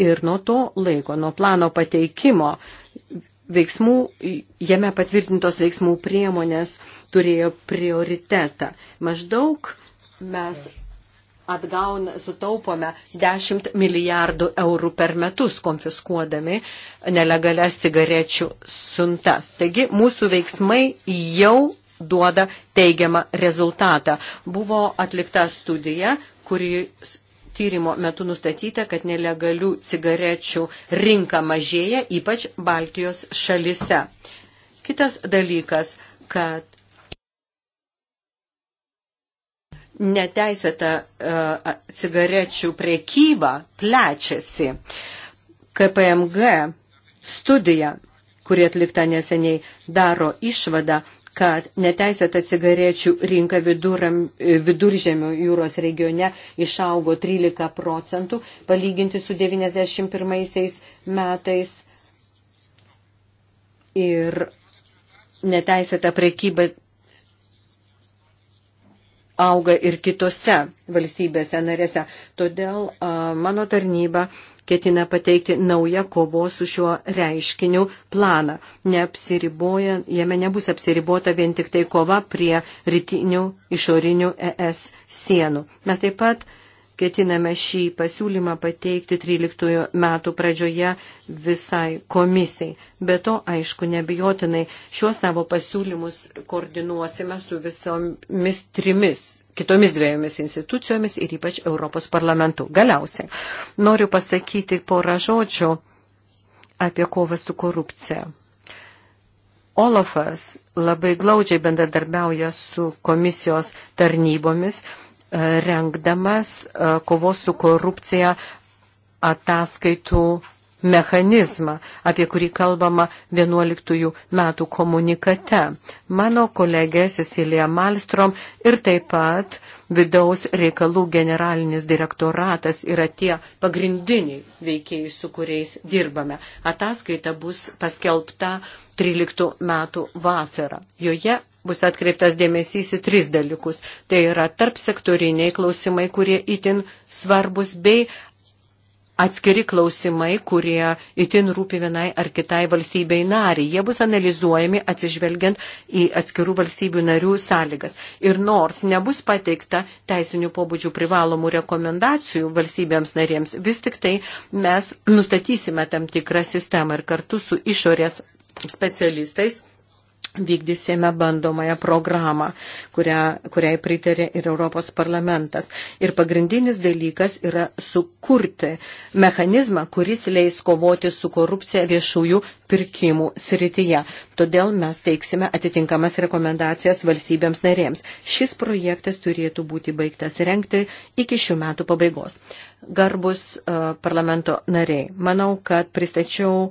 Ir nuo to laiko, nuo plano pateikimo, veiksmų, jame patvirtintos veiksmų priemonės turėjo prioritetą. Maždaug mes atgaun, sutaupome 10 milijardų eurų per metus konfiskuodami nelegalias cigarečių suntas. Taigi mūsų veiksmai jau duoda teigiamą rezultatą. Buvo atlikta studija, kuri tyrimo metu nustatyta, kad nelegalių cigarečių rinka mažėja, ypač Baltijos šalise. Kitas dalykas, kad neteisėta uh, cigarečių priekyba plečiasi. KPMG studija, kuri atlikta neseniai, daro išvadą, kad neteisėta cigarečių rinka viduram, viduržėmio jūros regione išaugo 13 procentų, palyginti su 91 metais. Ir neteisėta prekyba auga ir kitose valstybėse narėse. Todėl a, mano tarnyba ketina pateikti naują kovos su šiuo reiškiniu planą. Neapsiriboja, jame nebus apsiribota vien tik tai kova prie rytinių išorinių ES sienų. Mes taip pat ketiname šį pasiūlymą pateikti 13 metų pradžioje visai komisijai. Be to, aišku, nebijotinai šiuos savo pasiūlymus koordinuosime su visomis trimis kitomis dviejomis institucijomis ir ypač Europos parlamentu. Galiausiai noriu pasakyti porą žodžių apie kovą su korupcija. Olafas labai glaudžiai bendradarbiauja su komisijos tarnybomis, e, rengdamas e, kovos su korupcija ataskaitų mechanizmą, apie kurį kalbama 11 metų komunikate. Mano kolegė Cecilija Malstrom ir taip pat vidaus reikalų generalinis direktoratas yra tie pagrindiniai veikėjai, su kuriais dirbame. Ataskaita bus paskelbta 13 metų vasarą. Joje bus atkreiptas dėmesys į tris dalykus. Tai yra tarp sektoriniai klausimai, kurie itin svarbus, bei atskiri klausimai, kurie itin rūpi vienai ar kitai valstybei nariai. Jie bus analizuojami atsižvelgiant į atskirų valstybių narių sąlygas. Ir nors nebus pateikta teisinių pobūdžių privalomų rekomendacijų valstybėms narėms, vis tik tai mes nustatysime tam tikrą sistemą ir kartu su išorės specialistais vykdysime bandomąją programą, kurią, kuriai pritarė ir Europos parlamentas. Ir pagrindinis dalykas yra sukurti mechanizmą, kuris leis kovoti su korupcija viešųjų pirkimų srityje. Todėl mes teiksime atitinkamas rekomendacijas valstybėms narėms. Šis projektas turėtų būti baigtas renkti iki šių metų pabaigos. Garbus uh, parlamento nariai, manau, kad pristačiau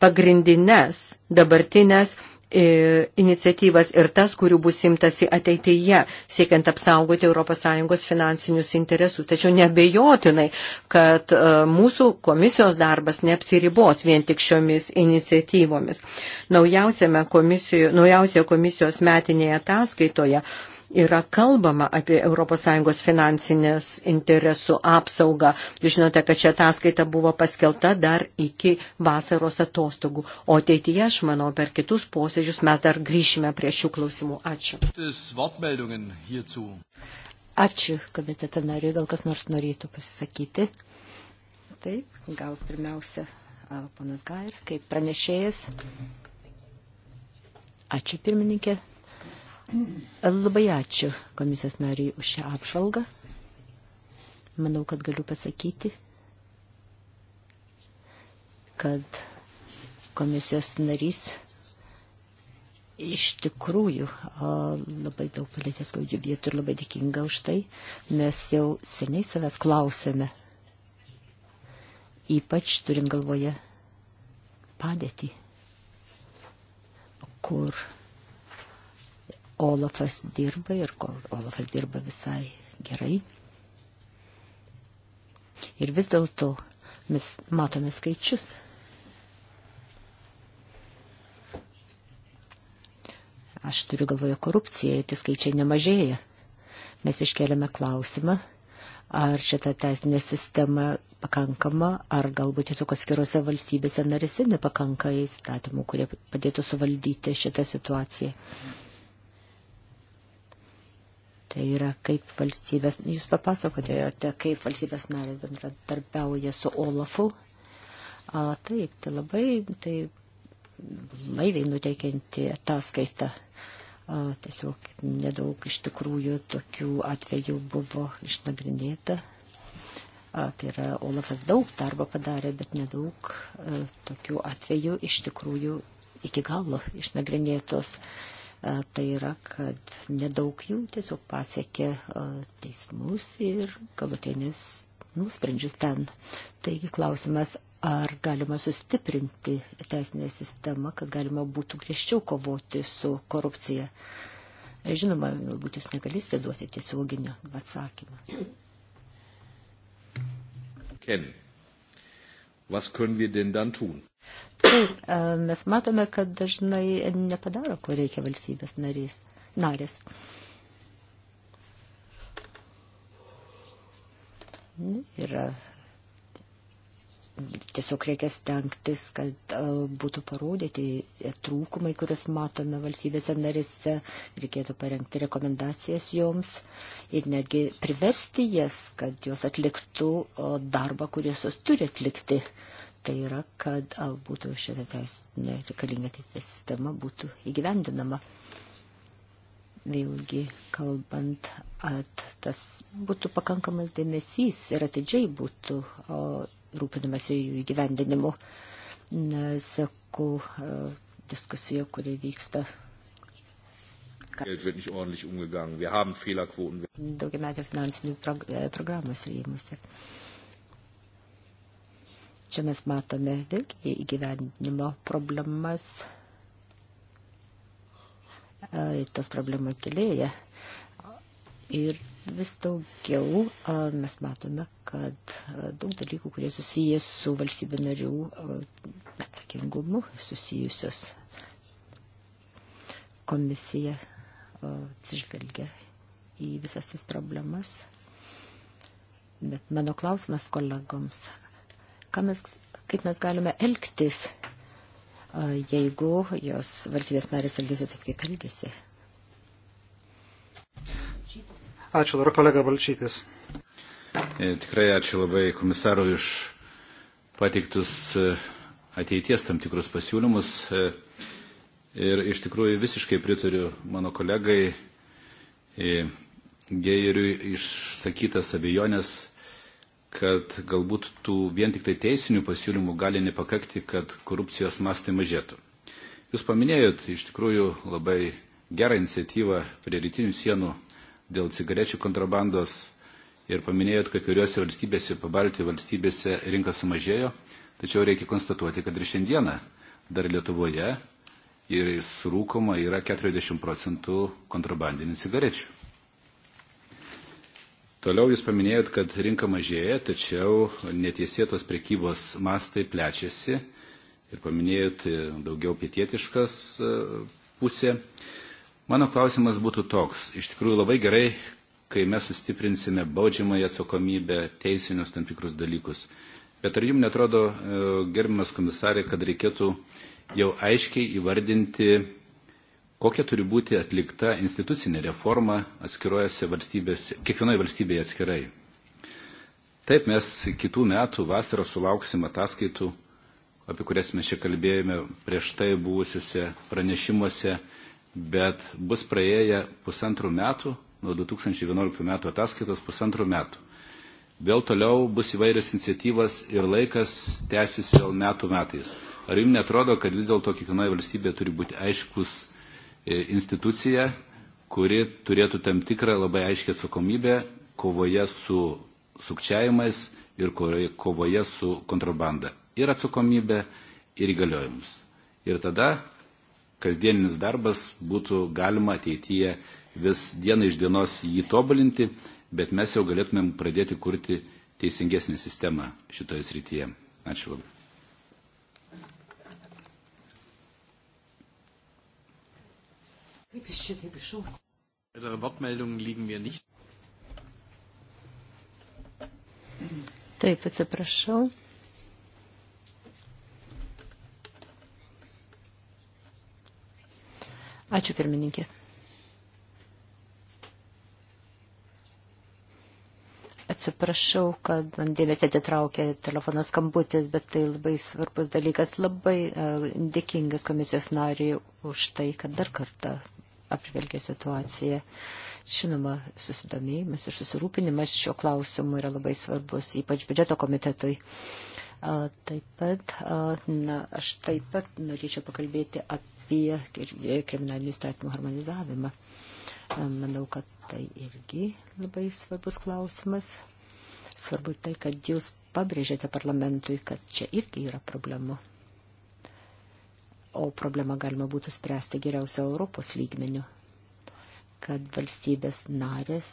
pagrindinės dabartinės iniciatyvas ir tas, kurių bus imtasi ateityje, siekiant apsaugoti ES finansinius interesus. Tačiau nebejotinai, kad e, mūsų komisijos darbas neapsiribos vien tik šiomis iniciatyvomis. Naujausioje komisijos metinėje ataskaitoje yra kalbama apie ES finansinės interesų apsaugą. Jūs žinote, kad čia ataskaita buvo paskelta dar iki vasaros atostogų. O ateityje, aš manau, per kitus posėdžius mes dar grįšime prie šių klausimų. Ačiū. Ačiū, komiteto nariai, gal kas nors norėtų pasisakyti. Taip, gal pirmiausia, ponas Gair, kaip pranešėjas. Ačiū pirmininkė. Labai ačiū komisijos nariui už šią apžvalgą. Manau, kad galiu pasakyti, kad komisijos narys iš tikrųjų labai daug palėtės skaudžių vietų ir labai dėkinga už tai. Mes jau seniai savęs klausėme, ypač turint galvoje padėtį, kur Olafas dirba ir Olafas dirba visai gerai. Ir vis dėlto mes matome skaičius. Aš turiu galvoje korupciją, tie skaičiai nemažėja. Mes iškeliame klausimą, ar šita teisinė sistema pakankama, ar galbūt tiesiog atskirose valstybėse narėse nepakanka įstatymų, kurie padėtų suvaldyti šitą situaciją. Tai yra, kaip valstybės, jūs papasakote, kaip valstybės narės bendradarbiauja su Olafu. A, taip, tai labai, tai laiviai nuteikianti ataskaita. A, tiesiog nedaug iš tikrųjų tokių atvejų buvo išnagrinėta. A, tai yra, Olafas daug darbo padarė, bet nedaug a, e, tokių atvejų iš tikrųjų iki galo išnagrinėtos. A, E, tai yra, kad nedaug jų tiesiog pasiekė e, teismus ir galutinis nusprendžius ten. Taigi klausimas, ar galima sustiprinti teisinę sistemą, kad galima būtų griežčiau kovoti su korupcija. E, žinoma, galbūt jūs negalėsite duoti tiesioginio atsakymą. Ken, was können wir denn dann tun? [clears throat] Mes matome, kad dažnai nepadaro, ko reikia valstybės narys, narės. Ir tiesiog reikia stengtis, kad būtų parodyti trūkumai, kuris matome valstybėse narėse, reikėtų parengti rekomendacijas joms ir netgi priversti jas, kad jos atliktų darbą, kuris jos turi atlikti tai yra, kad al būtų šitą teisinę reikalinga teisės sistema būtų įgyvendinama. Vėlgi, kalbant, at tas būtų pakankamas dėmesys ir atidžiai būtų o, rūpinamas jų įgyvendinimu. Seku e, diskusiją, kuri vyksta Geld wird nicht ordentlich umgegangen. Wir haben Fehlerquoten. Daugiametė finansinių prog e, programos rėmuose. Čia mes matome vėlgi įgyvendinimo problemas. E, tos problemos gilėja. Ir vis daugiau e, mes matome, kad e, daug dalykų, kurie susijęs su valstybių narių atsakingumu, susijusios komisija atsižvelgia į visas tas problemas. Bet mano klausimas kolegoms, mes, kaip mes galime elgtis, jeigu jos valstybės narės elgesi taip, kaip elgesi. Ačiū dar kolega Balčytis. E, tikrai ačiū labai komisarui iš pateiktus e, ateities tam tikrus pasiūlymus. E, ir iš tikrųjų visiškai pritariu mano kolegai Geiriui išsakytas abejonės kad galbūt tų vien tik tai teisinių pasiūlymų gali nepakakti, kad korupcijos mastai mažėtų. Jūs paminėjot iš tikrųjų labai gerą iniciatyvą prie rytinių sienų dėl cigarečių kontrabandos ir paminėjot, kad kuriuose valstybėse, pabaltijų valstybėse rinka sumažėjo, tačiau reikia konstatuoti, kad ir šiandieną dar Lietuvoje ir surūkoma yra 40 procentų kontrabandinių cigarečių. Toliau jūs paminėjot, kad rinka mažėja, tačiau netiesėtos prekybos mastai plečiasi ir paminėjot e, daugiau pietietiškas e, pusė. Mano klausimas būtų toks. Iš tikrųjų labai gerai, kai mes sustiprinsime baudžiamąją atsakomybę, teisinius tam tikrus dalykus. Bet ar jums netrodo, e, gerbimas komisarė, kad reikėtų jau aiškiai įvardinti kokia turi būti atlikta institucinė reforma atskiruojasi valstybėse, kiekvienoje valstybėje atskirai. Taip mes kitų metų vasarą sulauksim ataskaitų, apie kurias mes čia kalbėjome prieš tai buvusiuose pranešimuose, bet bus praėję pusantrų metų, nuo 2011 metų ataskaitos pusantrų metų. Vėl toliau bus įvairios iniciatyvas ir laikas tęsis vėl metų metais. Ar jums netrodo, kad vis dėlto kiekvienoje valstybėje turi būti aiškus E, institucija, kuri turėtų tam tikrą labai aiškę atsakomybę kovoje su sukčiavimais ir kovoje su kontrabanda. Ir atsakomybę, ir įgaliojimus. Ir tada kasdieninis darbas būtų galima ateityje vis dieną iš dienos jį tobulinti, bet mes jau galėtumėm pradėti kurti teisingesnį sistemą šitoje srityje. Ačiū labai. Kaip iš čia, kaip iš šau? Taip, atsiprašau. Ačiū pirmininkė. Atsiprašau, kad man dėmesį atitraukė telefonas skambutis, bet tai labai svarbus dalykas. Labai uh, dėkingas komisijos nariai už tai, kad dar kartą apžvelgia situaciją. Žinoma, susidomėjimas ir susirūpinimas šiuo klausimu yra labai svarbus, ypač biudžeto komitetui. Taip pat, na, aš taip pat norėčiau pakalbėti apie kriminalinių statymų harmonizavimą. Manau, kad tai irgi labai svarbus klausimas. Svarbu tai, kad jūs pabrėžėte parlamentui, kad čia irgi yra problemų o problemą galima būtų spręsti geriausio Europos lygmeniu, kad valstybės narės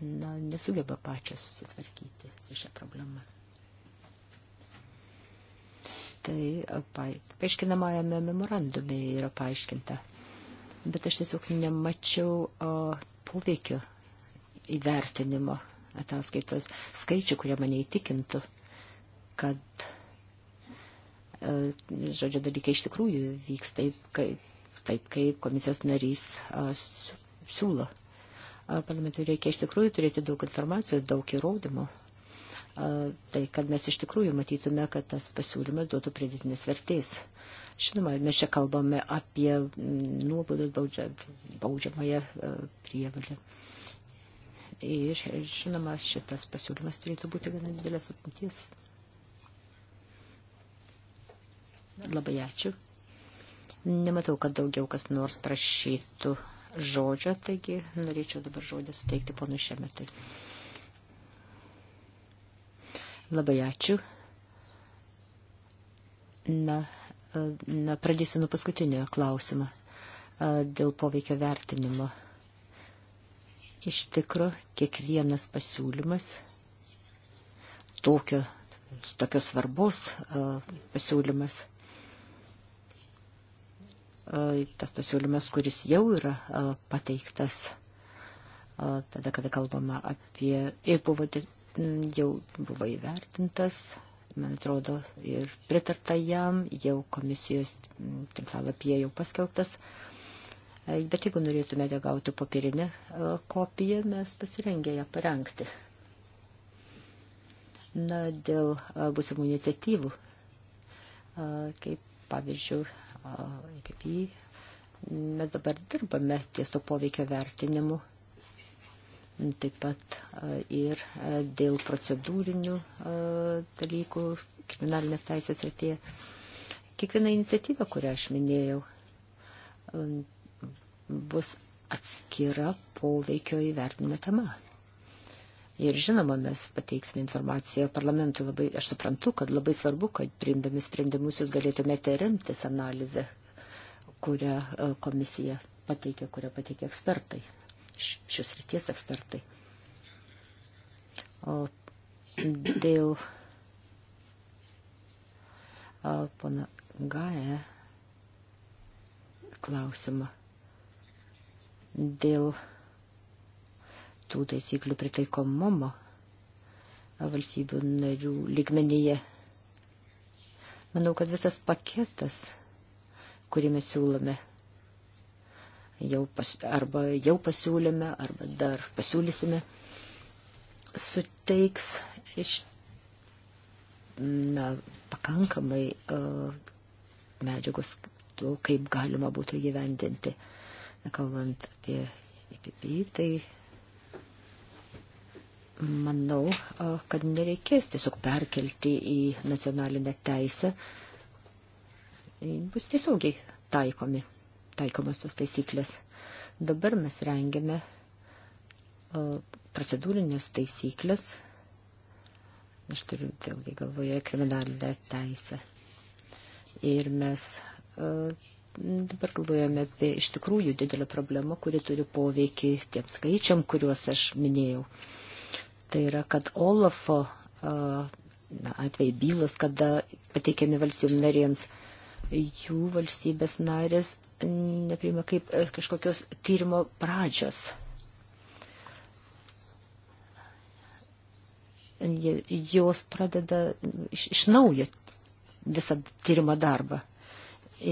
na, nesugeba pačios susitvarkyti su šią problemą. Tai paaiškinamajame memorandume yra paaiškinta, bet aš tiesiog nemačiau o, poveikio įvertinimo ataskaitos skaičių, kurie mane įtikintų, kad E, žodžio dalykai iš tikrųjų vyks taip, kaip, taip, kaip komisijos narys e, siūlo. E, parlamentui reikia iš tikrųjų turėti daug informacijos, daug įrodymų. Tai, kad mes iš tikrųjų matytume, kad tas pasiūlymas duotų pridėtinės vertės. Žinoma, mes čia kalbame apie mm, nuobodus baudžia, baudžiamąją prievalį. Ir žinoma, šitas pasiūlymas turėtų būti gana didelės apimties. Labai ačiū. Nematau, kad daugiau kas nors prašytų žodžio, taigi norėčiau dabar žodį suteikti ponu Šemetai. Labai ačiū. Na, na, pradėsiu nuo paskutinio klausimo dėl poveikio vertinimo. Iš tikro, kiekvienas pasiūlymas tokio, tokios svarbos pasiūlymas E, tas pasiūlymas, kuris jau yra e, pateiktas, e, tada, kada kalbama apie, ir buvo, jau buvo įvertintas, man atrodo, ir pritarta jam, jau komisijos tinklalapyje jau paskelbtas. Bet jeigu norėtumėte gauti papirinę kopiją, mes pasirengę ją parengti. Na, dėl būsimų iniciatyvų, kaip pavyzdžiui, EPP. Mes dabar dirbame ties to poveikio vertinimu, taip pat ir dėl procedūrinių dalykų kriminalinės teisės rytyje. Kiekviena iniciatyva, kurią aš minėjau, bus atskira poveikio įvertinimo tema. Ir žinoma, mes pateiksime informaciją parlamentui. Labai, aš suprantu, kad labai svarbu, kad priimdami sprendimus jūs galėtumėte remtis analizę, kurią e, komisija pateikė, kurią pateikė ekspertai, šios ryties ekspertai. O dėl pana Gae klausimą dėl tų taisyklių pritaikomumo valstybių narių lygmenyje. Manau, kad visas paketas, kurį mes siūlome, jau pas, arba jau pasiūlėme, arba dar pasiūlysime, suteiks iš na, pakankamai uh, medžiagos, kaip galima būtų įgyvendinti. Kalbant apie IPP, tai manau, kad nereikės tiesiog perkelti į nacionalinę teisę. E, bus tiesiogiai taikomi, taikomos tos taisyklės. Dabar mes rengiame procedūrinės taisyklės. Aš turiu vėlgi galvoje kriminalinę teisę. Ir mes dabar galvojame apie iš tikrųjų didelę problemą, kuri turi poveikį tiem skaičiam, kuriuos aš minėjau. Tai yra, kad Olafo atvejai bylos, kada pateikiami valstybių narėms, jų valstybės narės neprima kaip e, kažkokios tyrimo pradžios. Jos pradeda iš, iš naujo visą tyrimo darbą.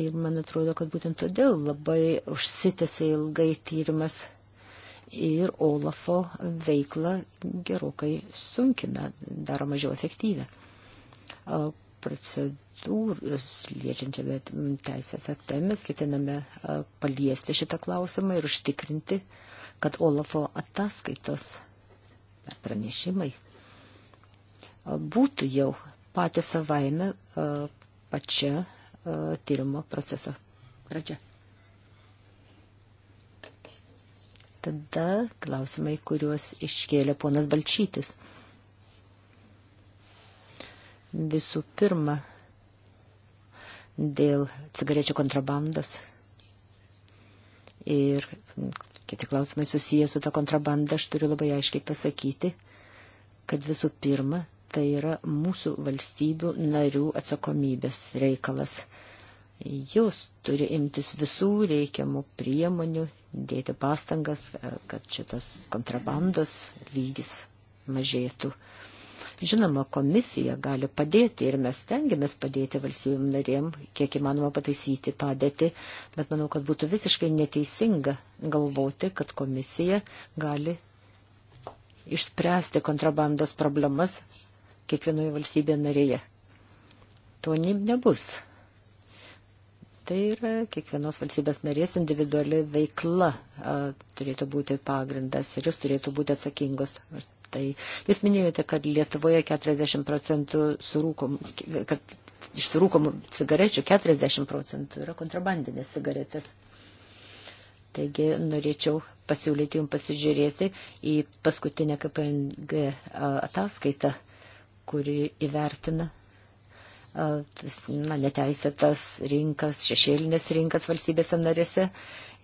Ir man atrodo, kad būtent todėl labai užsitęsė ilgai tyrimas ir Olafo veiklą gerokai sunkina, daro mažiau efektyvę. Procedūrą procedūrus liečiančiame teisės akte mes ketiname paliesti šitą klausimą ir užtikrinti, kad Olafo ataskaitos pranešimai būtų jau patį savaime pačia tyrimo proceso pradžia. Tada klausimai, kuriuos iškėlė ponas Balčytis. Visų pirma, dėl cigarečių kontrabandos ir kiti klausimai susiję su ta kontrabanda, aš turiu labai aiškiai pasakyti, kad visų pirma, tai yra mūsų valstybių narių atsakomybės reikalas. Jūs turi imtis visų reikiamų priemonių, dėti pastangas, kad šitas kontrabandos lygis mažėtų. Žinoma, komisija gali padėti ir mes tengiamės padėti valstybėm narėm, kiek įmanoma pataisyti padėti, bet manau, kad būtų visiškai neteisinga galvoti, kad komisija gali išspręsti kontrabandos problemas kiekvienoje valstybėje narėje. To nebus. Tai yra kiekvienos valstybės narės individuali veikla a, turėtų būti pagrindas ir jis turėtų būti atsakingos. Tai jūs minėjote, kad Lietuvoje 40 procentų surūkom, kad iš surūkomų cigarečių 40 procentų yra kontrabandinės cigaretės. Taigi norėčiau pasiūlyti jums pasižiūrėti į paskutinę KPNG ataskaitą, kuri įvertina na, neteisėtas rinkas, šešėlinės rinkas valstybėse narėse.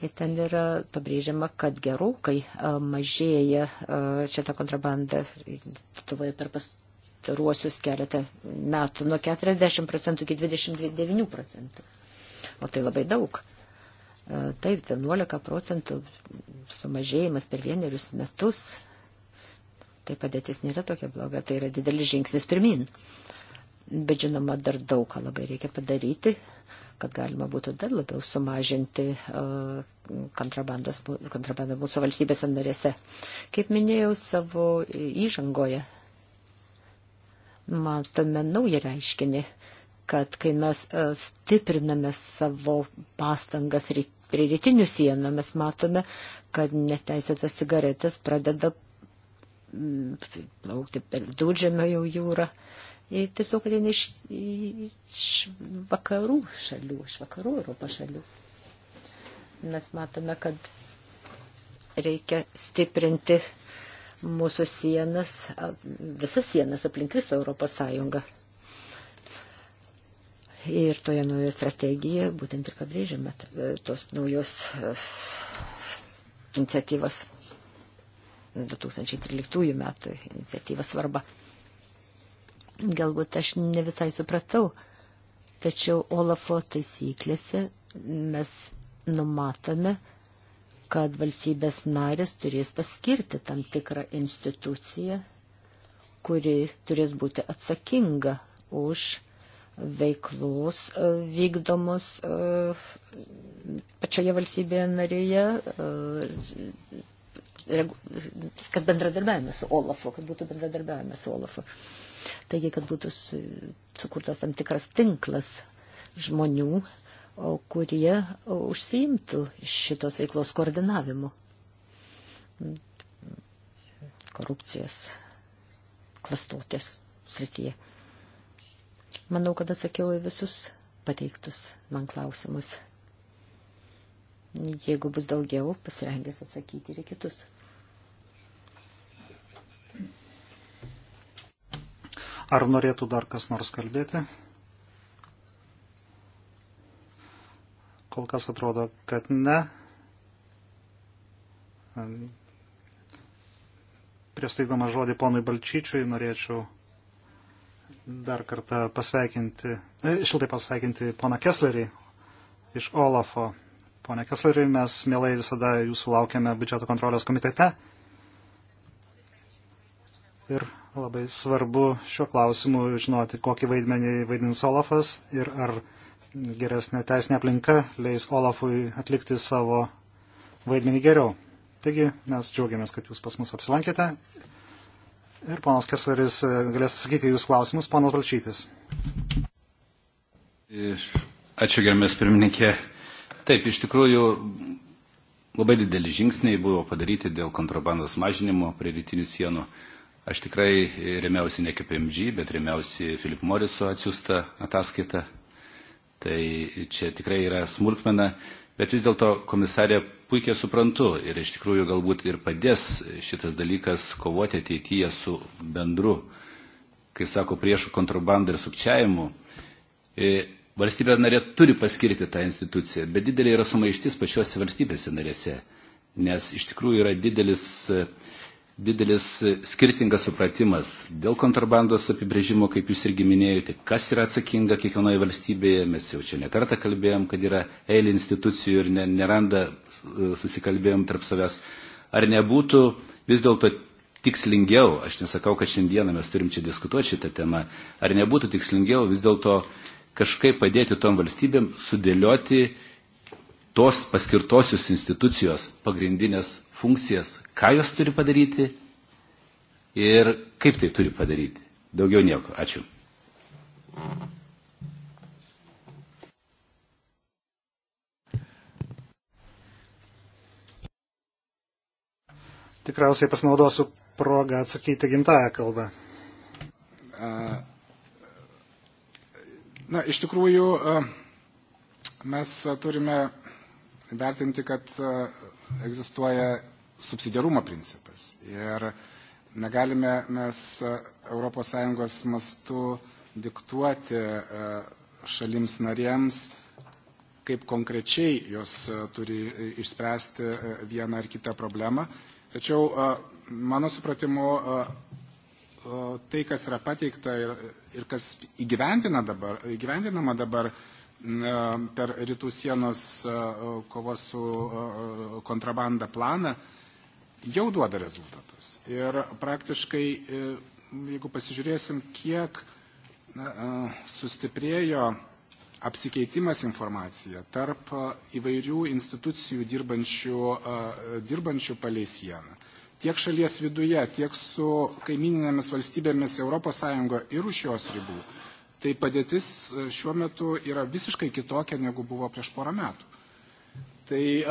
Ir ten yra pabrėžiama, kad gerokai mažėja šitą kontrabandą Lietuvoje per pastaruosius keletą metų nuo 40 procentų iki 29 procentų. O tai labai daug. Taip, 11 procentų sumažėjimas per vienerius metus. Tai padėtis nėra tokia bloga, tai yra didelis žingsnis pirmin. Uh, bet žinoma, dar daug ką labai reikia padaryti, kad galima būtų dar labiau sumažinti uh, kontrabandą mūsų valstybėse narėse. Kaip minėjau savo įžangoje, matome naują reiškinį, kad kai mes uh, stipriname savo pastangas prie rytinių sienų, mes matome, kad neteisėtos cigaretės pradeda mm, plaukti per dūdžiamą jau jūrą E tiesiog ateina iš, iš vakarų šalių, iš vakarų Europos šalių. Mes matome, kad reikia stiprinti mūsų sienas, visas sienas aplink visą Europos Sąjungą. Ir toje naujoje strategijoje būtent ir pabrėžiame tos naujos iniciatyvos 2013 metų iniciatyvos svarba. Galbūt aš ne visai supratau, tačiau Olafo taisyklėse mes numatome, kad valstybės narės turės paskirti tam tikrą instituciją, kuri turės būti atsakinga už veiklos e, vykdomus e, pačioje valstybėje narėje, e, kad bendradarbiavimas su Olafu, kad būtų bendradarbiavimas su Olafu. Uh, Taigi, kad būtų su, sukurtas tam tikras tinklas žmonių, kurie užsiimtų šitos veiklos koordinavimu. Korupcijos, klastotės srityje. Manau, kad atsakiau į visus pateiktus man klausimus. Jeigu bus daugiau, pasirengęs atsakyti ir kitus. Ar norėtų dar kas nors kalbėti? Kol kas atrodo, kad ne. Prieš teikdama žodį ponui Balčyčiui norėčiau dar kartą pasveikinti, e, šiltai pasveikinti poną Kesslerį iš Olafo. Pone Kesleri, mes mielai visada jūsų laukiame biudžeto kontrolės komitete. Ir labai svarbu šiuo klausimu žinoti, kokį vaidmenį vaidins Olafas ir ar geresnė teisinė aplinka leis Olafui atlikti savo vaidmenį geriau. Taigi mes džiaugiamės, kad jūs pas mus apsilankėte. Ir ponas Kesaris e, galės atsakyti jūs klausimus, ponas Balčytis. Ačiū, gerbės pirmininkė. Taip, iš tikrųjų, labai dideli žingsniai buvo padaryti dėl kontrabandos mažinimo prie rytinių sienų. Aš tikrai remiausi ne KPMG, bet remiausi Filip Moriso atsiųstą ataskaitą. Tai čia tikrai yra smulkmena, bet vis dėlto komisarė puikiai suprantu ir iš tikrųjų galbūt ir padės šitas dalykas kovoti ateityje su bendru, kai sako, priešų kontrabandą ir sukčiavimu. E, valstybė narė turi paskirti tą instituciją, bet didelė yra sumaištis pačiose valstybėse narėse, nes iš tikrųjų yra didelis uh, didelis e, skirtingas supratimas dėl kontrabandos apibrėžimo, kaip jūs irgi minėjote, kas yra atsakinga kiekvienoje valstybėje. Mes jau čia nekartą kalbėjom, kad yra eilė institucijų ir ne, neranda e, susikalbėjom tarp savęs. Ar nebūtų vis dėlto tikslingiau, aš nesakau, kad šiandieną mes turim čia diskutuoti šitą temą, ar nebūtų tikslingiau vis dėlto kažkaip padėti tom valstybėm sudėlioti tos paskirtosios institucijos pagrindinės funkcijas, ką jos turi padaryti ir kaip tai turi padaryti. Daugiau nieko. Ačiū. Tikriausiai pasinaudosiu progą atsakyti gimtają kalbą. Na, iš tikrųjų, mes turime vertinti, kad egzistuoja subsidiarumo principas. Ir negalime mes ES mastu diktuoti e, šalims narėms, kaip konkrečiai jos e, turi e, išspręsti vieną ar kitą problemą. Tačiau mano supratimu, tai, kas yra pateikta ir, ir kas įgyvendina dabar, įgyvendinama dabar per rytų sienos kovos su kontrabanda planą, jau duoda rezultatus. Ir praktiškai, e, jeigu pasižiūrėsim, kiek e, sustiprėjo apsikeitimas informacija tarp e, įvairių institucijų dirbančių, dirbančių palei sieną. Tiek šalies viduje, tiek su kaimininėmis valstybėmis ES ir už jos ribų. Tai padėtis šiuo metu yra visiškai kitokia, negu buvo prieš porą metų. Tai,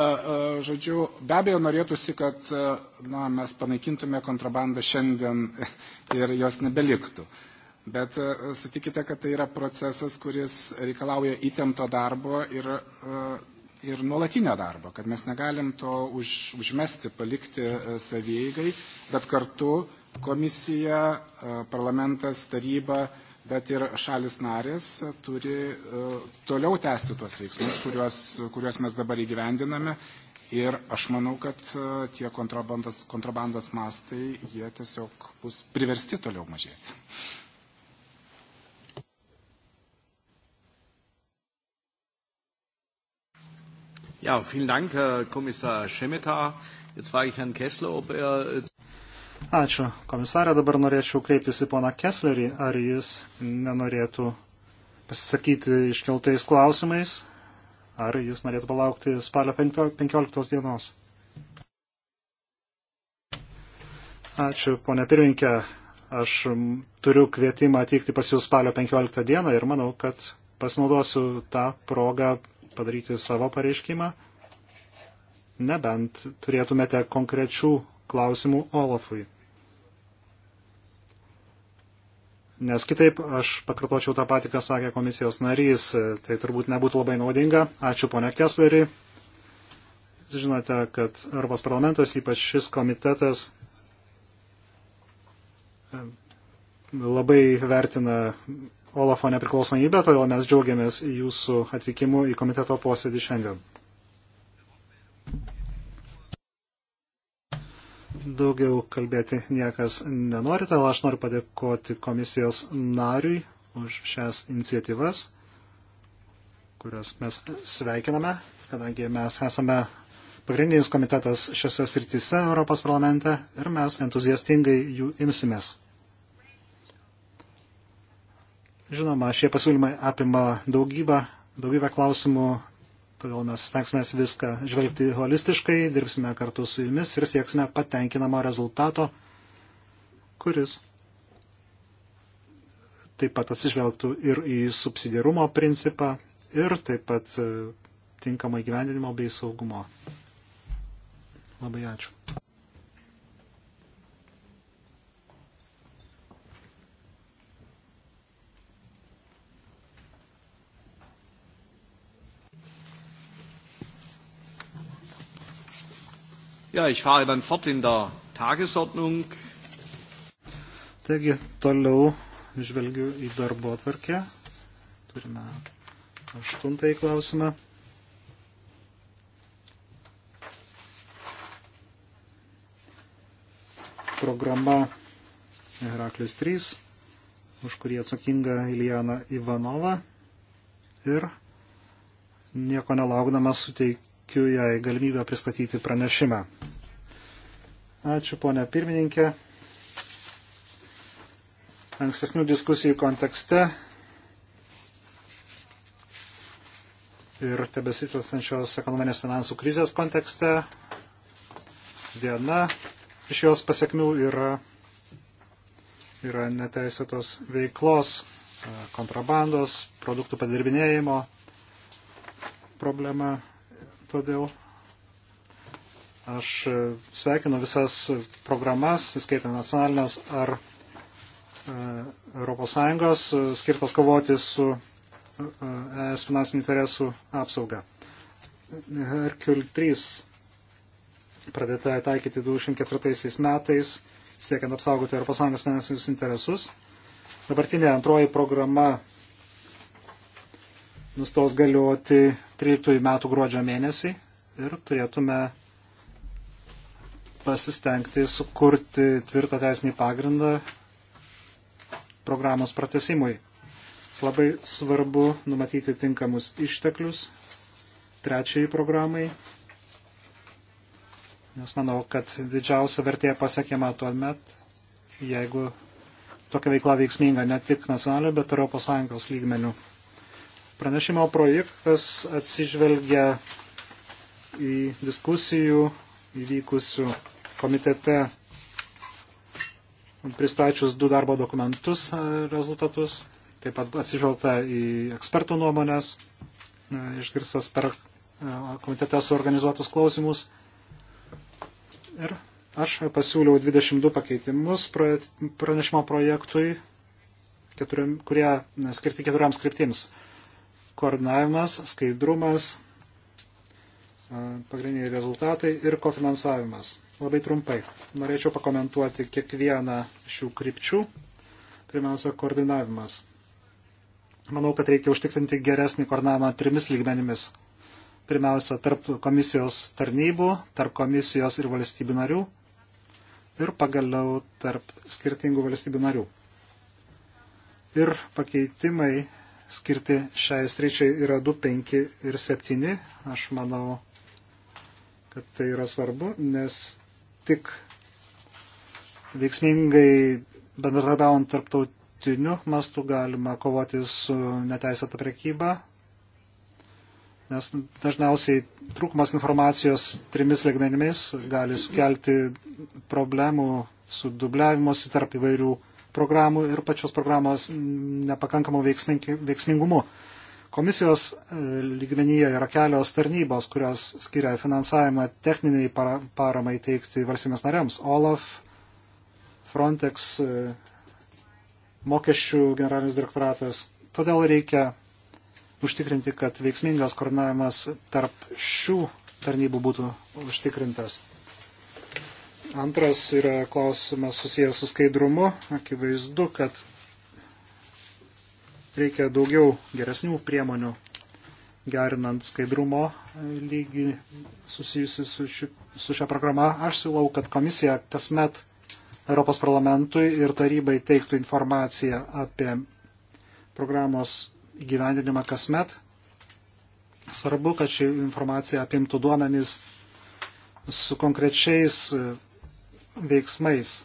žodžiu, be abejo norėtųsi, kad na, mes panaikintume kontrabandą šiandien [laughs] ir jos nebeliktų. Bet sutikite, kad tai yra procesas, kuris reikalauja įtempto darbo ir, ir nuolatinio darbo, kad mes negalim to už, užmesti, palikti savieigai, bet kartu komisija, parlamentas, taryba bet ir šalis narės e, turi e, toliau tęsti tuos veiksmus, kuriuos, kuriuos mes dabar įgyvendiname. Ir aš manau, kad e, tie kontrabandos, kontrabandos mastai, jie tiesiog bus priversti toliau mažėti. Ja, vielen Dank, Herr Kommissar Schemeta. Jetzt frage ich Herrn Kessler, ob er äh, Ačiū, komisarė. Dabar norėčiau kreiptis į poną Kesslerį, ar jis nenorėtų pasisakyti iškeltais klausimais, ar jis norėtų palaukti spalio 15 dienos. Ačiū, ponė pirminkė. Aš turiu kvietimą atvykti pas jūs spalio 15 dieną ir manau, kad pasinaudosiu tą progą padaryti savo pareiškimą, nebent turėtumėte konkrečių klausimų Olafui. Nes kitaip aš pakartočiau tą patį, ką sakė komisijos narys, tai turbūt nebūtų labai naudinga. Ačiū ponia Kesleri. Žinote, kad Europos parlamentas, ypač šis komitetas, labai vertina Olafo nepriklausomybę, todėl mes džiaugiamės jūsų atvykimu į komiteto posėdį šiandien. Daugiau kalbėti niekas nenori, todėl aš noriu padėkoti komisijos nariui už šias iniciatyvas, kurias mes sveikiname, kadangi mes esame pagrindinis komitetas šiose srityse Europos parlamente ir mes entuziastingai jų imsimės. Žinoma, šie pasiūlymai apima daugybę, daugybę klausimų Todėl mes stengsime viską žvelgti holistiškai, dirbsime kartu su jumis ir sieksime patenkinamo rezultato, kuris taip pat atsižvelgtų ir į subsidiarumo principą, ir taip pat e, tinkamo įgyvendinimo bei saugumo. Labai ačiū. Ja, ich fahre dann fort in der Tagesordnung. Taigi, toliau žvelgiu į darbo atvarkę. Turime aštuntąjį klausimą. Programa Heraklis 3, už kurį atsakinga Ilijana Ivanova. Ir nieko nelaukdama suteikia suteikiu jai galimybę pristatyti pranešimą. Ačiū, ponia pirmininkė. Ankstesnių diskusijų kontekste ir tebesitęsančios ekonominės finansų krizės kontekste viena iš jos pasiekmių yra, yra neteisėtos veiklos, kontrabandos, produktų padirbinėjimo problema Todėl aš e, sveikinu visas programas, įskaitant nacionalinės ar ES, e, skirtas kovoti su ES e finansinių interesų apsauga. Hercule 3 pradėta taikyti 2004 metais, siekiant apsaugoti ES finansinius interesus. Dabartinė antroji programa nustos galioti 13 metų gruodžio mėnesį ir turėtume pasistengti sukurti tvirtą teisinį pagrindą programos pratesimui. Labai svarbu numatyti tinkamus išteklius trečiai programai, nes manau, kad didžiausia vertė pasiekiama tuo met, jeigu tokia veikla veiksminga ne tik nacionalio, bet ir Europos Sąjungos lygmenių. Pranešimo projektas atsižvelgia į diskusijų įvykusių komitete pristačius du darbo dokumentus e, rezultatus, taip pat atsižvelgta į ekspertų nuomonės, e, išgirstas per e, komitete suorganizuotus klausimus. Ir aš pasiūliau 22 pakeitimus pranešimo projektui, kurie skirti keturiams skriptims koordinavimas, skaidrumas, pagrindiniai rezultatai ir kofinansavimas. Labai trumpai. Norėčiau pakomentuoti kiekvieną šių krypčių. Pirmiausia, koordinavimas. Manau, kad reikia užtikrinti geresnį koordinavimą trimis lygmenimis. Pirmiausia, tarp komisijos tarnybų, tarp komisijos ir valstybių narių ir pagaliau tarp skirtingų valstybių narių. Ir pakeitimai skirti šiai streičiai yra 2, 5 ir 7. Aš manau, kad tai yra svarbu, nes tik veiksmingai bendradarbiaujant tarptautiniu mastu galima kovoti su neteisėta prekyba, nes dažniausiai trūkumas informacijos trimis ligmenimis gali sukelti problemų su dubliavimuose tarp įvairių programų ir pačios programos nepakankamu veiksmingumu. Komisijos e, lygmenyje yra kelios tarnybos, kurios skiria finansavimą techniniai paramai teikti valstybės nariams. OLAF, Frontex, e, mokesčių generalinis direktoratas. Todėl reikia užtikrinti, kad veiksmingas koordinavimas tarp šių tarnybų būtų užtikrintas. Antras yra klausimas susijęs su skaidrumu. Akivaizdu, kad reikia daugiau geresnių priemonių gerinant skaidrumo lygį susijusi su, ši, su šia programa. Aš siūlau, kad komisija kasmet Europos parlamentui ir tarybai teiktų informaciją apie programos įgyvendinimą kasmet. Svarbu, kad ši informacija apimtų duomenys su konkrečiais veiksmais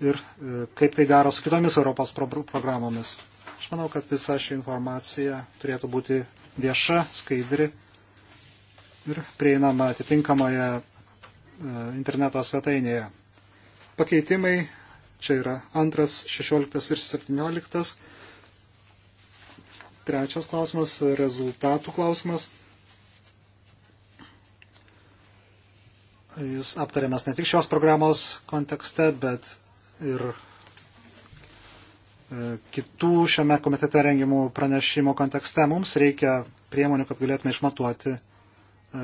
ir e, kaip tai daro su kitomis Europos pro programomis. Aš manau, kad visa ši informacija turėtų būti vieša, skaidri ir prieinama atitinkamoje e, interneto svetainėje. Pakeitimai čia yra antras, šešioliktas ir septynioliktas. Trečias klausimas - rezultatų klausimas. jis aptariamas ne tik šios programos kontekste, bet ir e, kitų šiame komitete rengimų pranešimų kontekste. Mums reikia priemonių, kad galėtume išmatuoti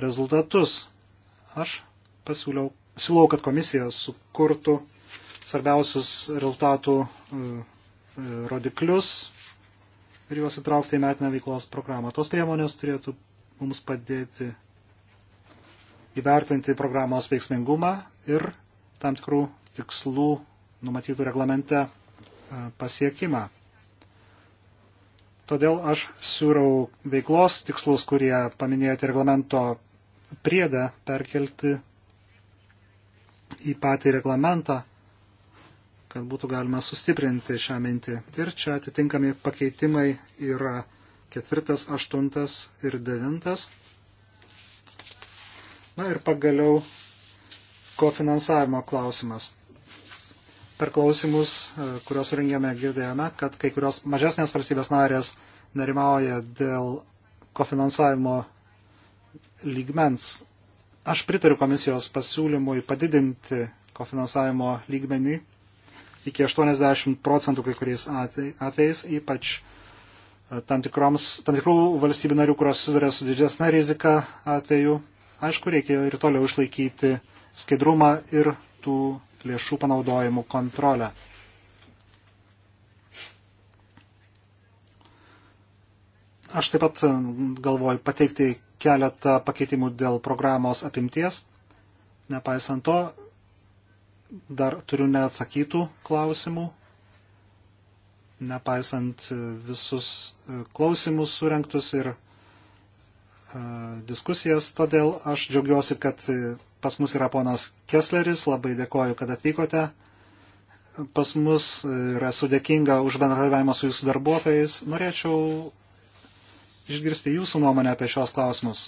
rezultatus. Aš pasiūliau, siūlau, kad komisija sukurtų svarbiausius rezultatų e, e, rodiklius ir juos įtraukti į metinę veiklos programą. Tos priemonės turėtų mums padėti įvertinti programos veiksmingumą ir tam tikrų tikslų numatytų reglamente e, pasiekimą. Todėl aš siūrau veiklos tikslus, kurie paminėjote reglamento priedą, perkelti į patį reglamentą, kad būtų galima sustiprinti šią mintį. Ir čia atitinkami pakeitimai yra ketvirtas, aštuntas ir devintas. Na ir pagaliau kofinansavimo klausimas. Per klausimus, e, kuriuos rengėme, girdėjome, kad kai kurios mažesnės valstybės narės nerimauja dėl kofinansavimo lygmens. Aš pritariu komisijos pasiūlymui padidinti kofinansavimo lygmenį iki 80 procentų kai kuriais atvejais, ypač e, tam, tikroms, tam tikrų valstybių narių, kurios sudarė su didesnė rizika atveju, Aišku, reikėjo ir toliau išlaikyti skaidrumą ir tų lėšų panaudojimų kontrolę. Aš taip pat galvoju pateikti keletą pakeitimų dėl programos apimties. Nepaisant to, dar turiu neatsakytų klausimų. Nepaisant visus klausimus surinktus ir klausimus diskusijas, todėl aš džiaugiuosi, kad pas mus yra ponas Kessleris, labai dėkoju, kad atvykote pas mus ir esu dėkinga už bendradarbiavimą su jūsų darbuotojais. Norėčiau išgirsti jūsų nuomonę apie šios klausimus.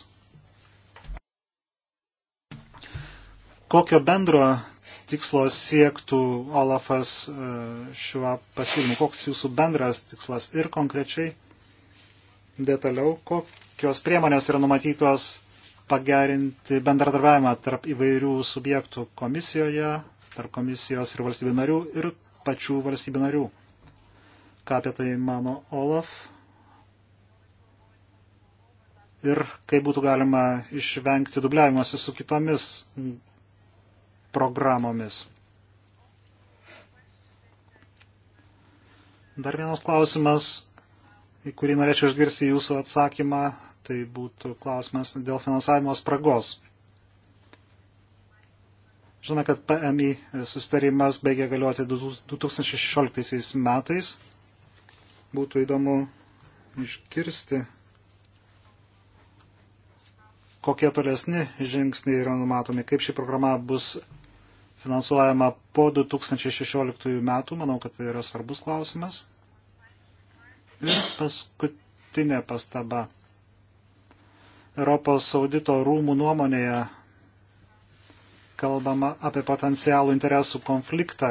Kokio bendro tikslo siektų Olafas e, šiuo pasiūlymu? Koks jūsų bendras tikslas ir konkrečiai detaliau, kokia kokios priemonės yra numatytos pagerinti bendradarbiavimą tarp įvairių subjektų komisijoje, tarp komisijos ir valstybių narių ir pačių valstybių narių. Ką apie tai mano Olaf? Ir kaip būtų galima išvengti dubliavimuose su kitomis programomis. Dar vienas klausimas į kurį norėčiau išgirsti jūsų atsakymą, tai būtų klausimas dėl finansavimo spragos. Žinome, kad PMI sustarimas baigė galioti 2016 metais. Būtų įdomu iškirsti, kokie tolesni žingsniai yra numatomi, kaip ši programa bus finansuojama po 2016 metų. Manau, kad tai yra svarbus klausimas. Ir paskutinė pastaba. Europos audito rūmų nuomonėje kalbama apie potencialų interesų konfliktą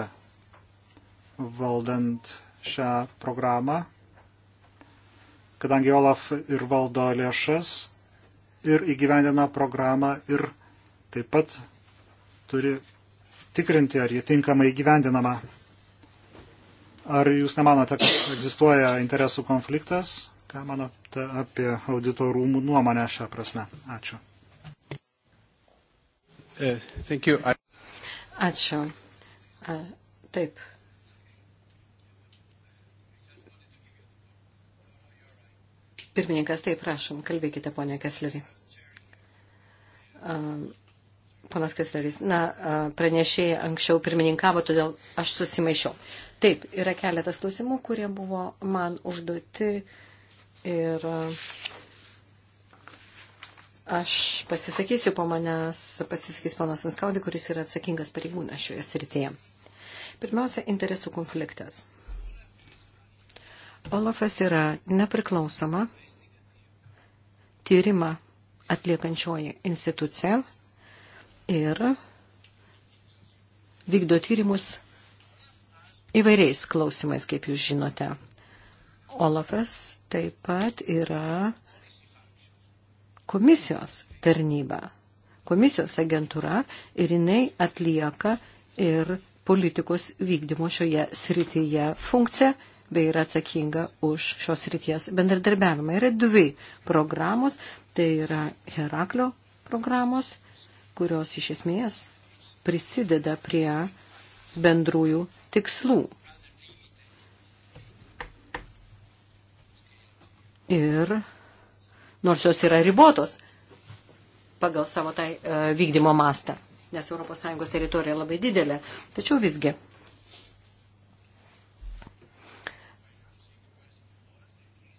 valdant šią programą, kadangi Olaf ir valdo lėšas ir įgyvendina programą ir taip pat turi tikrinti, ar ji tinkamai įgyvendinama. Ar jūs nemanote, kad egzistuoja interesų konfliktas? Ką manote apie audito rūmų nuomonę šią prasme? Ačiū. Uh, Ačiū. Taip. Pirmininkas, taip, prašom, kalbėkite, ponė Kesleri. Ponas Kesleris, na, pranešėjai anksčiau pirmininkavo, todėl aš susimaišiau. Taip, yra keletas klausimų, kurie buvo man užduoti ir e, aš pasisakysiu po manęs, pasisakys ponas Anskaudė, kuris yra atsakingas pareigūnas šioje srityje. Pirmiausia, interesų konfliktas. Olafas yra nepriklausoma tyrimą atliekančioji institucija ir vykdo tyrimus įvairiais klausimais, kaip jūs žinote. Olafas taip pat yra komisijos tarnyba, komisijos agentūra ir jinai atlieka ir politikos vykdymo šioje srityje funkciją bei yra atsakinga už šios srities bendradarbiavimą. Yra dvi programos, tai yra Heraklio programos, kurios iš esmės prisideda prie bendrųjų tikslų. Ir nors jos yra ribotos pagal savo tai e, vykdymo mastą, nes ES teritorija labai didelė, tačiau visgi.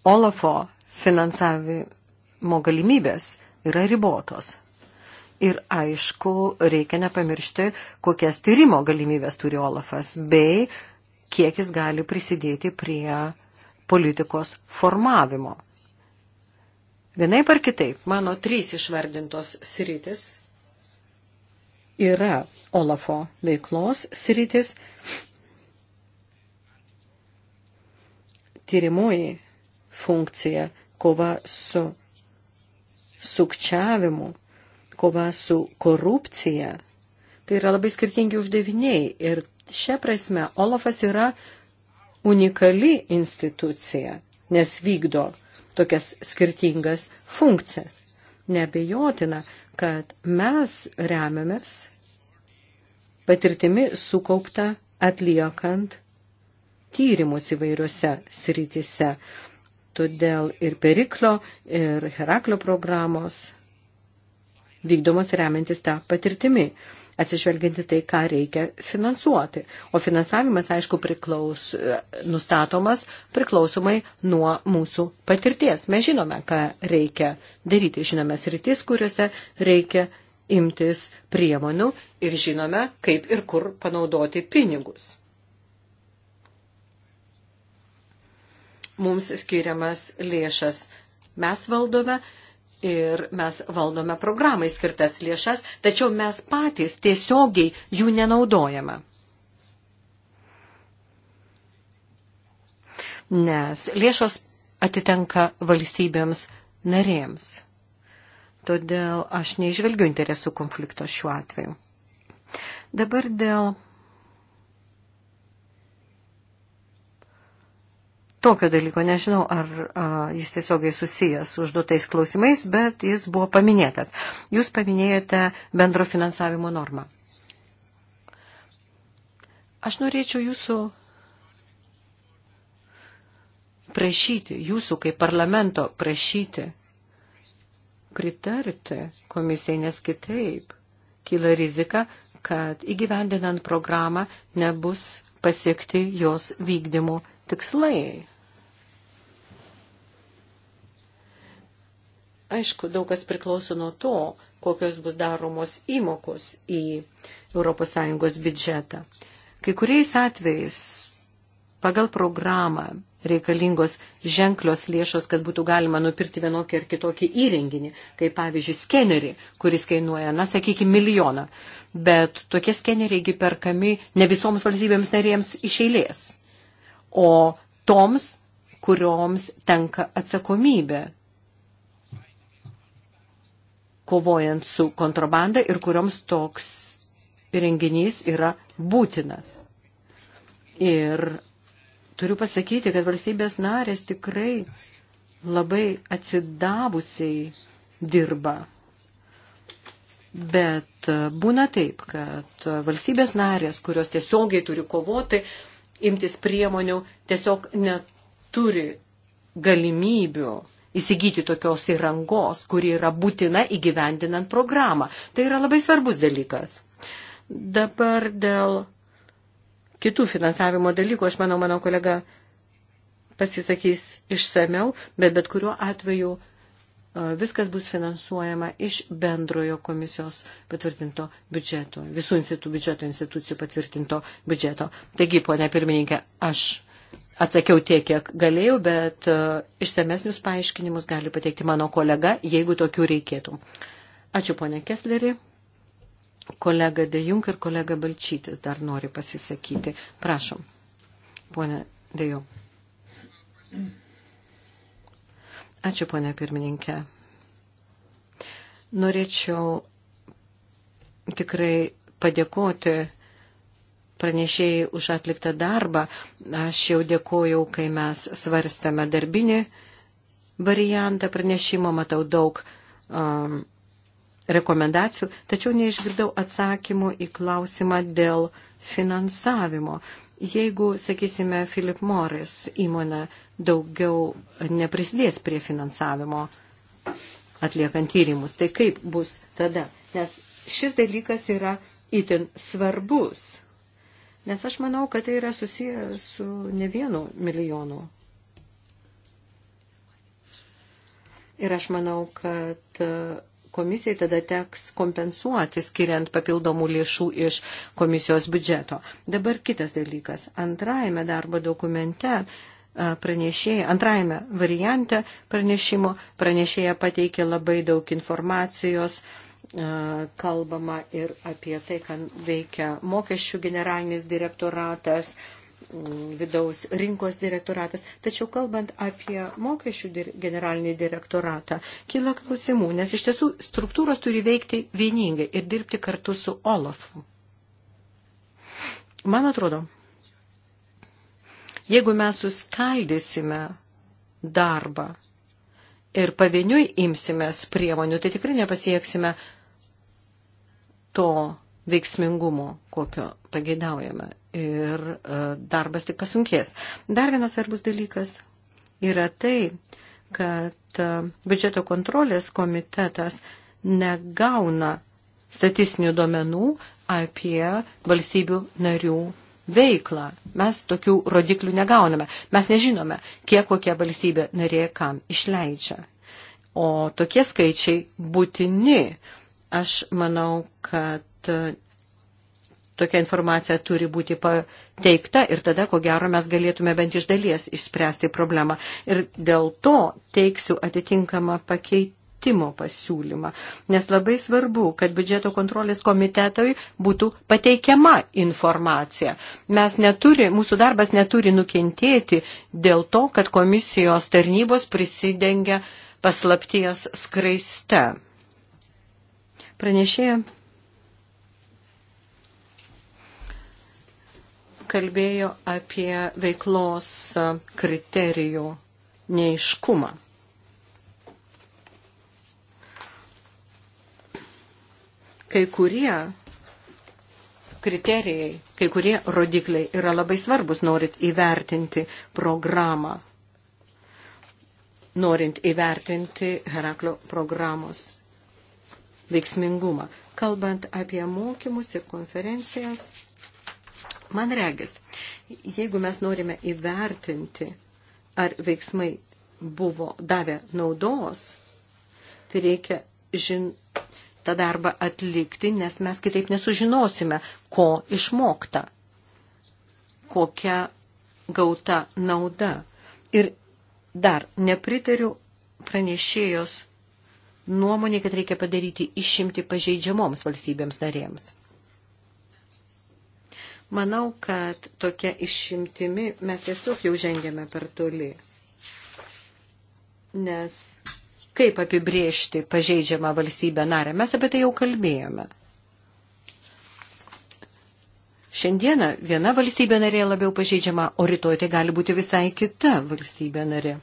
Olafo finansavimo galimybės yra ribotos. Ir aišku, reikia nepamiršti, kokias tyrimo galimybės turi Olafas, bei kiek jis gali prisidėti prie politikos formavimo. Vienaip ar kitaip, mano trys išvardintos sritis yra Olafo veiklos sritis, tyrimoji funkcija, kova su sukčiavimu kova su korupcija, tai yra labai skirtingi uždaviniai. Ir šią prasme Olafas yra unikali institucija, nes vykdo tokias skirtingas funkcijas. Nebejotina, kad mes remiamės patirtimi sukaupta atliekant tyrimus įvairiuose srityse. Todėl ir Periklio, ir Heraklio programos vykdomos remiantis tą patirtimi, atsižvelginti tai, ką reikia finansuoti. O finansavimas, aišku, priklaus, nustatomas priklausomai nuo mūsų patirties. Mes žinome, ką reikia daryti, žinome sritis, kuriuose reikia imtis priemonių ir žinome, kaip ir kur panaudoti pinigus. Mums skiriamas lėšas mes valdome ir mes valdome programai skirtas lėšas, tačiau mes patys tiesiogiai jų nenaudojame. Nes lėšos atitenka valstybėms narėms. Todėl aš neižvelgiu interesų konflikto šiuo atveju. Dabar dėl tokio dalyko nežinau, ar a, jis tiesiogiai susijęs su užduotais klausimais, bet jis buvo paminėtas. Jūs paminėjote bendro finansavimo normą. Aš norėčiau jūsų prašyti, jūsų kaip parlamento prašyti, pritarti komisijai, nes kitaip kyla rizika, kad įgyvendinant programą nebus pasiekti jos vykdymo tikslai. Aišku, daug kas priklauso nuo to, kokios bus daromos įmokos į ES biudžetą. Kai kuriais atvejais pagal programą reikalingos ženklios lėšos, kad būtų galima nupirkti vienokį ar kitokį įrenginį, kaip pavyzdžiui skenerį, kuris kainuoja, na, sakykime, milijoną. Bet tokie skeneriai perkami ne visoms valstybėms narėms iš eilės, o toms, kurioms tenka atsakomybė kovojant su kontrabanda ir kurioms toks įrenginys yra būtinas. Ir turiu pasakyti, kad valstybės narės tikrai labai atsidavusiai dirba. Bet e, būna taip, kad valstybės narės, kurios tiesiogiai turi kovoti, imtis priemonių, tiesiog neturi galimybių įsigyti tokios įrangos, kuri yra būtina įgyvendinant programą. Tai yra labai svarbus dalykas. Dabar dėl kitų finansavimo dalykų, aš manau, mano kolega pasisakys išsameu, bet bet kuriuo atveju viskas bus finansuojama iš bendrojo komisijos patvirtinto biudžeto, visų institu, biudžeto institucijų patvirtinto biudžeto. Taigi, ponia pirmininkė, aš Atsakiau tiek, kiek galėjau, bet e, išsamesnius paaiškinimus gali pateikti mano kolega, jeigu tokių reikėtų. Ačiū, ponė Kesleri. Kolega De Jung ir kolega Balčytis dar nori pasisakyti. Prašom, ponė De Jung. Ačiū, ponė pirmininkė. Norėčiau tikrai padėkoti pranešėjai už atliktą darbą. Aš jau dėkojau, kai mes svarstame darbinį variantą pranešimo, matau daug um, rekomendacijų, tačiau neišgirdau atsakymų į klausimą dėl finansavimo. Jeigu, sakysime, Philip Morris įmonė daugiau neprisidės prie finansavimo atliekant tyrimus, tai kaip bus tada? Nes šis dalykas yra itin svarbus Nes aš manau, kad tai yra susiję su ne vienu milijonu. Ir aš manau, kad e, komisijai tada teks kompensuoti, skiriant papildomų lėšų iš komisijos biudžeto. Dabar kitas dalykas. Antrajame darbo dokumente e, pranešėjai, antrajame variante pranešimo pranešėja pateikė labai daug informacijos, uh, kalbama ir apie tai, kad veikia mokesčių generalinis direktoratas, vidaus rinkos direktoratas. Tačiau kalbant apie mokesčių generalinį direktoratą, kyla klausimų, nes iš tiesų struktūros turi veikti vieningai ir dirbti kartu su Olafu. Man atrodo, jeigu mes suskaldysime darbą ir pavieniui imsimės priemonių, tai tikrai nepasieksime to veiksmingumo, kokio pageidaujame. Ir e, darbas tik pasunkės. Dar vienas svarbus dalykas yra tai, kad e, biudžeto kontrolės komitetas negauna statistinių duomenų apie valstybių narių veiklą. Mes tokių rodiklių negauname. Mes nežinome, kiek kokia valstybė narė kam išleidžia. O tokie skaičiai būtini Aš manau, kad e, tokia informacija turi būti pateikta ir tada, ko gero, mes galėtume bent iš dalies išspręsti problemą. Ir dėl to teiksiu atitinkamą pakeitimo pasiūlymą, nes labai svarbu, kad biudžeto kontrolės komitetui būtų pateikiama informacija. Mes neturi, mūsų darbas neturi nukentėti dėl to, kad komisijos tarnybos prisidengia paslapties skraiste. Pranešėja kalbėjo apie veiklos kriterijų neiškumą. Kai kurie kriterijai, kai kurie rodikliai yra labai svarbus, norint įvertinti programą, norint įvertinti Heraklio programos veiksmingumą. Kalbant apie mokymus ir konferencijas, man regis, jeigu mes norime įvertinti, ar veiksmai buvo davę naudos, tai reikia žin, tą darbą atlikti, nes mes kitaip nesužinosime, ko išmokta, kokia gauta nauda. Ir dar nepritariu pranešėjos nuomonė, kad reikia padaryti išimti pažeidžiamoms valstybėms narėms. Manau, kad tokia išimtimi mes tiesiog jau žengėme per toli. Nes kaip apibriežti pažeidžiamą valstybę narę? Mes apie tai jau kalbėjome. Šiandieną viena valstybė narė labiau pažeidžiama, o rytoj tai gali būti visai kita valstybė narė.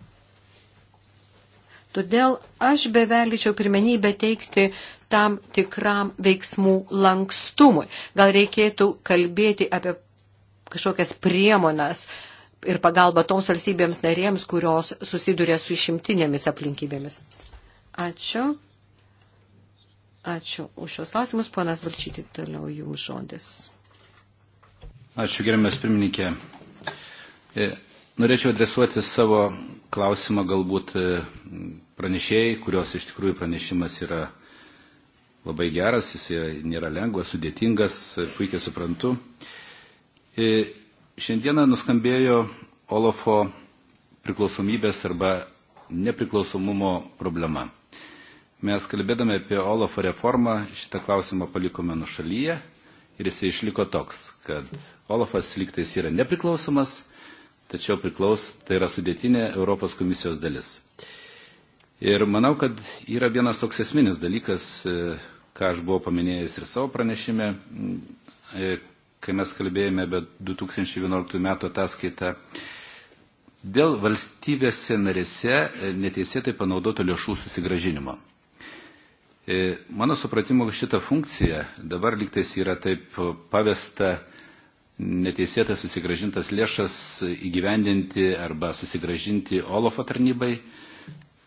Todėl aš bevelgičiau pirmenybę teikti tam tikram veiksmų lankstumui. Gal reikėtų kalbėti apie kažkokias priemonas ir pagalbą toms valstybėms narėms, kurios susiduria su išimtinėmis aplinkybėmis. Ačiū. Ačiū už šios klausimus. Ponas Balčyti, toliau jums žodis. Ačiū, gerbiamas pirmininkė. E, Norėčiau adresuoti savo klausimą galbūt e, pranešėjai, kurios iš tikrųjų pranešimas yra labai geras, jis nėra lengvas, sudėtingas, puikiai suprantu. E, šiandieną nuskambėjo Olofo priklausomybės arba nepriklausomumo problema. Mes kalbėdami apie Olofo reformą šitą klausimą palikome nušalyje ir jis išliko toks, kad Olofas lygtais yra nepriklausomas, tačiau priklaus, tai yra sudėtinė Europos komisijos dalis. Ir manau, kad yra vienas toks esminis dalykas, e, ką aš buvau paminėjęs ir savo pranešime, e, kai mes kalbėjome apie 2011 metų ataskaitą, dėl valstybėse narėse e, neteisėtai panaudoto lėšų susigražinimo. Mano supratimo šitą funkciją dabar liktais yra taip pavesta neteisėtai susigražintas lėšas įgyvendinti arba susigražinti Olofo tarnybai.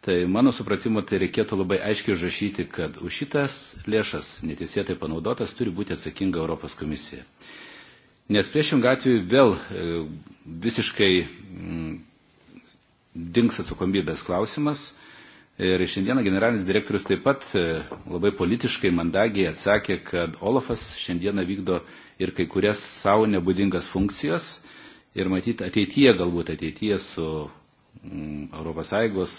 Tai mano supratimu, tai reikėtų labai aiškiai užrašyti, kad už šitas lėšas neteisėtai panaudotas turi būti atsakinga Europos komisija. Nes priešingą atveju vėl e, visiškai mm, dings atsakomybės klausimas. Ir šiandieną generalinis direktorius taip pat e, labai politiškai mandagiai atsakė, kad Olafas šiandieną vykdo ir kai kurias savo nebūdingas funkcijas. Ir matyti ateityje, galbūt ateityje su mm, ES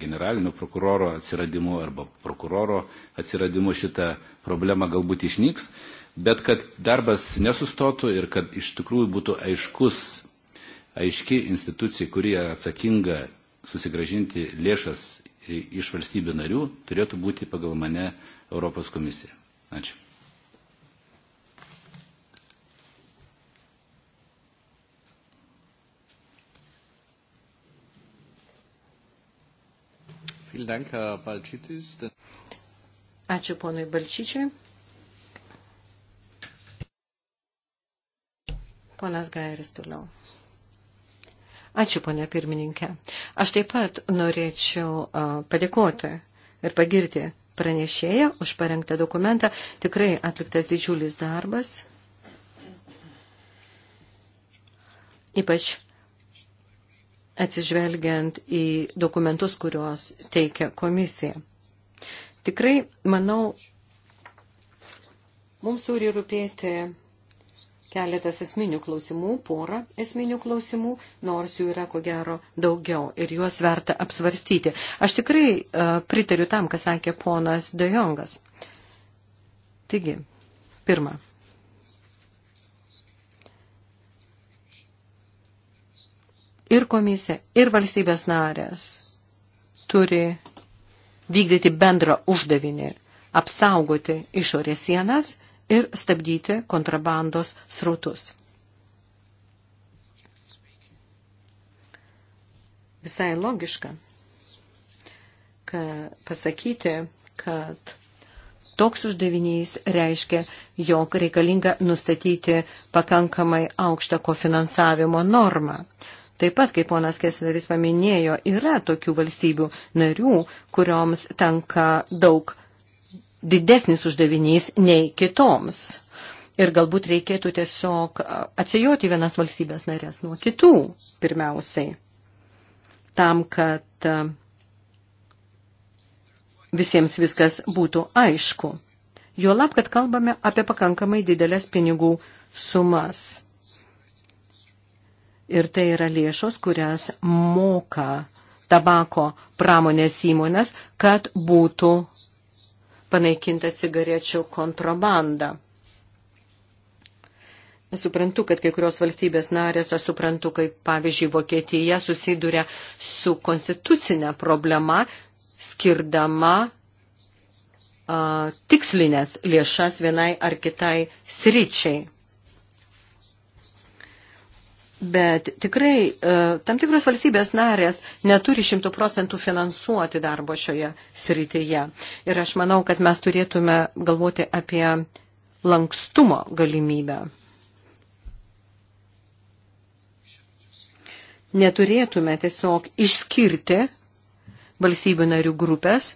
generalinio prokuroro atsiradimu arba prokuroro atsiradimu šitą problemą galbūt išnyks, bet kad darbas nesustotų ir kad iš tikrųjų būtų aiškus, aiški institucija, kurie atsakinga susigražinti lėšas iš valstybių narių, turėtų būti pagal mane Europos komisija. Ačiū. Ačiū ponui Balčyčiui. Ponas Gairis toliau. Ačiū, ponia pirmininkė. Aš taip pat norėčiau padėkoti ir pagirti pranešėją už parengtą dokumentą. Tikrai atliktas didžiulis darbas. Ypač atsižvelgiant į dokumentus, kuriuos teikia komisija. Tikrai, manau, mums turi rūpėti keletas esminių klausimų, porą esminių klausimų, nors jų yra ko gero daugiau ir juos verta apsvarstyti. Aš tikrai uh, pritariu tam, ką sakė ponas Dejongas. Taigi, pirma, ir komisija, ir valstybės narės turi vykdyti bendrą uždavinį – apsaugoti išorės sienas ir stabdyti kontrabandos srautus. Visai logiška kad pasakyti, kad Toks uždavinys reiškia, jog reikalinga nustatyti pakankamai aukštą kofinansavimo normą. Taip pat, kaip ponas Kesleris paminėjo, yra tokių valstybių narių, kurioms tenka daug didesnis uždavinys nei kitoms. Ir galbūt reikėtų tiesiog atsijoti vienas valstybės narės nuo kitų pirmiausiai, tam, kad e, visiems viskas būtų aišku. Juolab, kad kalbame apie pakankamai didelės pinigų sumas ir tai yra lėšos, kurias moka tabako pramonės įmonės, kad būtų panaikinta cigarečių kontrabanda. Suprantu, kad kai kurios valstybės narės, aš suprantu, kaip pavyzdžiui Vokietija susiduria su konstitucinė problema, skirdama a, tikslinės lėšas vienai ar kitai sričiai. Bet tikrai e, tam tikros valstybės narės neturi šimtų procentų finansuoti darbo šioje srityje. Ir aš manau, kad mes turėtume galvoti apie lankstumo galimybę. Neturėtume tiesiog išskirti valstybių narių grupės,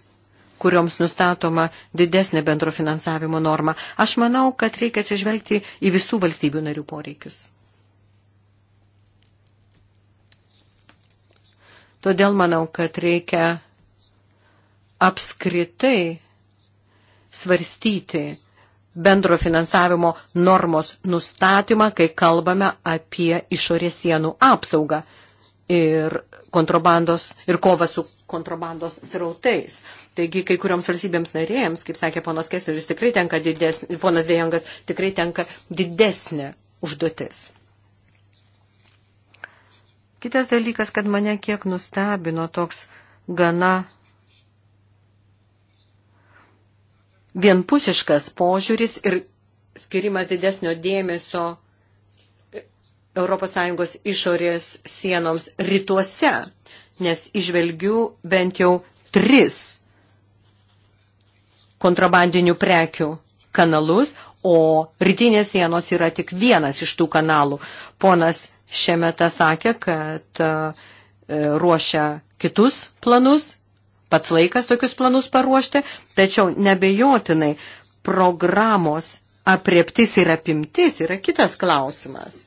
kurioms nustatoma didesnė bendro finansavimo norma. Aš manau, kad reikia atsižvelgti į visų valstybių narių poreikius. Todėl manau, kad reikia apskritai svarstyti bendro finansavimo normos nustatymą, kai kalbame apie išorės sienų apsaugą ir kontrabandos ir kova su kontrabandos srautais. Taigi, kai kurioms valstybėms narėjams, kaip sakė ponas Kesneris, tikrai tenka didesnė, ponas Dejangas, tikrai tenka didesnė užduotis. Kitas dalykas, kad mane kiek nustebino toks gana vienpusiškas požiūris ir skirimas didesnio dėmesio ES išorės sienoms rytuose, nes išvelgiu bent jau tris kontrabandinių prekių kanalus, o rytinės sienos yra tik vienas iš tų kanalų. Ponas šiame tą sakė, kad e, ruošia kitus planus, pats laikas tokius planus paruošti, tačiau nebejotinai programos apreptis ir apimtis yra kitas klausimas.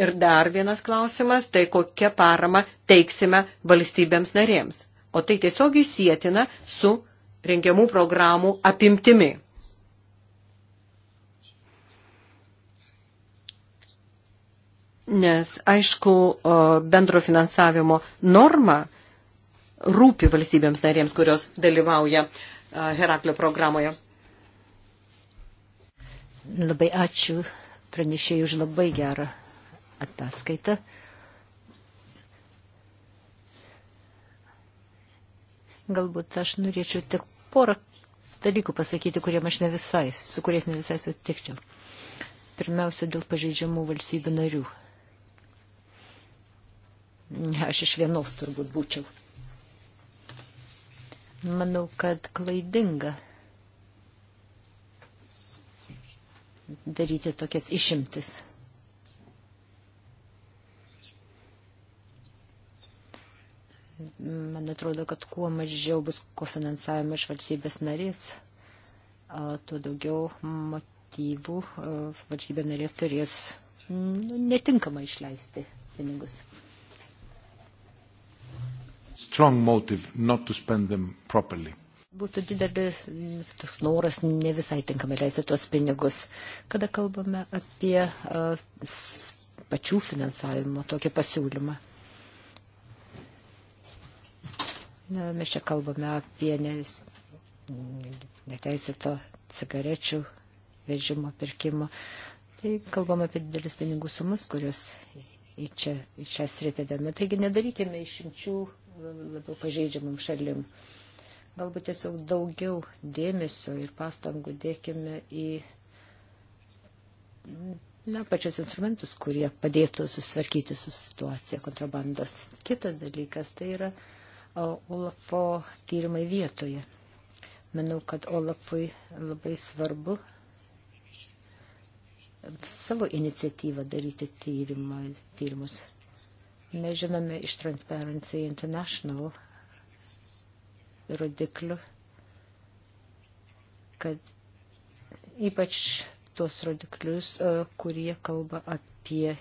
Ir dar vienas klausimas, tai kokią paramą teiksime valstybėms narėms. O tai tiesiogiai sėtina su rengiamų programų apimtimi. nes aišku, bendro finansavimo norma rūpi valstybėms narėms, kurios dalyvauja Heraklio programoje. Labai ačiū pranešėjai už labai gerą ataskaitą. Galbūt aš norėčiau tik porą dalykų pasakyti, kurie aš ne visai, su kuriais ne visai sutikčiau. Pirmiausia, dėl pažeidžiamų valstybių narių. Aš iš vienos turbūt būčiau. Manau, kad klaidinga daryti tokias išimtis. Man atrodo, kad kuo mažiau bus kofinansavimo iš valstybės narės, tuo daugiau motyvų valstybė narė turės nu, netinkamai išleisti pinigus strong motive not to spend them properly. Būtų didelis toks noras ne visai tinkamai leisti tuos pinigus. Kada kalbame apie uh, pačių finansavimo tokį pasiūlymą. Na, mes čia kalbame apie neteisėto cigarečių vežimo, pirkimo. Tai kalbame apie didelis pinigų sumas, kurios į čia, į čia sritėdami. Taigi nedarykime išimčių labiau pažeidžiamam šalim. Galbūt tiesiog daugiau dėmesio ir pastangų dėkime į na, pačius instrumentus, kurie padėtų susitvarkyti su situacija kontrabandos. Kitas dalykas tai yra Olafo tyrimai vietoje. Manau, kad Olafui labai svarbu savo iniciatyvą daryti tyrimą, tyrimus. Mes žinome iš Transparency International rodiklių, kad ypač tuos rodiklius, e, kurie kalba apie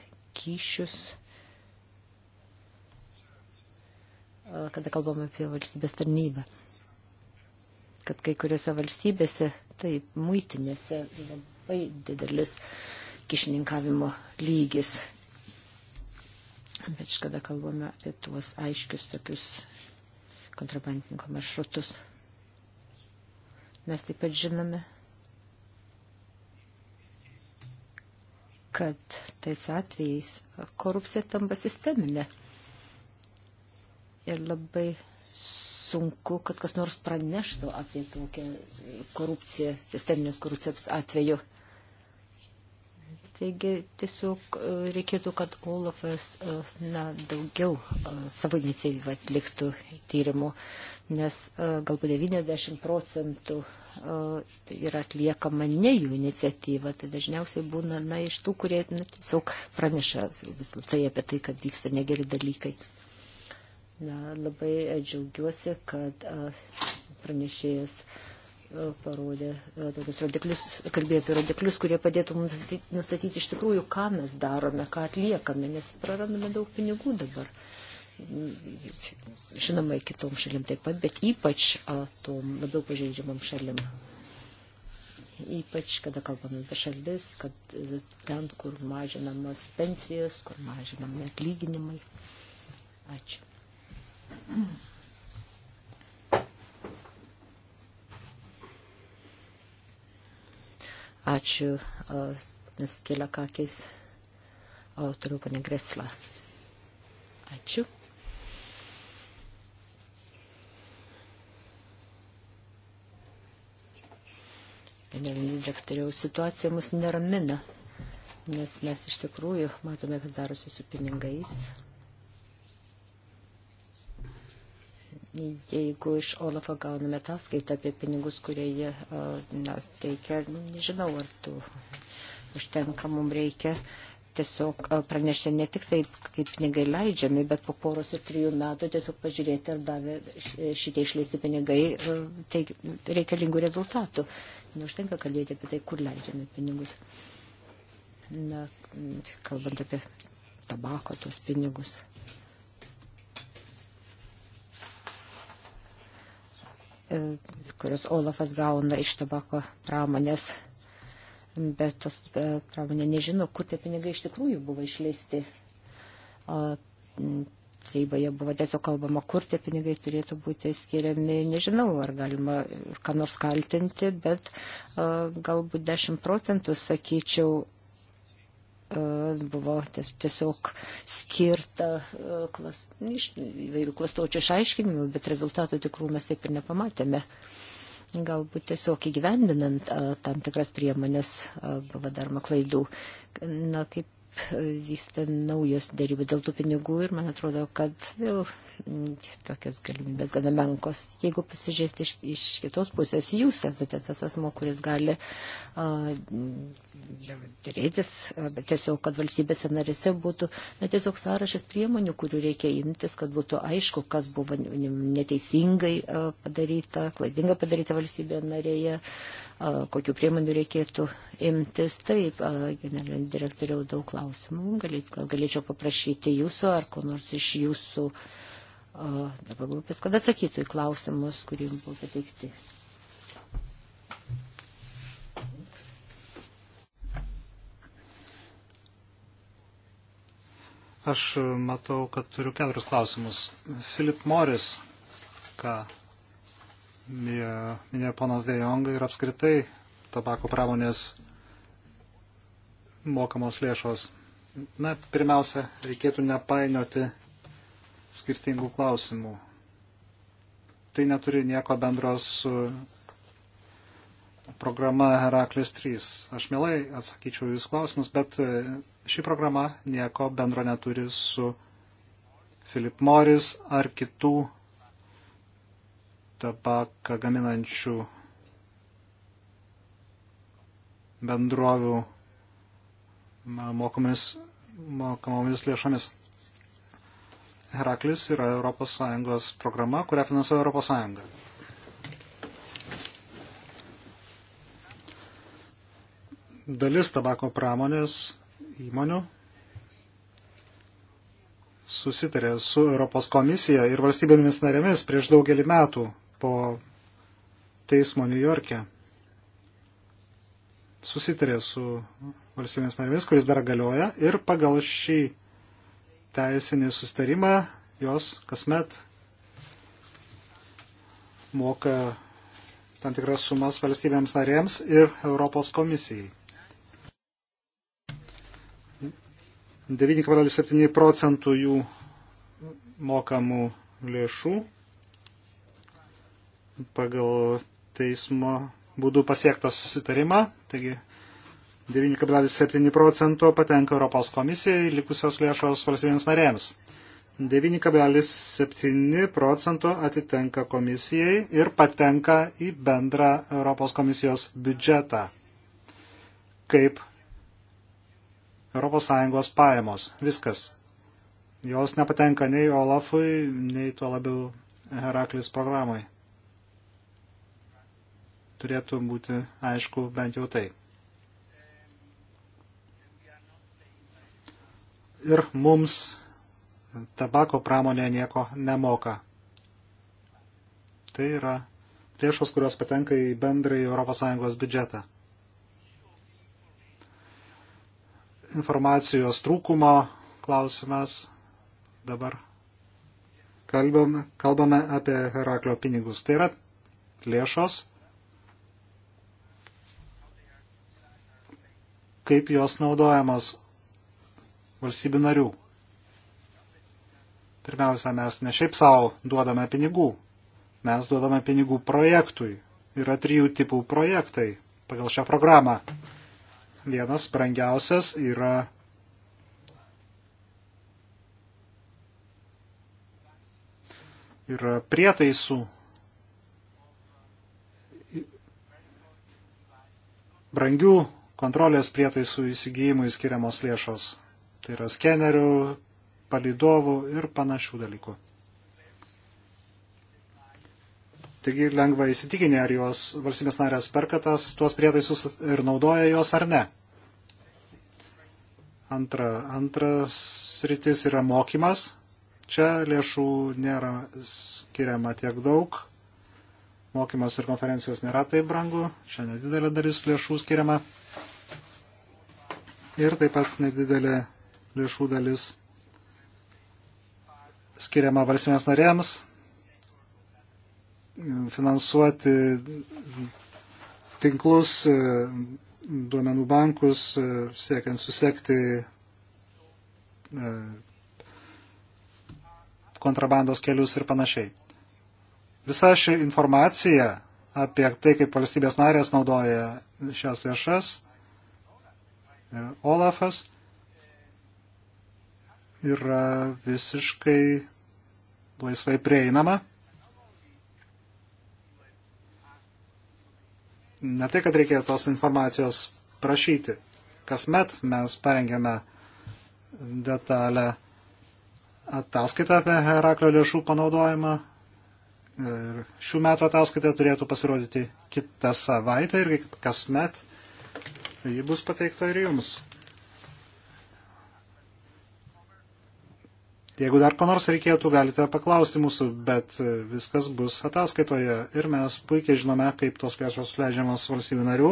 kyšius, e, kada kalbam apie valstybės tarnybą. Kad kai kuriuose valstybėse, taip, muitinėse labai didelis kišininkavimo lygis, ypač kada kalbame apie tuos aiškius tokius kontrabandininko maršrutus. Mes taip pat žinome, kad tais atvejais korupcija tampa sisteminė. Ir labai sunku, kad kas nors praneštų apie tokią korupciją, sisteminės korupcijos atveju. Taigi tiesiog e, reikėtų, kad Olafas e, na, daugiau e, savo iniciatyvą atliktų tyrimų, nes galbūt 90 procentų yra atliekama ne jų iniciatyva, tai dažniausiai būna na, iš tų, kurie na, tiesiog praneša vis tai apie tai, kad vyksta negeri dalykai. Na, labai džiaugiuosi, kad pranešėjas. Uh, E, parodė e, tokius rodiklius, kalbėjo apie rodiklius, kurie padėtų mums nustatyti iš tikrųjų, ką mes darome, ką atliekame, nes prarandame daug pinigų dabar. Žinoma, kitom šalim taip pat, bet ypač a, tom labiau pažeidžiamam šalim. Ypač, kada kalbame apie šalis, kad e, ten, kur mažinamas pensijas, kur mažinami atlyginimai. Ačiū. Ačiū, nes kelia kakis. O turiu pane Gresla. Ačiū. Generalinio direktoriaus situacija mus neramina, nes mes iš tikrųjų matome, kas darosi su pinigais, jeigu iš Olafo gauname ataskaitą apie pinigus, kurie jie e, na, teikia, nežinau, ar tu užtenka mums reikia tiesiog e, pranešti ne tik taip, kaip pinigai leidžiami, bet po poros ir trijų metų tiesiog pažiūrėti, ar davė šitie išleisti pinigai e, tai reikalingų rezultatų. Neužtenka kalbėti apie tai, kur leidžiame pinigus. Na, kalbant apie tabako, tuos pinigus. E, kurios Olafas gauna iš tabako pramonės. Bet tos e, pramonė nežino, kur tie pinigai iš tikrųjų buvo išleisti. Taryboje buvo tiesiog kalbama, kur tie pinigai turėtų būti skiriami. Nežinau, ar galima ką nors kaltinti, bet e, galbūt 10 procentų, sakyčiau, E, buvo tiesiog skirta e, klas, nu, iš, įvairių klastočių išaiškinimų, bet rezultatų tikrų mes taip ir nepamatėme. Galbūt tiesiog įgyvendinant e, tam tikras priemonės buvo daroma klaidų. Na, kaip vyksta naujos dėrybos dėl tų pinigų ir man atrodo, kad vėl tokios galimybės gana menkos. Jeigu pasižiūrėsite iš, iš kitos pusės, jūs esate tas asmo, kuris gali uh, dėrėtis, bet tiesiog, kad valstybėse narėse būtų na, tiesiog sąrašas priemonių, kurių reikia imtis, kad būtų aišku, kas buvo neteisingai uh, padaryta, klaidinga padaryta valstybėje narėje. Uh, kokiu priemonių reikėtų imtis. Taip, generalinė direktoriau, daug klausimų. Galėt, gal galėčiau paprašyti jūsų ar ko nors iš jūsų darbo grupės, kad atsakytų į klausimus, kurį buvo pateikti. Aš matau, kad turiu keturis klausimus. Filip Moris, ką minėjo ponas Dejong ir apskritai tabako pramonės mokamos lėšos. Na, pirmiausia, reikėtų nepainioti skirtingų klausimų. Tai neturi nieko bendro su programa Heraklis 3. Aš mielai atsakyčiau jūs klausimus, bet e, ši programa nieko bendro neturi su Philip Morris ar kitų tabaką gaminančių bendrovių mokomis, mokamomis lėšomis. Heraklis yra ES programa, kurią finansuoja ES. Dalis tabako pramonės įmonių susitarė su Europos komisija ir valstybėmis narėmis prieš daugelį metų po teismo New York'e. Susitarė su valstybėmis narėmis, kuris dar galioja ir pagal šį teisinį sustarimą, jos kasmet moka tam tikras sumas valstybėms narėms ir Europos komisijai. 9,7 procentų jų mokamų lėšų pagal teismo būdų pasiektą susitarimą, taigi 9,7 procento patenka Europos komisijai, likusios lėšos valstybėms narėms. 9,7 procento atitenka komisijai ir patenka į bendrą Europos komisijos biudžetą kaip ES pajamos. Viskas. Jos nepatenka nei Olafui, nei tuo labiau Heraklis programai. Turėtų būti aišku bent jau tai. ir mums tabako pramonė nieko nemoka. Tai yra lėšos, kurios patenka į bendrąjį ES biudžetą. Informacijos trūkumo klausimas dabar. Kalbame, kalbame apie Heraklio pinigus. Tai yra lėšos, kaip jos naudojamos valstybių narių. Pirmiausia, mes ne šiaip savo duodame pinigų, mes duodame pinigų projektui. Yra trijų tipų projektai pagal šią programą. Vienas brangiausias yra yra prietaisų brangių kontrolės prietaisų įsigijimui skiriamos lėšos tai yra skenerių, palidovų ir panašių dalykų. Taigi lengva įsitikinę, ar jos valstybės narės perka tas, tuos prietaisus ir naudoja juos ar ne. Antra, antras sritis yra mokymas. Čia lėšų nėra skiriama tiek daug. Mokymas ir konferencijos nėra taip brangu. Čia nedidelė dalis lėšų skiriama. Ir taip pat nedidelė lėšų dalis skiriama valstybės narėms finansuoti tinklus, duomenų bankus, siekiant susekti e, kontrabandos kelius ir panašiai. Visa ši informacija apie tai, kaip valstybės narės naudoja šias lėšas ir Olafas yra visiškai laisvai prieinama. Ne tai, kad reikėjo tos informacijos prašyti. Kasmet mes parengėme detalę ataskaitą apie Heraklio lėšų panaudojimą. Ir šių metų ataskaita turėtų pasirodyti kitą savaitę ir kasmet ji bus pateikta ir jums. Tai jeigu dar ko nors reikėtų, galite paklausti mūsų, bet e, viskas bus ataskaitoje ir mes puikiai žinome, kaip tos lėšos leidžiamos valstybių narių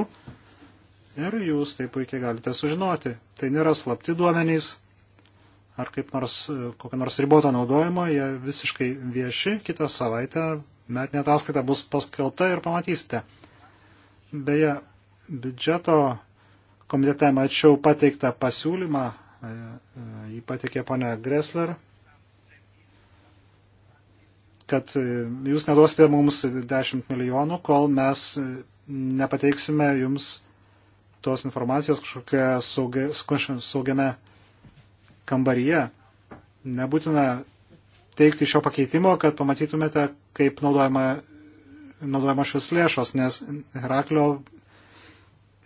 ir jūs tai puikiai galite sužinoti. Tai nėra slapti duomenys ar kaip nors e, kokio nors riboto naudojimo, jie visiškai vieši, kitą savaitę metinė ataskaita bus paskelbta ir pamatysite. Beje, biudžeto komitete mačiau pateiktą pasiūlymą, e, jį pateikė ponia Gressler kad e, jūs neduosite mums 10 milijonų, kol mes e, nepateiksime jums tos informacijos kažkokia saugia, saugiame kambaryje. Nebūtina teikti šio pakeitimo, kad pamatytumėte, kaip naudojama, naudojama šios lėšos, nes Heraklio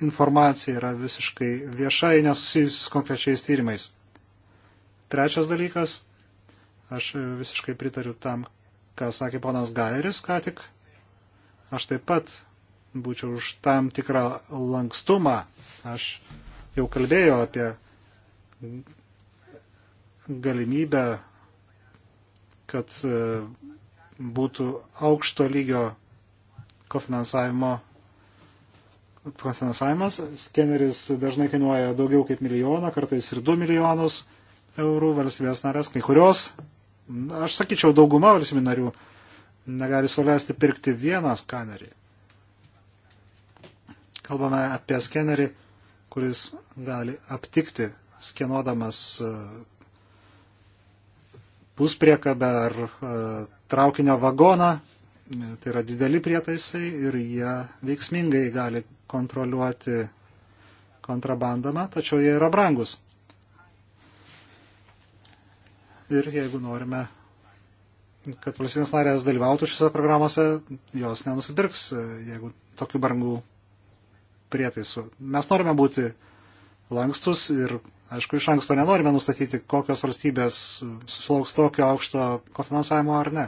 informacija yra visiškai viešai nesusijusius konkrečiais tyrimais. Trečias dalykas, aš e, visiškai pritariu tam, ką sakė ponas Gairis ką tik. Aš taip pat būčiau už tam tikrą lankstumą. Aš jau kalbėjau apie galimybę, kad e, būtų aukšto lygio kofinansavimo finansavimas. Skeneris dažnai kainuoja daugiau kaip milijoną, kartais ir 2 milijonus eurų valstybės narės, kai kurios Aš sakyčiau, dauguma valstybių narių negali sauliaisti pirkti vieną skanerį. Kalbame apie skenerį, kuris gali aptikti, skenuodamas e, puspriekabę ar e, traukinio vagoną. Tai yra dideli prietaisai ir jie veiksmingai gali kontroliuoti kontrabandamą, tačiau jie yra brangus ir jeigu norime, kad valstybės narės dalyvautų šiose programuose, jos nenusipirks, e, jeigu tokių brangų prietaisų. Mes norime būti lankstus ir, aišku, iš anksto nenorime nustatyti, kokios valstybės susilauks tokio aukšto kofinansavimo ar ne.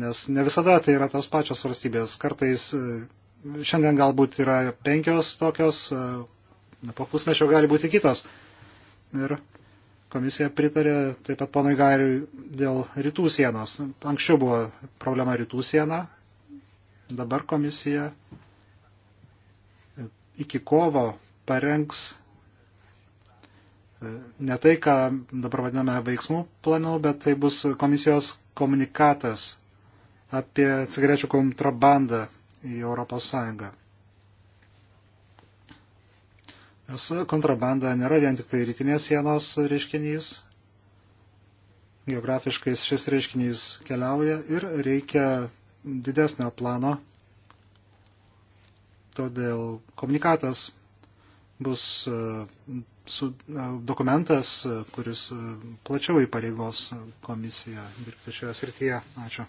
Nes ne visada tai yra tos pačios valstybės. Kartais e, šiandien galbūt yra penkios tokios, e, po pusmečio gali būti kitos. Ir Komisija pritarė taip pat ponui Gairiui dėl rytų sienos. Anksčiau buvo problema rytų siena, dabar komisija iki kovo parengs e, ne tai, ką dabar vadiname veiksmų planu, bet tai bus komisijos komunikatas apie cigarečių kontrabandą į Europos Sąjungą. Kontrabanda nėra vien tik tai rytinės sienos reiškinys. Geografiškai šis reiškinys keliauja ir reikia didesnio plano. Todėl komunikatas bus e, su e, dokumentas, e, kuris plačiau įpareigos komisiją dirbti šioje srityje. Ačiū.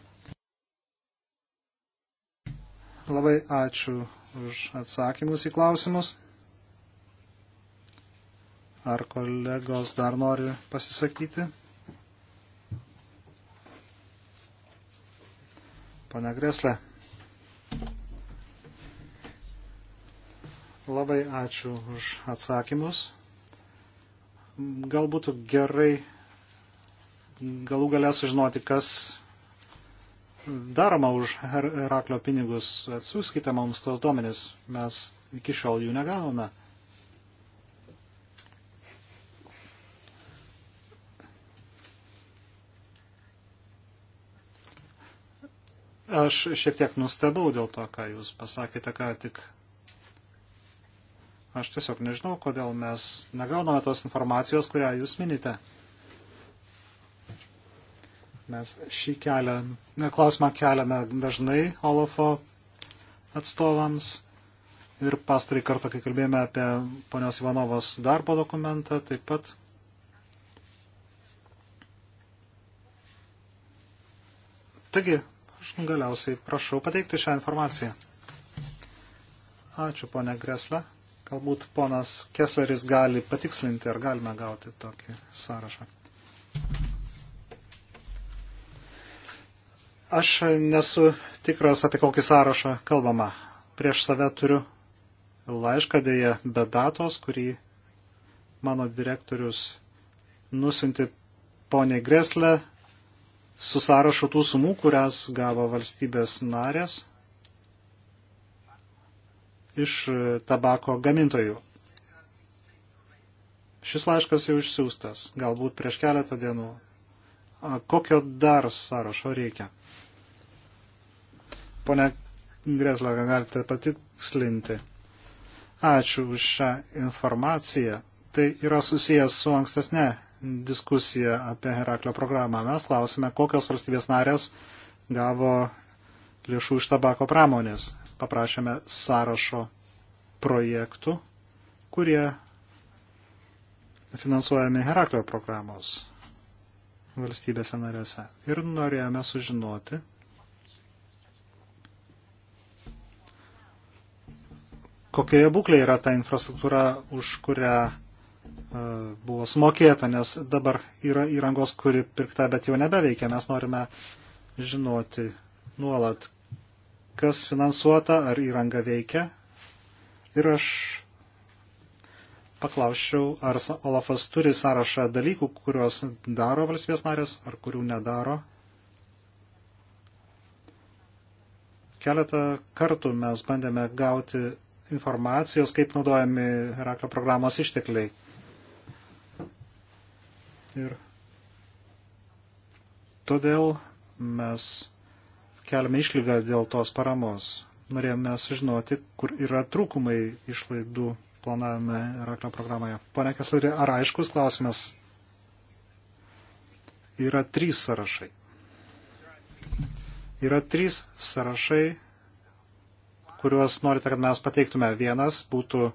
Labai ačiū už atsakymus į klausimus. Ar kolegos dar nori pasisakyti? Pane Greslė. Labai ačiū už atsakymus. Gal būtų gerai galų galę sužinoti, kas daroma už Heraklio pinigus. Atsiųskite mums tos duomenys. Mes iki šiol jų negavome. Aš šiek tiek nustebau dėl to, ką jūs pasakėte ką tik. Aš tiesiog nežinau, kodėl mes negauname tos informacijos, kurią jūs minite. Mes šį kelią, klausimą keliame dažnai Olafo atstovams. Ir pastarai kartą, kai kalbėjome apie ponios Ivanovos darbo dokumentą, taip pat Taigi, galiausiai prašau pateikti šią informaciją. Ačiū, ponė Gresle. Galbūt ponas Kesleris gali patikslinti, ar galime gauti tokį sąrašą. Aš nesu tikras, apie kokį sąrašą kalbama. Prieš save turiu laišką dėje be datos, kurį mano direktorius nusinti poniai Greslę su sąrašu tų sumų, kurias gavo valstybės narės iš tabako gamintojų. Šis laiškas jau išsiųstas, galbūt prieš keletą dienų. Kokio dar sąrašo reikia? Pone Greslą, galite patikslinti. Ačiū už šią informaciją. Tai yra susijęs su ankstesne diskusiją apie Heraklio programą. Mes klausime, kokios valstybės narės gavo lėšų iš tabako pramonės. Paprašėme sąrašo projektų, kurie finansuojami Heraklio programos valstybėse narėse. Ir norėjome sužinoti, kokioje būklėje yra ta infrastruktūra, už kurią E, buvo sumokėta, nes dabar yra įrangos, kuri pirkta, bet jau nebeveikia. Mes norime žinoti nuolat, kas finansuota, ar įranga veikia. Ir aš paklausčiau, ar Olafas turi sąrašą dalykų, kuriuos daro valstybės narės, ar kurių nedaro. Keletą kartų mes bandėme gauti informacijos, kaip naudojami Heraklio programos ištekliai. Ir todėl mes keliame išlygą dėl tos paramos. Norėjome sužinoti, kur yra trūkumai išlaidų planavime Raklio programoje. Pone Kesleri, ar aiškus klausimas? Yra trys sąrašai. Yra trys sąrašai, kuriuos norite, kad mes pateiktume. Vienas būtų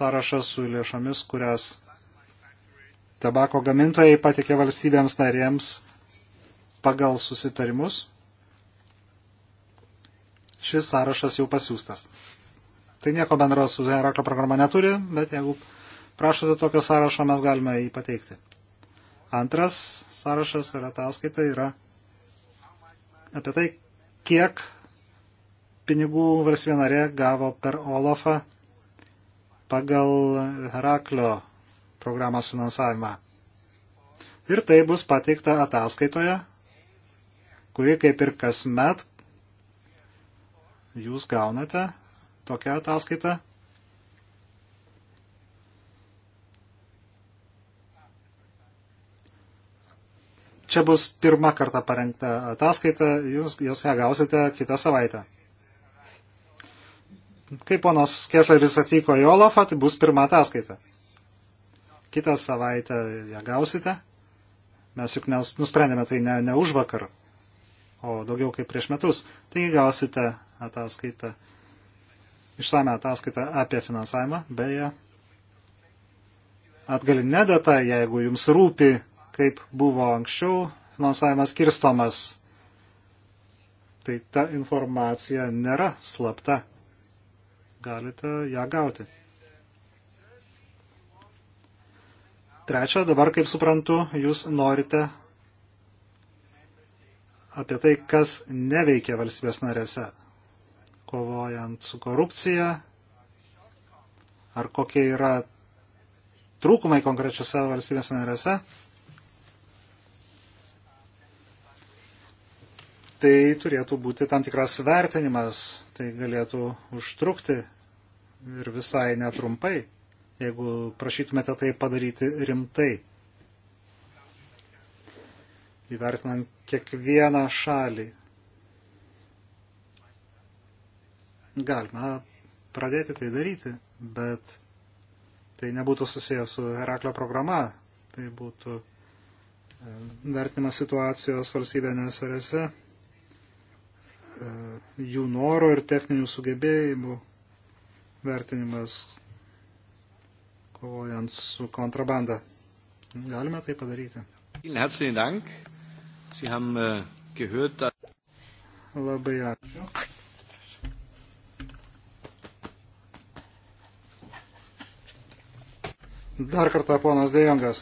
sąrašas su lėšomis, kurias Tabako gamintojai patikė valstybėms narėms pagal susitarimus. Šis sąrašas jau pasiūstas. Tai nieko bendro su Herako programa neturi, bet jeigu prašote tokio sąrašo, mes galime jį pateikti. Antras sąrašas ir ataskaita yra apie tai, kiek pinigų valstybė narė gavo per Olafą pagal Heraklio programos finansavimą. Ir tai bus pateikta ataskaitoje, kuri kaip ir kasmet jūs gaunate tokią ataskaitą. Čia bus pirmą kartą parengta ataskaita, jūs, jūs ją gausite kitą savaitę. Kai ponas Ketleris atvyko į Olafą, tai bus pirma ataskaita kitą savaitę ją gausite. Mes juk nusprendėme tai ne, ne už vakar, o daugiau kaip prieš metus. Taigi gausite ataskaitą, išsame ataskaitą apie finansavimą, beje, atgalinė data, jeigu jums rūpi, kaip buvo anksčiau finansavimas kirstomas, tai ta informacija nėra slapta. Galite ją gauti. Trečia, dabar, kaip suprantu, jūs norite apie tai, kas neveikia valstybės narėse, kovojant su korupcija, ar kokie yra trūkumai konkrečiose valstybės narėse. Tai turėtų būti tam tikras vertinimas, tai galėtų užtrukti ir visai netrumpai jeigu prašytumėte tai padaryti rimtai, įvertinant kiekvieną šalį. Galima pradėti tai daryti, bet tai nebūtų susijęs su Heraklio programa, tai būtų e, vertinimas situacijos valstybė nesarėse, e, jų noro ir techninių sugebėjimų vertinimas, kovojant su kontrabanda. Galime tai padaryti. Äh, Labai ačiū. Dar kartą ponas Dejongas.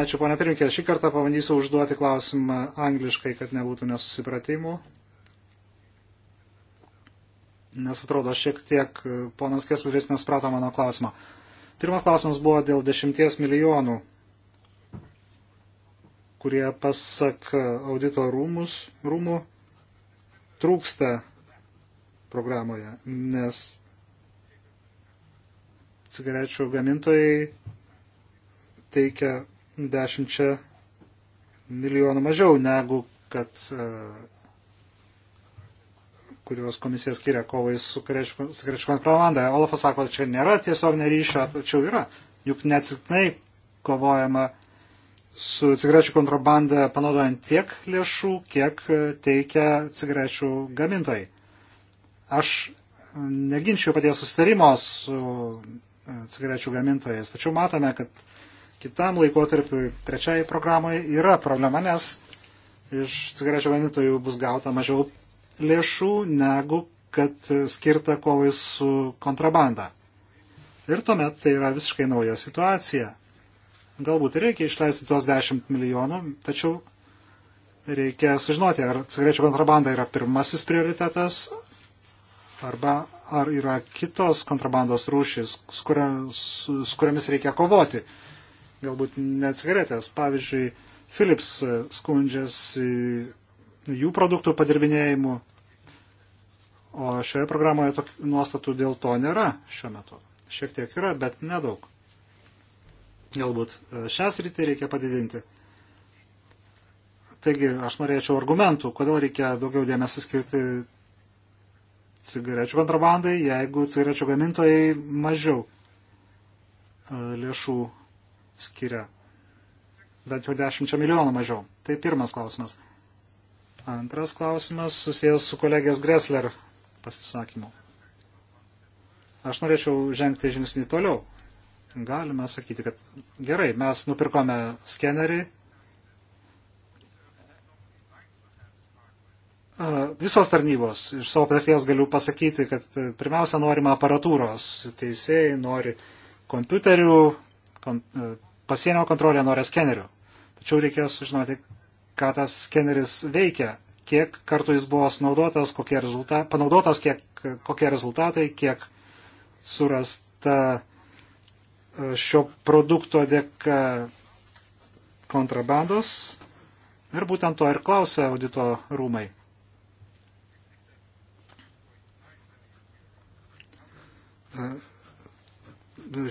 Ačiū, ponė pirmininkė. Šį kartą pabandysiu užduoti klausimą angliškai, kad nebūtų nesusipratimų. Nes atrodo, šiek tiek ponas Kesleris nesprato mano klausimą. Pirmas klausimas buvo dėl dešimties milijonų, kurie pasak audito rūmus, rūmų trūksta programoje, nes cigarečių gamintojai teikia dešimčia milijonų mažiau negu kad e, kuriuos komisija skiria kovai su krečių kontrabanda. Olafas sako, čia nėra tiesiog neryšio, tačiau yra. Juk neatsitiknai kovojama su cigarečių kontrabanda panaudojant tiek lėšų, kiek teikia cigarečių gamintojai. Aš neginčiau paties sustarimo su e, cigarečių gamintojais, tačiau matome, kad kitam laikotarpiui, trečiai programai yra problema, nes iš cigarečių gamintojų bus gauta mažiau lėšų negu kad skirta kovai su kontrabanda. Ir tuomet tai yra visiškai nauja situacija. Galbūt reikia išleisti tuos 10 milijonų, tačiau reikia sužinoti, ar cigarečių kontrabanda yra pirmasis prioritetas, arba ar yra kitos kontrabandos rūšis, su, kuria, su, su kuriamis reikia kovoti. Galbūt ne cigaretės. Pavyzdžiui, Philips skundžiasi jų produktų padirbinėjimu. O šioje programoje tok, nuostatų dėl to nėra šiuo metu. Šiek tiek yra, bet nedaug. Galbūt e, šią sritį reikia padidinti. Taigi, aš norėčiau argumentų, kodėl reikia daugiau dėmesio skirti cigarečių kontrabandai, jeigu cigarečių gamintojai mažiau e, lėšų skiria. Bent jau 10 milijonų mažiau. Tai pirmas klausimas. Antras klausimas susijęs su kolegės Gressler pasisakymu. Aš norėčiau žengti žingsnį toliau. Galime sakyti, kad gerai, mes nupirkome skenerį. Visos tarnybos, iš savo patirties galiu pasakyti, kad e, pirmiausia norima aparatūros. Teisėjai nori kompiuterių, kon, e, pasienio kontrolė nori skenerių. Tačiau reikia sužinoti, ką tas skeneris veikia, kiek kartų jis buvo naudotas, kokie rezultatai, panaudotas, kiek, kokie rezultatai, kiek surasta e, šio produkto dėka kontrabandos. Ir būtent to ir klausia audito rūmai. E,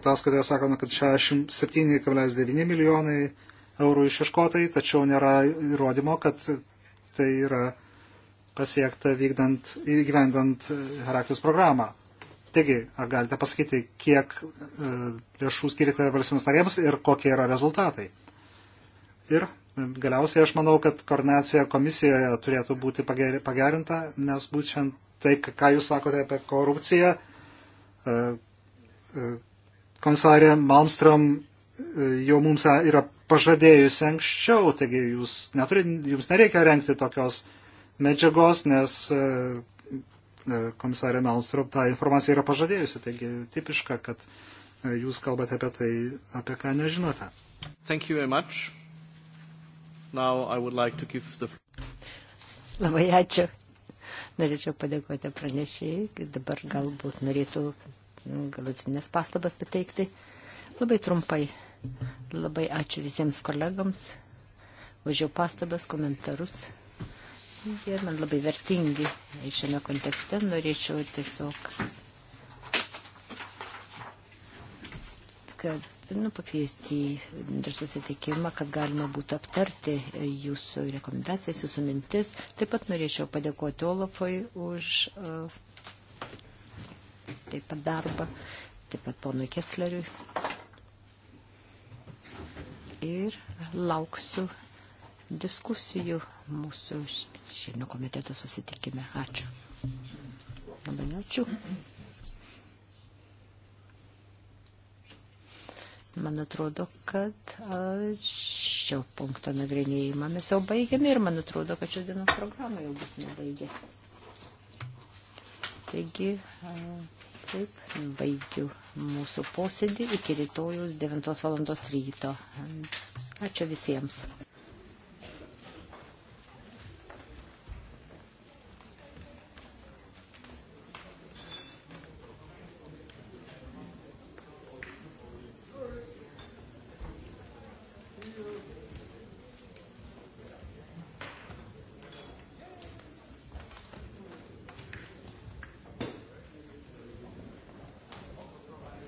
ataskaitoje sakoma, kad 67,9 milijonai eurų išieškotai, tačiau nėra įrodymo, kad tai yra pasiekta vykdant, įgyvendant e, Heraklius programą. Taigi, ar galite pasakyti, kiek e, lėšų skirite valstybės narėms ir kokie yra rezultatai? Ir e, galiausiai aš manau, kad koordinacija komisijoje turėtų būti pagerinta, nes būtent tai, ką jūs sakote apie korupciją, komisarė Malmström jau mums yra pažadėjusi anksčiau, taigi jūs neturi, jums nereikia renkti tokios medžiagos, nes e, e, komisarė Melstrop tą informaciją yra pažadėjusi, taigi tipiška, kad e, jūs kalbate apie tai, apie ką nežinote. Like the... Labai ačiū. Norėčiau padėkoti pranešėjai, dabar galbūt norėtų mm, galutinės pastabas pateikti. Labai trumpai. Labai ačiū visiems kolegams už jų pastabas, komentarus. Jie man labai vertingi. Ir šiame kontekste norėčiau tiesiog, kad nu, pakviesti į susitikimą, kad galima būtų aptarti jūsų rekomendacijas, jūsų mintis. Taip pat norėčiau padėkoti Olafui už uh, taip pat darbą, taip pat ponui Kesleriui ir lauksiu diskusijų mūsų šiandien komiteto susitikime. Ačiū. Labai ačiū. Man atrodo, kad šio punkto nagrinėjimą mes jau baigėme ir man atrodo, kad šios dienos programą jau bus nebaigę. Taigi, Taip, baigiu mūsų posėdį iki rytojus 9 val. ryto. Ačiū visiems.